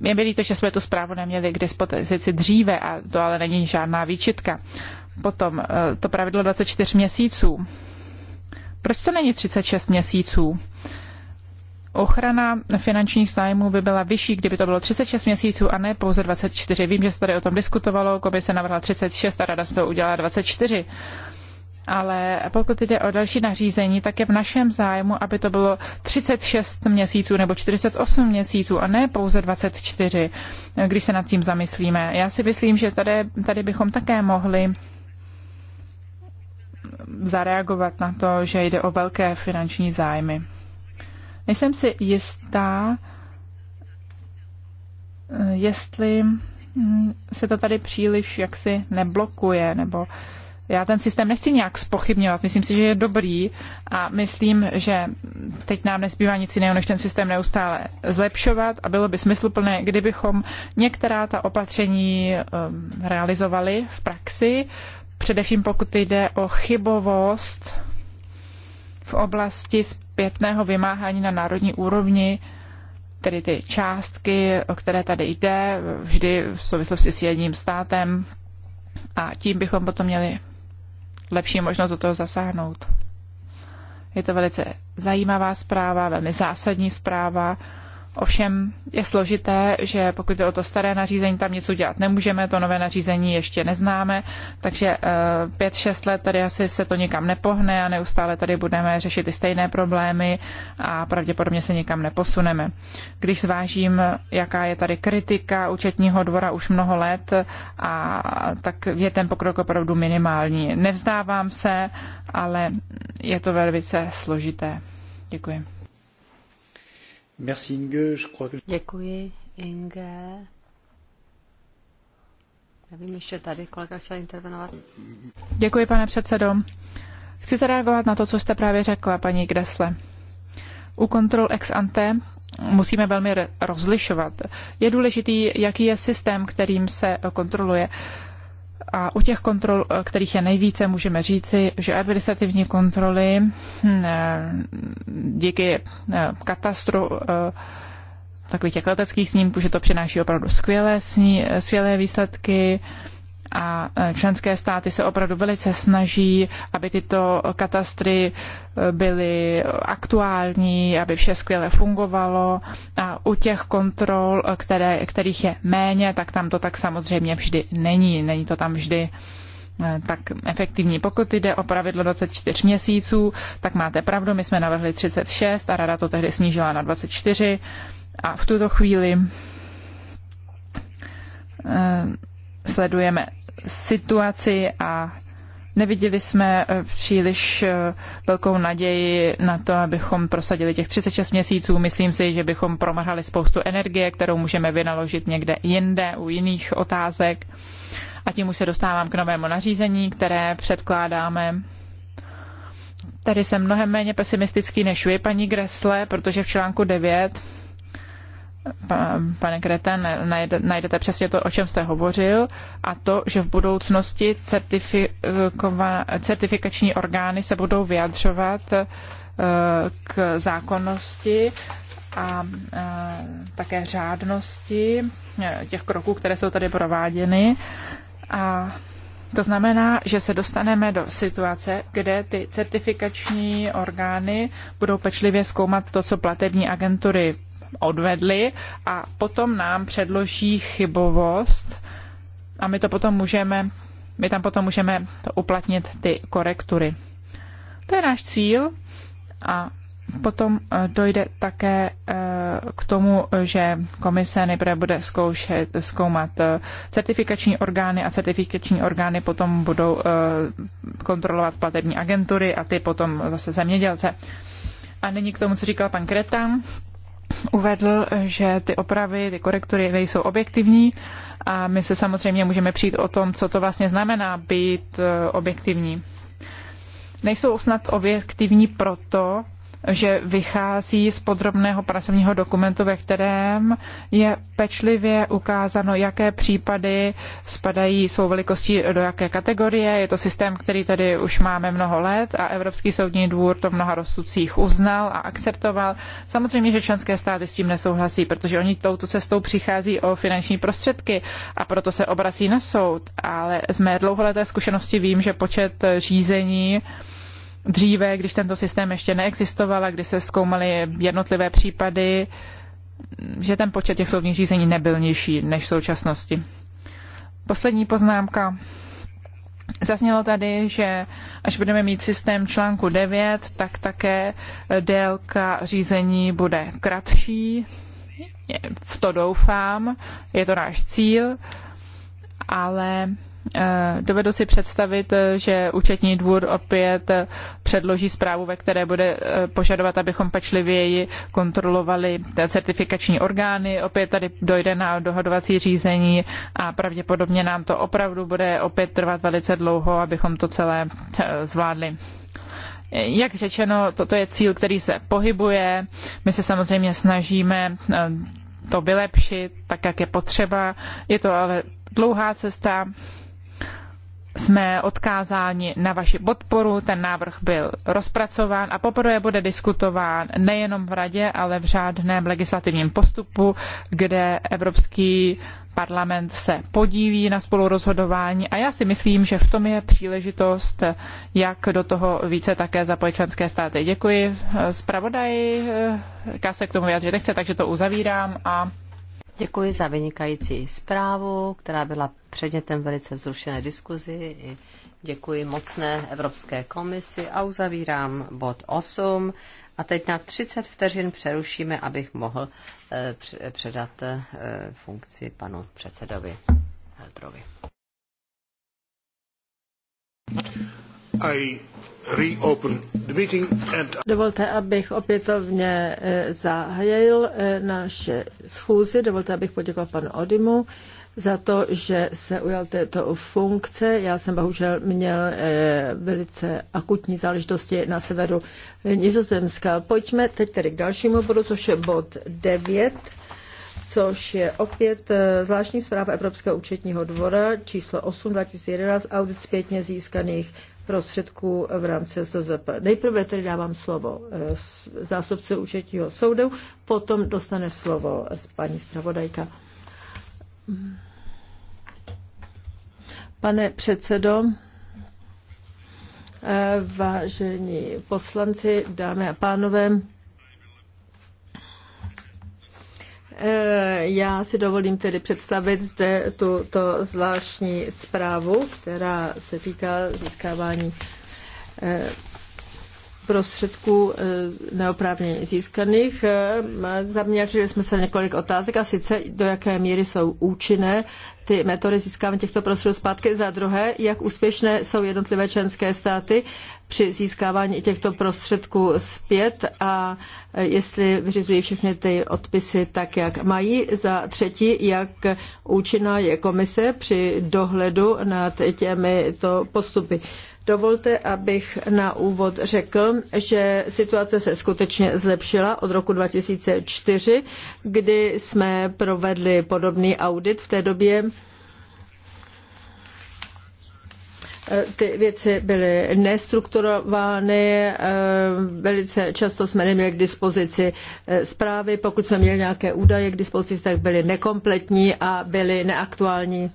je mi líto, že jsme tu zprávu neměli k dispozici dříve a to ale není žádná výčitka. Uh, Potom eh, to pravidlo 24 měsíců. Proč to není 36 měsíců? Ochrana finančních zájmů by byla vyšší, kdyby to bylo 36 měsíců a ne pouze 24. Vím, že se tady o tom diskutovalo, komise navrhla 36 a rada se to udělala 24. Ale pokud jde o další nařízení, tak je v našem zájmu, aby to bylo 36 měsíců nebo 48 měsíců a ne pouze 24, když se nad tím zamyslíme. Já si myslím, že tady, tady bychom také mohli zareagovat na to, že jde o velké finanční zájmy. Nejsem si jistá, eh, jestli hm, se to tady příliš jaksi neblokuje, nebo já ten systém nechci nějak spochybňovat, myslím si, že je dobrý a myslím, že teď nám nezbývá nic jiného, než ten systém neustále zlepšovat a bylo by smysluplné, kdybychom některá ta opatření hm, realizovali v praxi především pokud jde o chybovost v oblasti zpětného vymáhání na národní úrovni, tedy ty částky, o které tady jde, vždy v souvislosti s jedním státem a tím bychom potom měli lepší možnost do toho zasáhnout. Je to velice zajímavá zpráva, velmi zásadní zpráva Ovšem je složité, že pokud jde o to staré nařízení, tam nic udělat nemůžeme, to nové nařízení ještě neznáme, takže eh, pět šest let tady asi se to někam nepohne a neustále tady budeme řešit ty stejné problémy a pravděpodobně se někam neposuneme. Když zvážím, jaká je tady kritika účetního dvora už mnoho let, a tak je ten pokrok opravdu minimální. Nevzdávám se, ale je to velice složité. Děkuji. Merci Inge, je crois que... Děkuji Inge. Nevím, ještě tady kolega chtěl intervenovat. Děkuji, pane předsedo. Chci zareagovat na to, co jste právě řekla, paní Gresle. U kontrol ex ante musíme velmi rozlišovat. Je důležitý, jaký je systém, kterým se kontroluje. A u těch kontrol, eh, kterých je nejvíce, můžeme říci, že administrativní kontroly hm, eh, díky eh, katastru takových těch leteckých snímků, že to přináší opravdu skvělé, sní, skvělé výsledky a e, členské státy se opravdu velice snaží, aby tyto katastry e, byly aktuální, aby vše skvěle fungovalo. A u těch kontrol, e, které, kterých je méně, tak tam to tak samozřejmě vždy není. Není to tam vždy tak efektivní. Pokud jde o pravidlo 24 měsíců, tak máte pravdu, my jsme navrhli 36 a rada to tehdy snížila na 24 a v tuto chvíli sledujeme situaci a neviděli jsme eh, příliš eh, velkou naději na to, abychom prosadili těch 36 měsíců. Myslím si, že bychom promrhali spoustu energie, kterou můžeme vynaložit někde jinde u jiných otázek. A tím už se dostávám k novému nařízení, které předkládáme. Tady jsem mnohem méně pesimistický než vy, paní Gresle, protože v článku 9 pane Kreten, najdete přesně to, o čem jste hovořil, a to, že v budoucnosti certifikační orgány se budou vyjadřovat eh, k zákonnosti a eh, také řádnosti eh, těch kroků, které jsou tady prováděny. A to znamená, že se dostaneme do situace, kde ty certifikační orgány budou pečlivě zkoumat to, co platební agentury odvedli a potom nám předloží chybovost a my to potom můžeme, my tam potom můžeme uplatnit ty korektury. To je náš cíl a potom eh, dojde také eh, k tomu, že komise nejprve bude zkoušet, zkoumat eh, certifikační orgány a certifikační orgány potom budou kontrolovat platební agentury a ty potom zase zemědělce. A nyní k tomu, co říkal pan Kretan uvedl, že ty opravy, ty korektury nejsou objektivní a my se samozřejmě můžeme přijít o tom, co to vlastně znamená být eh, objektivní. Nejsou snad objektivní proto, že vychází z podrobného pracovního dokumentu, ve kterém je pečlivě ukázáno, jaké případy spadají svou velikostí do jaké kategorie. Je to systém, který tady už máme mnoho let a Evropský soudní dvůr to v mnoha rozsudcích uznal a akceptoval. Samozřejmě, že členské státy s tím nesouhlasí, protože oni touto cestou přichází o finanční prostředky a proto se obrací na soud. Ale z mé dlouholeté zkušenosti vím, že počet řízení, dříve, když tento systém ještě neexistoval a kdy se zkoumaly jednotlivé případy, že ten počet těch soudních řízení nebyl nižší než v současnosti. Poslední poznámka. Zaznělo tady, že až budeme mít systém článku 9, tak také délka řízení bude kratší. V to doufám, je to náš cíl, ale Eh, dovedu si představit, eh, že účetní dvůr opět eh, předloží zprávu, ve které bude požadovat, abychom pečlivěji kontrolovali certifikační orgány. Opět tady dojde na dohodovací řízení a pravděpodobně nám to opravdu bude opět trvat velice dlouho, abychom to celé zvládli. Jak řečeno, toto je cíl, který se pohybuje. My se samozřejmě snažíme to vylepšit tak, jak je potřeba. Je to ale dlouhá cesta, jsme odkázáni na vaši podporu. Ten návrh byl rozpracován a poprvé bude diskutován nejenom v radě, ale v řádném legislativním postupu, kde Evropský parlament se podílí na spolurozhodování a já si myslím, že v tom je příležitost, jak do toho více také zapojit členské státy. Děkuji eh, zpravodaji, eh, Ká se k tomu vyjádřit nechce, takže to uzavírám a Děkuji za vynikající zprávu, která byla předmětem velice vzrušené diskuzi. Děkuji mocné Evropské komisi a uzavírám bod 8. A teď na 30 vteřin přerušíme, abych mohl eh, předat eh, funkci panu předsedovi Heldrovi. I Dovolte, abych opětovně eh, zahájil eh, naše schůzi. Dovolte, abych poděkoval panu Odimu za to, že se ujal této funkce. Já jsem bohužel měl eh, velice akutní záležitosti na severu Nizozemska. Pojďme teď tedy k dalšímu bodu, což je bod 9 což je opět eh, zvláštní zpráva Evropského účetního dvora číslo 8 2011 audit zpětně získaných prostředků v rámci SZP. Nejprve tedy dávám slovo eh, zástupce účetního soudu, potom dostane slovo paní zpravodajka. Pane předsedo, eh, vážení poslanci, dámy a pánové, Eh, já si dovolím tedy představit zde tuto zvláštní zprávu, která se týká získávání eh, prostředků eh, neoprávněně získaných. Eh, zaměřili jsme se na několik otázek a sice do jaké míry jsou účinné ty metody získávání těchto prostředků zpátky. Za druhé, jak úspěšné jsou jednotlivé členské státy při získávání těchto prostředků zpět a eh, jestli vyřizují všechny ty odpisy tak, jak mají. Za třetí, jak účinná je komise při dohledu nad těmito postupy. Dovolte, abych na úvod řekl, že situace se skutečně zlepšila od roku 2004, kdy jsme provedli podobný audit. V té době ty věci byly nestrukturovány, velice často jsme neměli k dispozici zprávy, pokud jsme měli nějaké údaje k dispozici, tak byly nekompletní a byly neaktuální.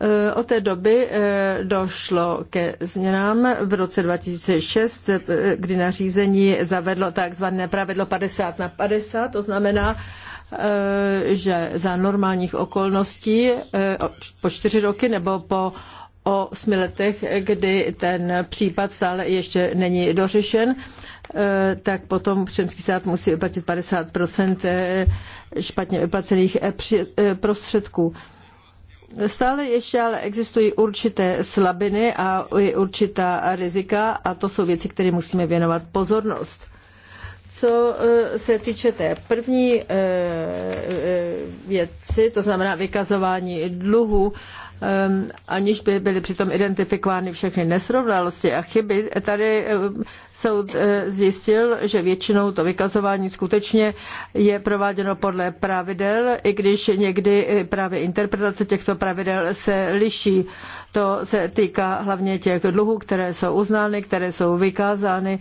Eh, od té doby eh, došlo ke změnám v roce 2006, eh, kdy nařízení zavedlo takzvané pravidlo 50 na 50, to znamená, že za normálních okolností po čtyři roky nebo po o osmi letech, kdy ten případ stále ještě není dořešen, tak potom členský stát musí platit 50 špatně vyplacených prostředků. Stále ještě ale existují určité slabiny a určitá rizika a to jsou věci, které musíme věnovat pozornost. Co e, se týče té první e, e, věci, to znamená vykazování dluhu Ehm, aniž by byly přitom identifikovány všechny nesrovnalosti a chyby. Tady ehm, soud eh, zjistil, že většinou to vykazování skutečně je prováděno podle pravidel, i když někdy eh, právě interpretace těchto pravidel se liší. To se týká hlavně těch dluhů, které jsou uznány, které jsou vykázány. Uh,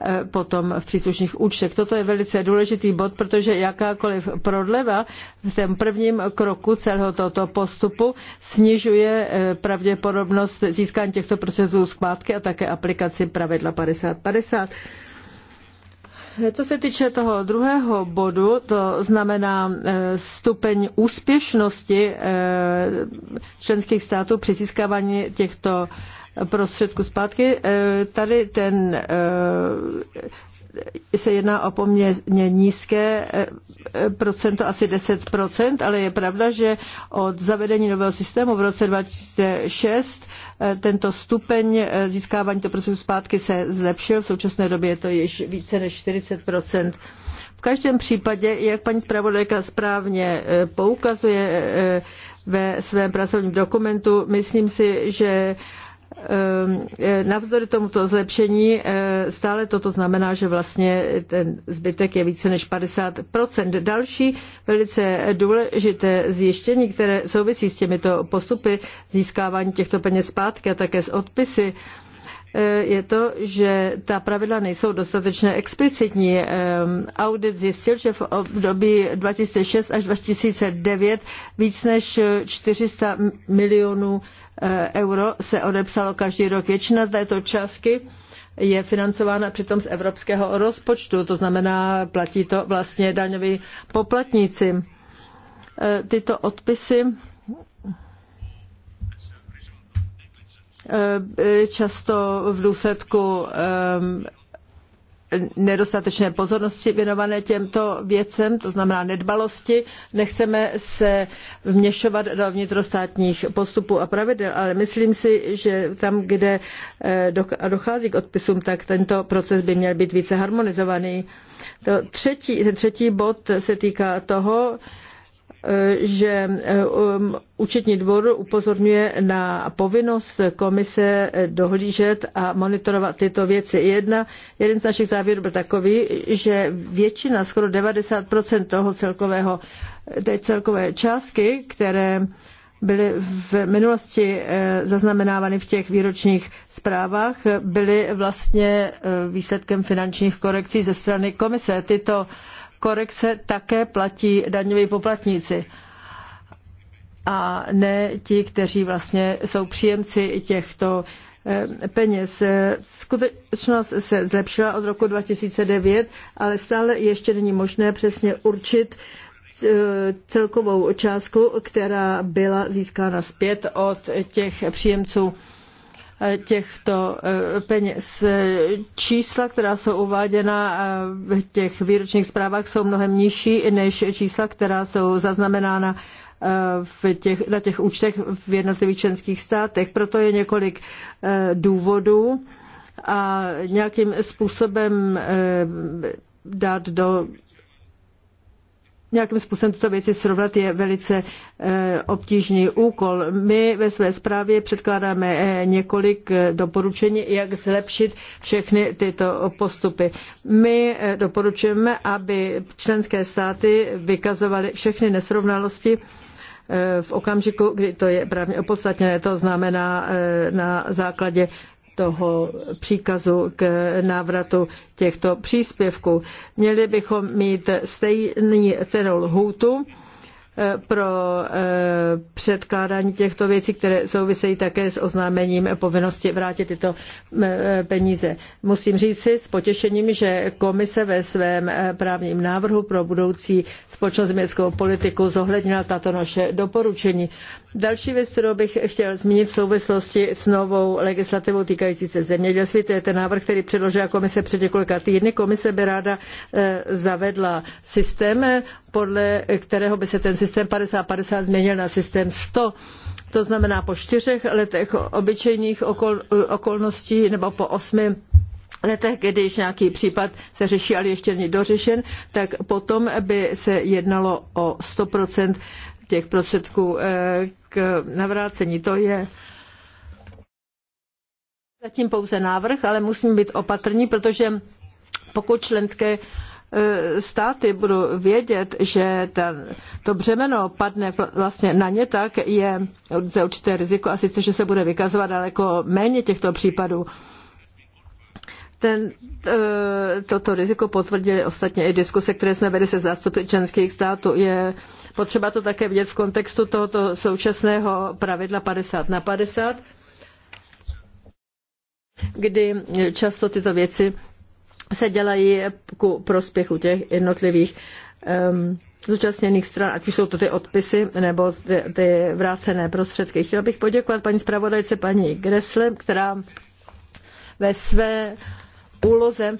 Eh, potom v příslušných účtech. Toto je velice důležitý bod, protože jakákoliv prodleva v tom prvním kroku celého tohoto postupu snižuje eh, pravděpodobnost získání těchto procesů zpátky a také aplikaci pravidla 50-50. Eh, co se týče toho druhého bodu, to znamená stupeň úspěšnosti členských států při získávání těchto prostředku zpátky. Eh, tady ten, eh, se jedná o poměrně nízké eh, procento, asi 10%, ale je pravda, že od zavedení nového systému v roce 2006 tento stupeň získávání to prostředku zpátky se zlepšil. V současné době je to již více než 40%. V každém případě, jak paní zpravodajka správně poukazuje ve svém pracovním dokumentu, myslím si, že Ehm, eh, navzdory tomuto zlepšení eh, stále toto znamená, že vlastně ten zbytek je více než 50%. Další velice důležité zjištění, které souvisí s těmito postupy získávání těchto peněz zpátky a také s odpisy, Eh, je to, že ta pravidla nejsou dostatečně explicitní. Eh, audit zjistil, že v období 2006 až 2009 víc než 400 milionů eh, euro se odepsalo každý rok. Většina této částky je financována přitom z evropského rozpočtu, to znamená, platí to vlastně daňoví poplatníci. Tyto odpisy Eh, často v důsledku eh, nedostatečné pozornosti věnované těmto věcem, to znamená nedbalosti. Nechceme se vměšovat do vnitrostátních postupů a pravidel, ale myslím si, že tam, kde eh, dochází k odpisům, tak tento proces by měl být více harmonizovaný. To třetí, ten třetí bod se týká toho, že um, účetní dvor upozorňuje na povinnost komise dohlížet a monitorovat tyto věci. Jedna, jeden z našich závěrů byl takový, že většina, skoro 90% toho celkového, té celkové částky, které byly v minulosti eh, zaznamenávány v těch výročních zprávách, byly vlastně eh, výsledkem finančních korekcí ze strany komise. Tyto korekce také platí daňoví poplatníci a ne ti, kteří vlastně jsou příjemci těchto eh, peněz. Skutečnost se zlepšila od roku 2009, ale stále ještě není možné přesně určit eh, celkovou částku, která byla získána zpět od těch příjemců těchto eh, peněz. Čísla, která jsou uváděna eh, v těch výročních zprávách, jsou mnohem nižší než čísla, která jsou zaznamenána eh, v těch, na těch účtech v jednotlivých členských státech. Proto je několik důvodů a nějakým způsobem dát do nějakým způsobem tyto věci srovnat je velice eh, obtížný úkol. My ve své zprávě předkládáme eh, několik eh, doporučení, jak zlepšit všechny tyto postupy. My doporučujeme, aby členské státy vykazovaly všechny nesrovnalosti, v okamžiku, kdy to je právně opodstatněné, to znamená na základě toho příkazu k návratu těchto příspěvků. Měli bychom mít stejný cenou lhůtu eh, pro eh, předkládání těchto věcí, které souvisejí také s oznámením povinnosti vrátit tyto eh, peníze. Musím říct si s potěšením, že komise ve svém právním návrhu pro budoucí společnost městskou politiku zohlednila tato naše doporučení. Další věc, kterou bych chtěl zmínit v souvislosti s novou legislativou týkající se zemědělství, to je ten návrh, který předložila komise před několika týdny. Komise by ráda eh, zavedla systém, eh, podle kterého by se ten systém 50-50 změnil na systém 100. To znamená po čtyřech letech obyčejných okol, eh, okolností nebo po osmi letech, když nějaký případ se řeší, ale ještě není dořešen, tak potom by se jednalo o 100% těch prostředků eh, k navrácení. To je zatím pouze návrh, ale musím být opatrní, protože pokud členské eh, státy budou vědět, že ta, to břemeno padne vlastně na ně, tak je určité riziko a sice, že se bude vykazovat daleko méně těchto případů. Ten, eh, toto riziko potvrdili ostatně i diskuse, které jsme vedli se zástupci členských států. Je potřeba to také vidět v kontextu tohoto současného pravidla 50 na 50, kdy často tyto věci se dělají ku prospěchu těch jednotlivých um, zúčastněných stran, ať už jsou to ty odpisy nebo ty, ty vrácené prostředky. Chtěla bych poděkovat paní zpravodajce paní Gressle, která ve své úloze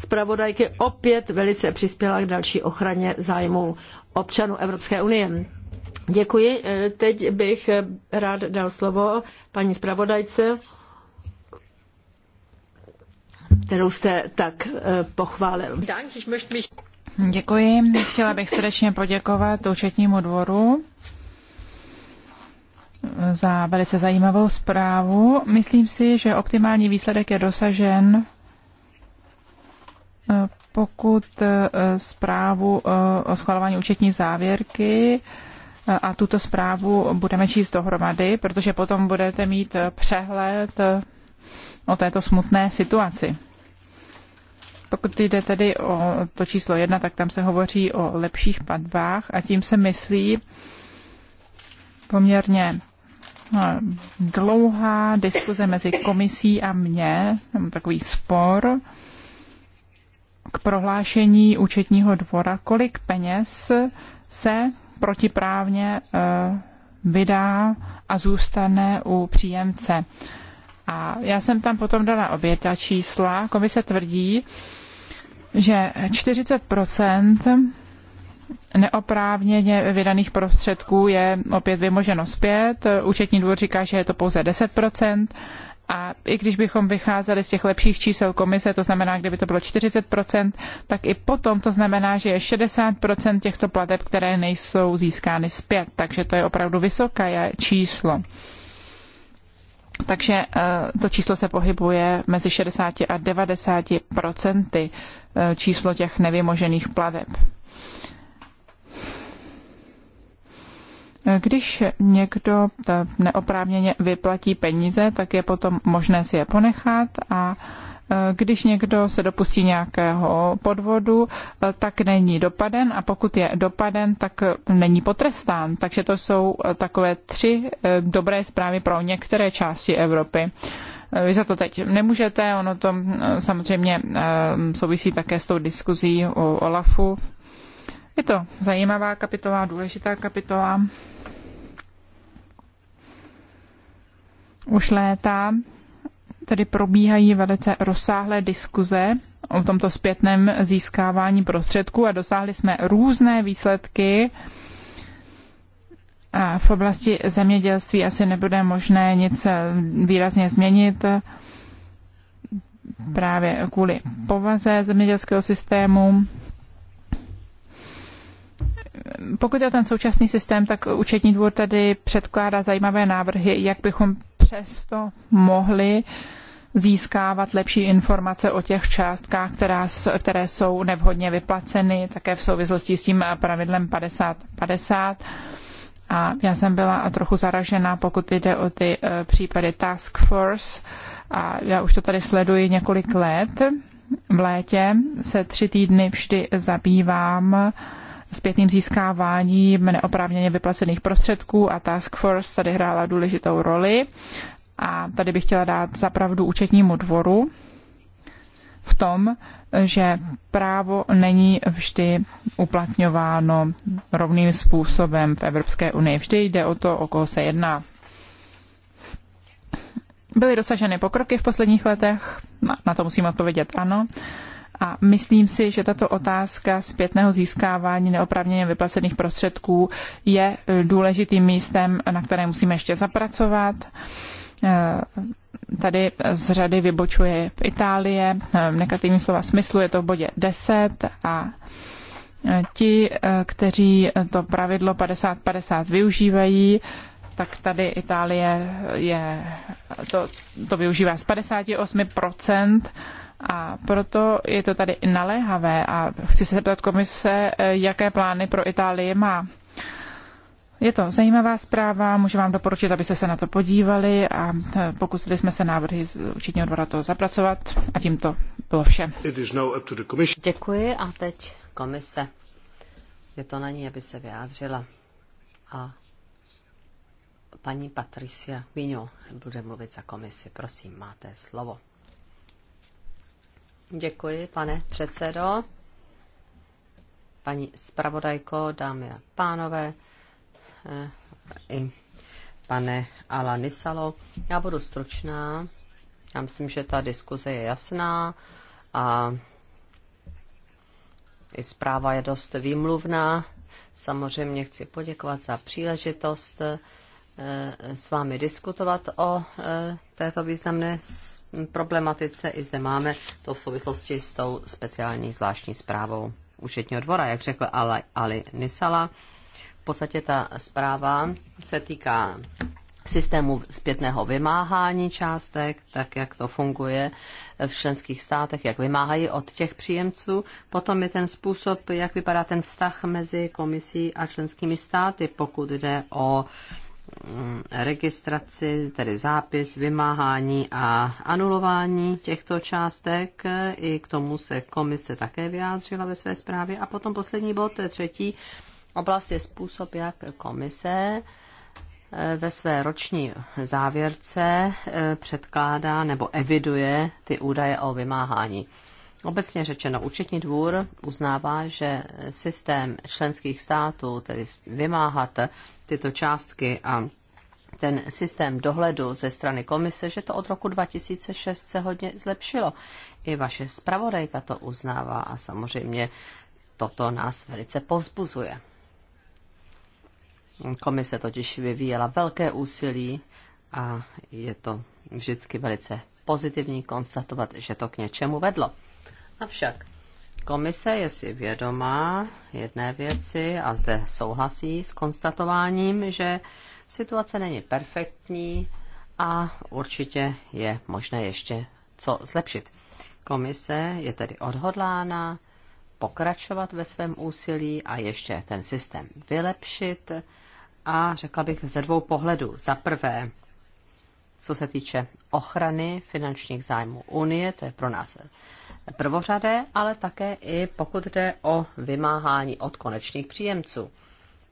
zpravodajky opět velice přispěla k další ochraně zájmů občanů Evropské unie. Děkuji. Teď bych rád dal slovo paní zpravodajce, kterou jste tak eh, pochválil. Děkuji. Chtěla bych srdečně poděkovat účetnímu dvoru za velice zajímavou zprávu. Myslím si, že optimální výsledek je dosažen Eh, pokud eh, zprávu eh, o schvalování účetní závěrky a tuto zprávu budeme číst dohromady, protože potom budete mít přehled o této smutné situaci. Pokud jde tedy o to číslo jedna, tak tam se hovoří o lepších platbách a tím se myslí poměrně dlouhá diskuze mezi komisí a mně, takový spor, k prohlášení účetního dvora, kolik peněz se protiprávně eh, vydá a zůstane u příjemce. A já jsem tam potom dala obě ta čísla. Komise tvrdí, že 40 neoprávněně vydaných prostředků je opět vymoženo zpět. Účetní dvůr říká, že je to pouze 10 a i když bychom vycházeli z těch lepších čísel komise, to znamená, kdyby to bylo 40%, tak i potom to znamená, že je 60% těchto plateb, které nejsou získány zpět. Takže to je opravdu vysoké číslo. Takže eh, to číslo se pohybuje mezi 60 a 90 eh, číslo těch nevymožených plateb. Když někdo eh, neoprávněně vyplatí peníze, tak je potom možné si je ponechat a eh, když někdo se dopustí nějakého podvodu, eh, tak není dopaden a pokud je dopaden, tak není potrestán. Takže to jsou takové tři dobré zprávy pro některé části Evropy. Vy za to teď nemůžete, ono to samozřejmě souvisí také s tou diskuzí o Olafu, je to zajímavá kapitola, důležitá kapitola. Už léta tedy probíhají velice rozsáhlé diskuze o tomto zpětném získávání prostředků a dosáhli jsme různé výsledky. A v oblasti zemědělství asi nebude možné nic výrazně změnit právě kvůli povaze zemědělského systému pokud je ten současný systém, tak účetní dvůr tady předkládá zajímavé návrhy, jak bychom přesto mohli získávat lepší informace o těch částkách, která, které jsou nevhodně vyplaceny, také v souvislosti s tím pravidlem 50-50. A já jsem byla trochu zaražená, pokud jde o ty eh, případy Task Force. A já už to tady sleduji několik let. V létě se tři týdny vždy zabývám zpětným získáváním neoprávněně vyplacených prostředků a Task Force tady hrála důležitou roli. A tady bych chtěla dát zapravdu účetnímu dvoru v tom, že právo není vždy uplatňováno rovným způsobem v Evropské unii. Vždy jde o to, o koho se jedná. Byly dosaženy pokroky v posledních letech? Na to musím odpovědět ano. A myslím si, že tato otázka zpětného získávání neoprávněně vyplacených prostředků je e, důležitým místem, na které musíme ještě zapracovat. E, tady z řady vybočuje Itálie, e, v negativním slova smyslu je to v bodě 10 a ti, kteří to pravidlo 50-50 využívají, tak tady Itálie je, to, to využívá z 58%, a proto je to tady naléhavé a chci se zeptat komise, eh, jaké plány pro Itálii má. Je to zajímavá zpráva, můžu vám doporučit, abyste se na to podívali a eh, pokusili jsme se návrhy z účetního dvora toho zapracovat a tím to bylo vše. Děkuji a teď komise. Je to na ní, aby se vyjádřila. A paní Patricia Vino bude mluvit za komisi. Prosím, máte slovo. Děkuji, pane předsedo. Paní zpravodajko, dámy a pánové, eh, i pane Alanisalo, já budu stručná. Já myslím, že ta diskuze je jasná a i zpráva je dost výmluvná. Samozřejmě chci poděkovat za příležitost Eh, s vámi diskutovat o eh, této významné problematice. I zde máme to v souvislosti s tou speciální zvláštní zprávou účetního dvora, jak řekl Ali, Nisala. V podstatě ta zpráva se týká systému zpětného vymáhání částek, tak jak to funguje v členských státech, jak vymáhají od těch příjemců. Potom je ten způsob, jak vypadá ten vztah mezi komisí a členskými státy, pokud jde o Mm, registraci, tedy zápis, vymáhání a anulování těchto částek. I k tomu se komise také vyjádřila ve své zprávě. A potom poslední bod, to je třetí oblast, je způsob, jak komise eh, ve své roční závěrce eh, předkládá nebo eviduje ty údaje o vymáhání. Obecně řečeno, účetní dvůr uznává, že systém členských států, tedy vymáhat tyto částky a ten systém dohledu ze strany komise, že to od roku 2006 se hodně zlepšilo. I vaše zpravodajka to uznává a samozřejmě toto nás velice povzbuzuje. Komise totiž vyvíjela velké úsilí a je to vždycky velice pozitivní konstatovat, že to k něčemu vedlo. Avšak komise je si vědomá jedné věci a zde souhlasí s konstatováním, že situace není perfektní a určitě je možné ještě co zlepšit. Komise je tedy odhodlána pokračovat ve svém úsilí a ještě ten systém vylepšit. A řekla bych ze dvou pohledů. Za prvé, co se týče ochrany finančních zájmů Unie, to je pro nás prvořadé, ale také i pokud jde o vymáhání od konečných příjemců.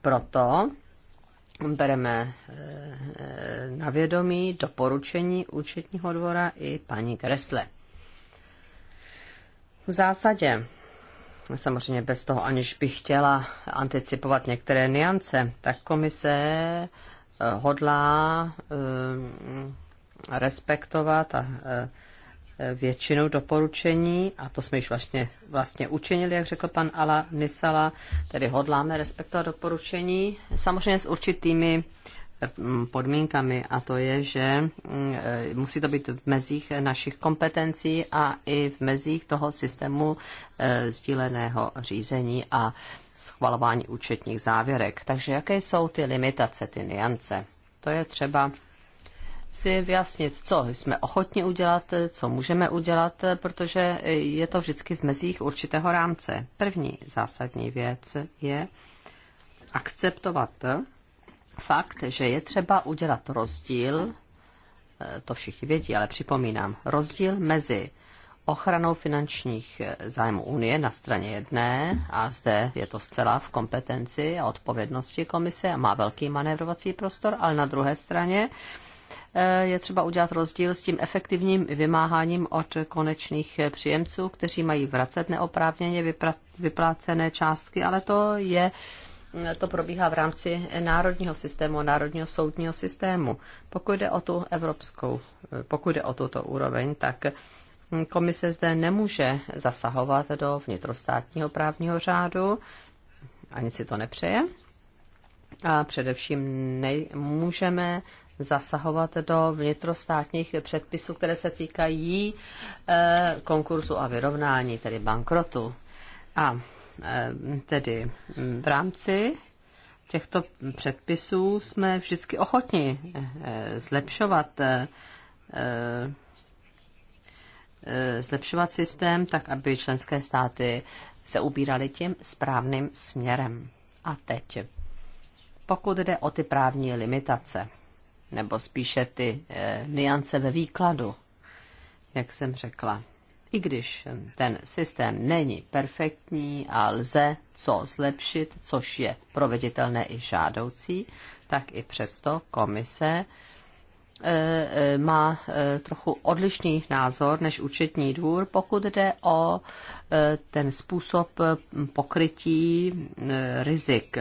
Proto bereme eh, na vědomí doporučení účetního dvora i paní Kresle. V zásadě, samozřejmě bez toho, aniž bych chtěla anticipovat některé niance, tak komise eh, hodlá eh, respektovat a většinou doporučení, a to jsme již vlastně, vlastně učinili, jak řekl pan Ala Nisala, tedy hodláme respektovat doporučení, samozřejmě s určitými mm, podmínkami a to je, že mm, e, musí to být v mezích našich kompetencí a i v mezích toho systému e, sdíleného řízení a schvalování účetních závěrek. Takže jaké jsou ty limitace, ty niance? To je třeba si vyjasnit, co jsme ochotni udělat, co můžeme udělat, protože je to vždycky v mezích určitého rámce. První zásadní věc je akceptovat fakt, že je třeba udělat rozdíl, to všichni vědí, ale připomínám, rozdíl mezi ochranou finančních zájmů Unie na straně jedné, a zde je to zcela v kompetenci a odpovědnosti komise a má velký manévrovací prostor, ale na druhé straně Eh, je třeba udělat rozdíl s tím efektivním vymáháním od konečných příjemců, kteří mají vracet neoprávněně vyplácené částky, ale to je to probíhá v rámci národního systému, národního soudního systému. Pokud jde o tu evropskou, eh, pokud jde o tuto úroveň, tak hm, komise zde nemůže zasahovat do vnitrostátního právního řádu, ani si to nepřeje. A především nemůžeme zasahovat do vnitrostátních předpisů, které se týkají eh, konkurzu a vyrovnání, tedy bankrotu. A eh, tedy mm, v rámci těchto předpisů jsme vždycky ochotni eh, zlepšovat zlepšovat systém tak, aby členské státy se ubíraly tím správným směrem. A teď, pokud jde o ty právní limitace, nebo spíše ty e, niance ve výkladu, jak jsem řekla. I když eh, ten systém není perfektní a lze co zlepšit, což je proveditelné i žádoucí, tak i přesto komise eh, má trochu odlišný názor než účetní dvůr, pokud jde o ten způsob pokrytí rizik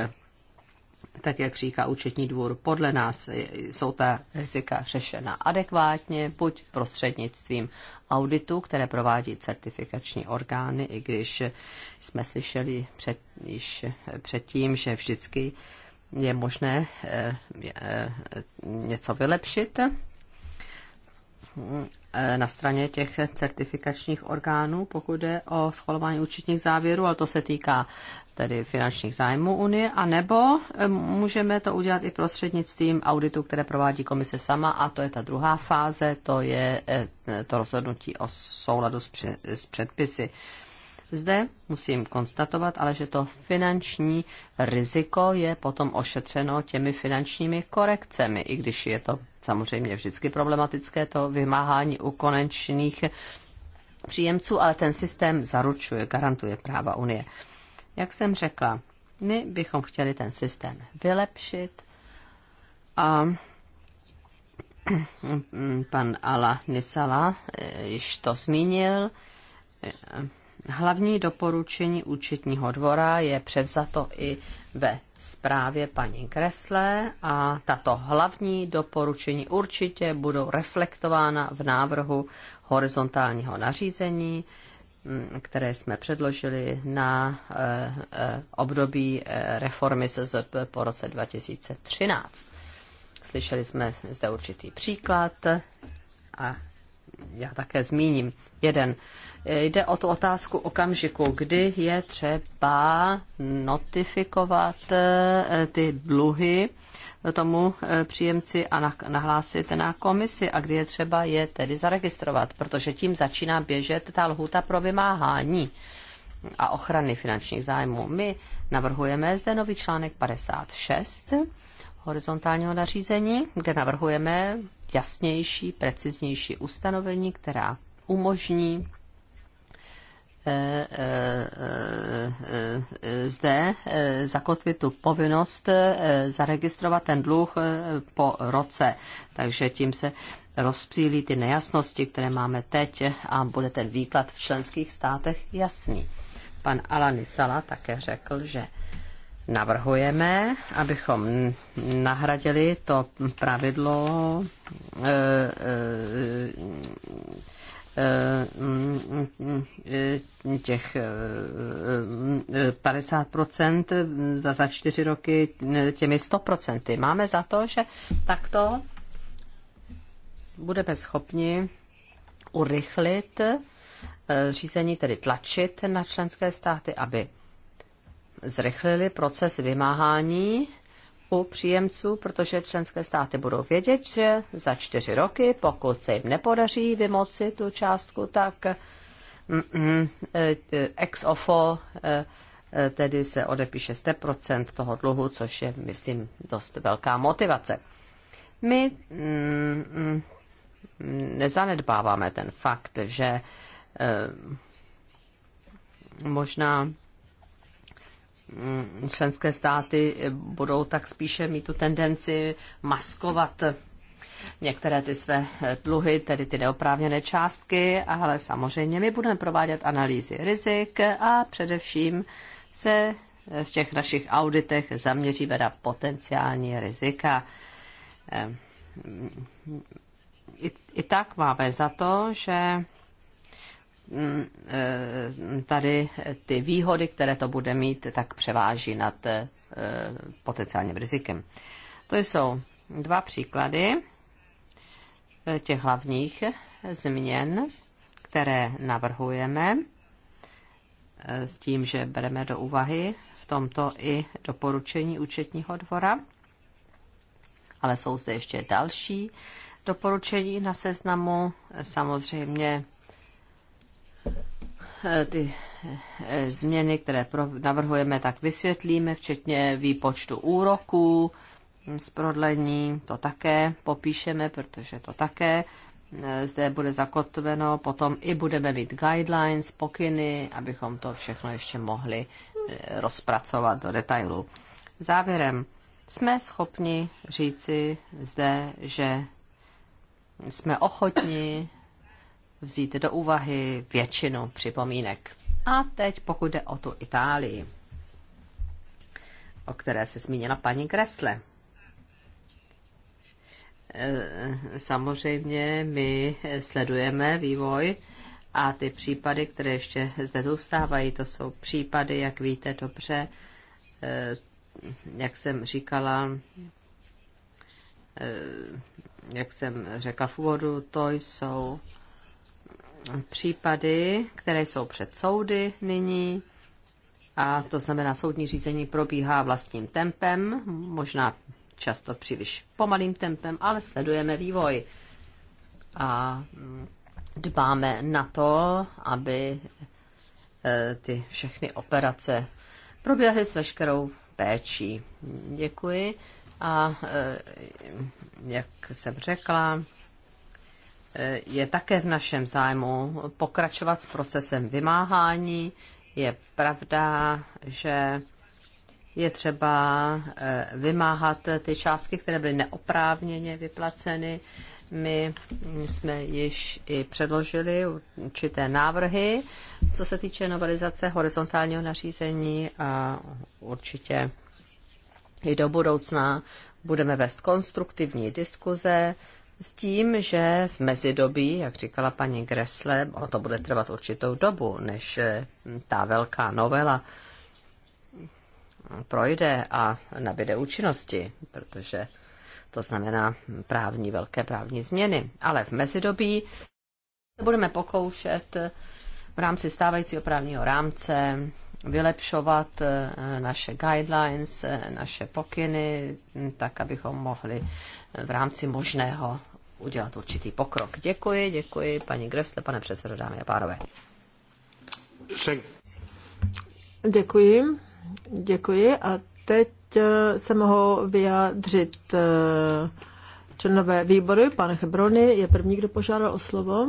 tak jak říká účetní dvůr, podle nás jsou ta rizika řešena adekvátně, buď prostřednictvím auditu, které provádí certifikační orgány, i když jsme slyšeli před, již předtím, že vždycky je možné eh, eh, něco vylepšit eh, na straně těch certifikačních orgánů, pokud jde o schvalování účetních závěrů, ale to se týká tedy finančních zájmů Unie, anebo eh, můžeme to udělat i prostřednictvím auditu, které provádí komise sama, a to je ta druhá fáze, to je eh, to rozhodnutí o souladu s předpisy. Zde musím konstatovat, ale že to finanční riziko je potom ošetřeno těmi finančními korekcemi, i když je to samozřejmě vždycky problematické, to vymáhání u konečných příjemců, ale ten systém zaručuje, garantuje práva Unie. Jak jsem řekla, my bychom chtěli ten systém vylepšit a pan Ala Nisala eh, již to zmínil. Eh, hlavní doporučení účetního dvora je převzato i ve zprávě paní Kresle a tato hlavní doporučení určitě budou reflektována v návrhu horizontálního nařízení, Mm, které jsme předložili na eh, eh, období eh, reformy SZP po roce 2013. Slyšeli jsme zde určitý příklad a já také zmíním jeden. Jde o tu otázku okamžiku, kdy je třeba notifikovat ty dluhy tomu eh, příjemci a nahlásit na komisi a kdy je třeba je tedy zaregistrovat, protože tím začíná běžet ta lhůta pro vymáhání a ochrany finančních zájmů. My navrhujeme zde nový článek 56 horizontálního nařízení, kde navrhujeme jasnější, preciznější ustanovení, která umožní E, e, e, zde zakotvit tu povinnost zaregistrovat ten dluh po roce. Takže tím se rozpílí ty nejasnosti, které máme teď a bude ten výklad v členských státech jasný. Pan Alani Sala také řekl, že navrhujeme, abychom nahradili to pravidlo e, e, Eh, těch 50% eh, eh, za čtyři roky těmi 100%. Máme za to, že takto budeme schopni urychlit řízení, tedy tlačit na členské státy, aby zrychlili proces vymáhání u příjemců, protože členské státy budou vědět, že za čtyři roky, pokud se jim nepodaří vymoci tu částku, tak mm, mm, eh, ex ofo eh, eh, tedy se odepíše 100% toho dluhu, což je, myslím, dost velká motivace. My mm, nezanedbáváme ten fakt, že možná Mm, členské státy budou tak spíše mít tu tendenci maskovat některé ty své dluhy, tedy ty neoprávněné částky, ale samozřejmě my budeme provádět analýzy rizik a především se v těch našich auditech zaměříme na potenciální rizika. Ehm, I, i tak máme za to, že Eh, tady ty výhody, které to bude mít, tak převáží nad eh, potenciálním rizikem. To jsou dva příklady eh, těch hlavních změn, které navrhujeme s tím, že bereme do úvahy v tomto i doporučení účetního dvora. Ale jsou zde ještě další doporučení na seznamu. Samozřejmě Eh, ty eh, změny, které navrhujeme, tak vysvětlíme, včetně výpočtu úroků hm, z prodlení, to také popíšeme, protože to také eh, zde bude zakotveno, potom i budeme mít guidelines, pokyny, abychom to všechno ještě mohli rozpracovat do detailu. Závěrem jsme schopni říci zde, že jsme ochotni vzít do úvahy většinu připomínek. A teď pokud jde o tu Itálii, o které se zmínila paní Kresle. Eh, samozřejmě my sledujeme vývoj a ty případy, které ještě zde zůstávají, to jsou případy, jak víte dobře, eh, jak jsem říkala, eh, jak jsem řekla v úvodu, to jsou případy, které jsou před soudy nyní, a to znamená, soudní řízení probíhá vlastním tempem, možná často příliš pomalým tempem, ale sledujeme vývoj a dbáme na to, aby e, ty všechny operace proběhly s veškerou péčí. Děkuji. A e, jak jsem řekla, je také v našem zájmu pokračovat s procesem vymáhání. Je pravda, že je třeba eh, vymáhat ty částky, které byly neoprávněně vyplaceny. My jsme již i předložili určité návrhy, co se týče novelizace horizontálního nařízení a určitě i do budoucna budeme vést konstruktivní diskuze s tím, že v mezidobí, jak říkala paní Gressle, ono to bude trvat určitou dobu, než eh, ta velká novela projde a nabide účinnosti, protože to znamená právní, velké právní změny. Ale v mezidobí budeme pokoušet eh, v rámci stávajícího právního rámce vylepšovat eh, naše guidelines, naše pokyny, tak abychom mohli v rámci možného udělat určitý pokrok. Děkuji, děkuji paní Gresle, pane předsedo, dámy a pánové. Děkuji, děkuji a teď eh, se mohou vyjádřit eh, členové výbory. pane Hebrony je první, kdo požádal o slovo.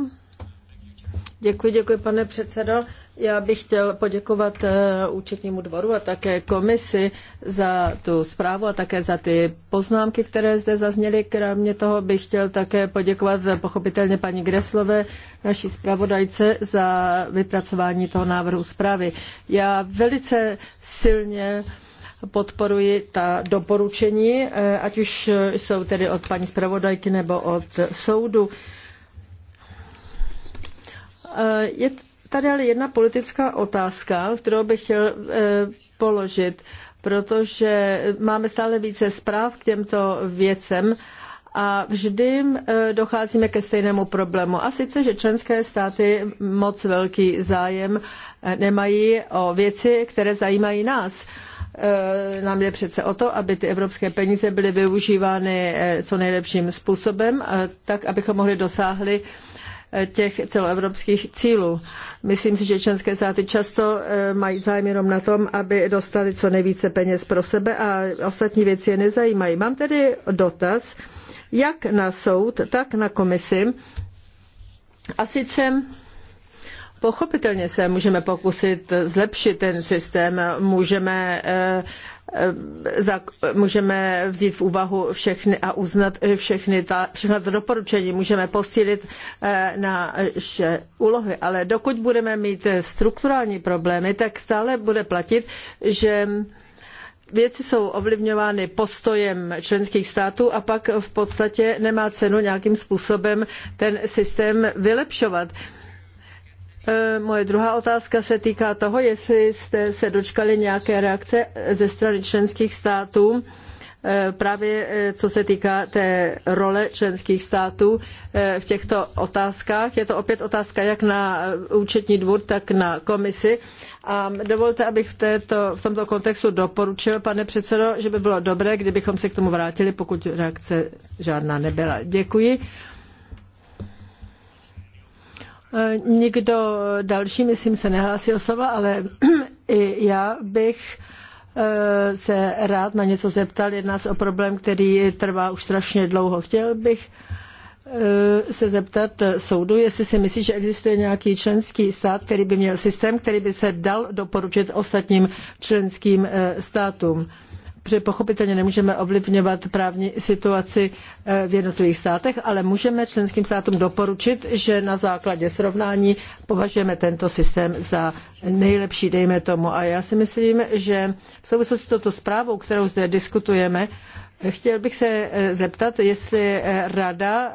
Děkuji, děkuji, pane předsedo. Já bych chtěl poděkovat eh, účetnímu dvoru a také komisi za tu zprávu a také za ty poznámky, které zde zazněly. Kromě toho bych chtěl také poděkovat pochopitelně paní Greslové, naší zpravodajce, za vypracování toho návrhu zprávy. Já velice silně podporuji ta doporučení, eh, ať už jsou tedy od paní zpravodajky nebo od soudu. Eh, je tady ale jedna politická otázka, kterou bych chtěl eh, položit, protože máme stále více zpráv k těmto věcem a vždy eh, docházíme ke stejnému problému. A sice, že členské státy moc velký zájem nemají o věci, které zajímají nás. Nám je přece o to, aby ty evropské peníze byly využívány co nejlepším způsobem, tak abychom mohli dosáhli těch celoevropských cílů. Myslím si, že členské státy často eh, mají zájem jenom na tom, aby dostali co nejvíce peněz pro sebe a ostatní věci je nezajímají. Mám tedy dotaz, jak na soud, tak na komisi. A sice pochopitelně se můžeme pokusit zlepšit ten systém, můžeme eh, Eh, můžeme vzít v úvahu všechny a uznat eh, všechny ta, všechna ta doporučení, můžeme posílit eh, naše úlohy, ale dokud budeme mít strukturální problémy, tak stále bude platit, že věci jsou ovlivňovány postojem členských států a pak v podstatě nemá cenu nějakým způsobem ten systém vylepšovat. E, moje druhá otázka se týká toho, jestli jste se dočkali nějaké reakce ze strany členských států, e, právě e, co se týká té role členských států v těchto otázkách. Je to opět otázka jak na účetní dvůr, tak na komisi. A dovolte, abych v, této, v tomto kontextu doporučil, pane předsedo, že by bylo dobré, kdybychom se k tomu vrátili, pokud reakce žádná nebyla. Děkuji. Eh, nikdo další, myslím, se nehlásí o slova, ale i já bych eh, se rád na něco zeptal. Jedná se o problém, který trvá už strašně dlouho. Chtěl bych eh, se zeptat soudu, jestli si myslí, že existuje nějaký členský stát, který by měl systém, který by se dal doporučit ostatním členským státům protože pochopitelně nemůžeme ovlivňovat právní situaci eh, v jednotlivých státech, ale můžeme členským státům doporučit, že na základě srovnání považujeme tento systém za nejlepší, dejme tomu. A já si myslím, že v souvislosti s touto zprávou, kterou zde diskutujeme, Chtěl bych se eh, zeptat, jestli eh, rada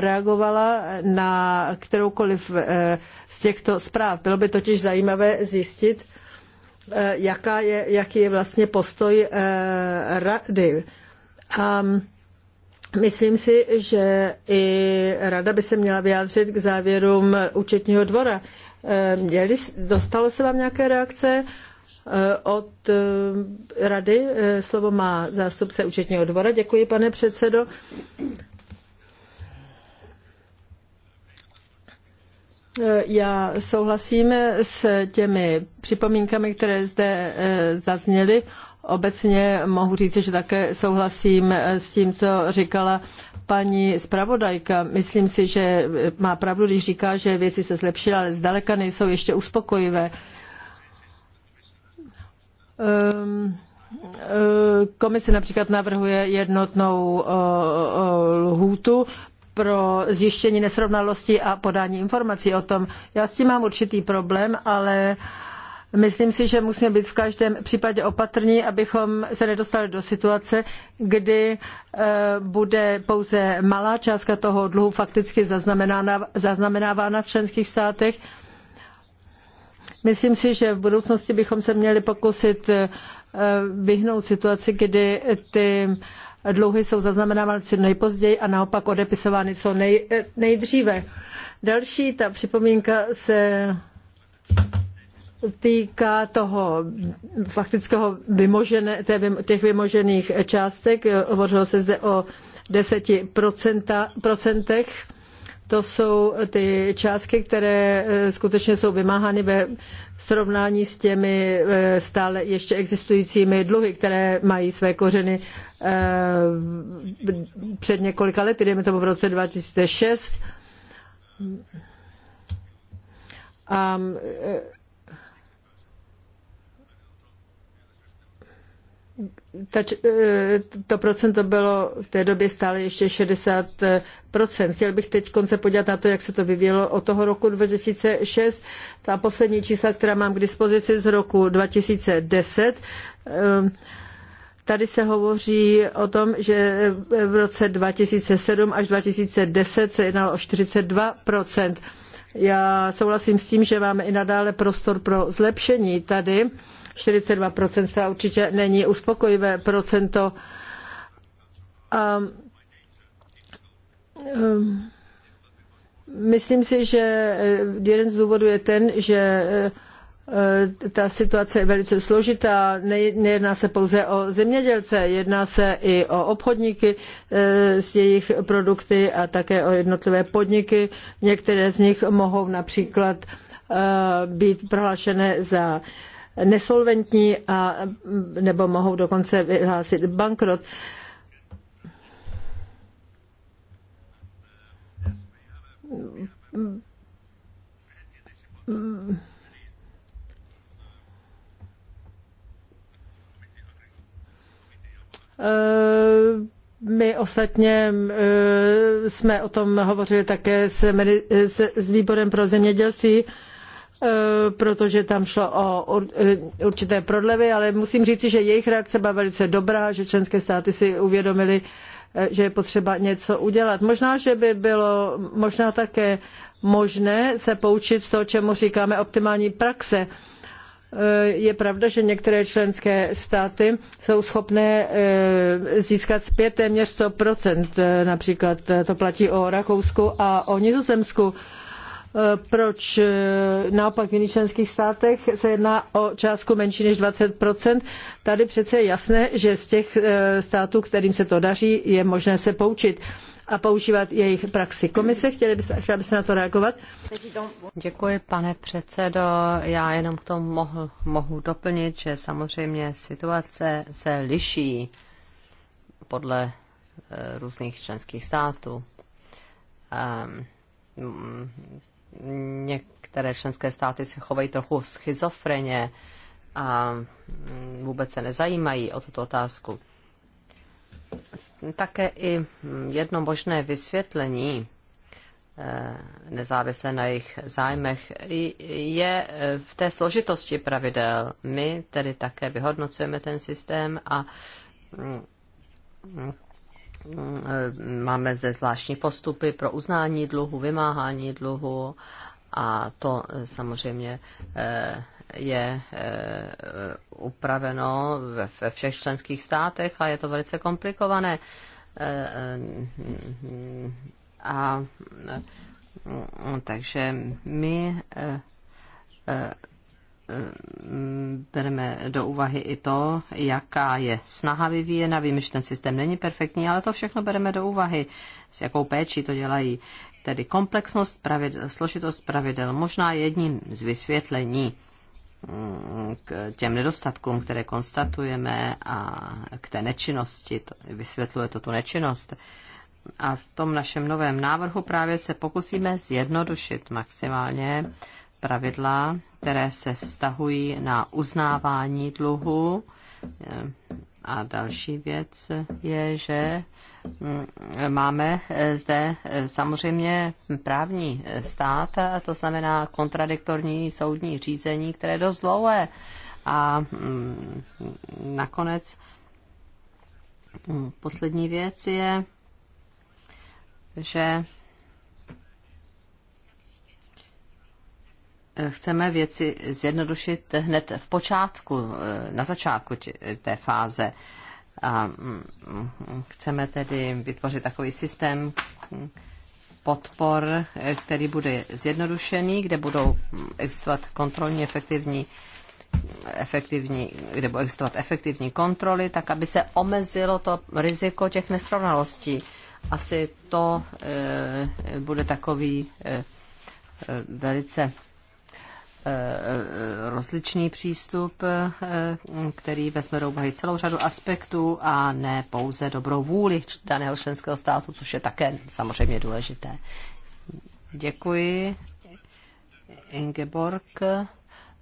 reagovala na kteroukoliv z těchto zpráv. Bylo by totiž zajímavé zjistit, Eh, jaká je, jaký je vlastně postoj eh, rady. A ehm, myslím si, že i rada by se měla vyjádřit k závěrům účetního dvora. Eh, měli, dostalo se vám nějaké reakce od rady? Slovo má zástupce účetního dvora. Děkuji, pane předsedo. Já souhlasím s těmi připomínkami, které zde eh, zazněly. Obecně mohu říct, že také souhlasím eh, s tím, co říkala paní zpravodajka. Myslím si, že eh, má pravdu, když říká, že věci se zlepšily, ale zdaleka nejsou ještě uspokojivé. Um, Komise například navrhuje jednotnou lhůtu pro zjištění nesrovnalosti a podání informací o tom. Já s tím mám určitý problém, ale myslím si, že musíme být v každém případě opatrní, abychom se nedostali do situace, kdy eh, bude pouze malá částka toho dluhu fakticky zaznamenávána v členských státech. Myslím si, že v budoucnosti bychom se měli pokusit eh, vyhnout situaci, kdy ty dluhy jsou zaznamenávány co nejpozději a naopak odepisovány co nej, nejdříve. Další ta připomínka se týká toho faktického vymožené, těch vymožených částek. Hovořilo se zde o 10%. Procentech to jsou ty částky, které eh, skutečně jsou vymáhány ve srovnání s těmi eh, stále ještě existujícími dluhy, které mají své kořeny eh, před několika lety, dejme tomu v roce 2006. A ta, e, to procento bylo v té době stále ještě 60%. Chtěl bych teď konce podívat na to, jak se to vyvíjelo od toho roku 2006. Ta poslední čísla, která mám k dispozici z roku 2010, e, Tady se hovoří o tom, že v roce 2007 až 2010 se jednalo o 42%. Já souhlasím s tím, že máme i nadále prostor pro zlepšení tady. 42% zcela určitě není uspokojivé procento. A, um, myslím si, že eh, jeden z důvodů je ten, že eh, ta situace je velice složitá. Nejedná se pouze o zemědělce, jedná se i o obchodníky eh, s jejich produkty a také o jednotlivé podniky. Některé z nich mohou například být prohlášené za nesolventní a, nebo mohou dokonce vyhlásit bankrot. Eh, my ostatně eh, jsme o tom hovořili také s, výborem pro zemědělství. Eh, protože tam šlo o eh, určité prodlevy, ale musím říci, že jejich reakce byla velice dobrá, že členské státy si uvědomili, eh, že je potřeba něco udělat. Možná, že by bylo možná také možné se poučit z toho, čemu říkáme optimální praxe. Je pravda, že některé členské státy jsou schopné získat zpět téměř 100%. Například to platí o Rakousku a o Nizozemsku Eh, proč eh, naopak v jiných členských státech se jedná o částku menší než 20%. Tady přece je jasné, že z těch eh, států, kterým se to daří, je možné se poučit a používat jejich praxi. Komise, chtěli byste, chtěla byste na to reagovat? Děkuji, pane předsedo. Já jenom k tomu mohu, mohu doplnit, že samozřejmě situace se liší podle různých členských států. Ehm, některé členské státy se chovají trochu schizofreně a vůbec se nezajímají o tuto otázku. Také i jedno možné vysvětlení eh, nezávisle na jejich zájmech, je eh, v té složitosti pravidel. My tedy také vyhodnocujeme ten systém a mm, Mm, e, máme zde zvláštní postupy pro uznání dluhu, vymáhání dluhu a to e, samozřejmě e, je upraveno ve všech členských státech a je to velice komplikované. A mm, mm, takže my bereme do úvahy i to, jaká je snaha vyvíjena. Vím, že ten systém není perfektní, ale to všechno bereme do úvahy, s jakou péčí to dělají. Tedy komplexnost pravidel, složitost pravidel, možná jedním z vysvětlení mm, k těm nedostatkům, které konstatujeme a k té nečinnosti, to, vysvětluje to tu nečinnost. A v tom našem novém návrhu právě se pokusíme zjednodušit maximálně pravidla, které se vztahují na uznávání dluhu. A další věc je, že mm, máme zde samozřejmě právní stát, to znamená kontradiktorní soudní řízení, které je dost dlouhé. A mm, nakonec mm, poslední věc je, že chceme věci zjednodušit hned v počátku, eh, na začátku té fáze. A mm, chceme tedy vytvořit takový systém podpor, eh, který bude zjednodušený, kde budou existovat kontrolní efektivní efektivní, kde budou existovat efektivní kontroly, tak aby se omezilo to riziko těch nesrovnalostí. Asi to e, bude takový e, velice Eh, rozličný přístup, eh, který vezme do úvahy celou řadu aspektů a ne pouze dobrou vůli daného členského státu, což je také samozřejmě důležité. Děkuji. Ingeborg,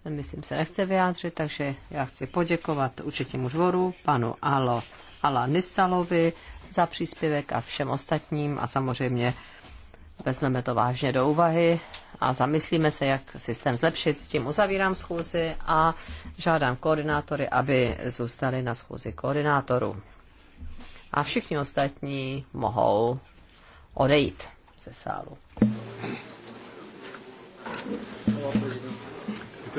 myslím, se nechce vyjádřit, takže já chci poděkovat určitému dvoru, panu Alo, Ala Nisalovi za příspěvek a všem ostatním a samozřejmě vezmeme to vážně do úvahy a zamyslíme se, jak systém zlepšit. Tím uzavírám schůzi a žádám koordinátory, aby zůstali na schůzi koordinátorů. A všichni ostatní mohou odejít ze sálu.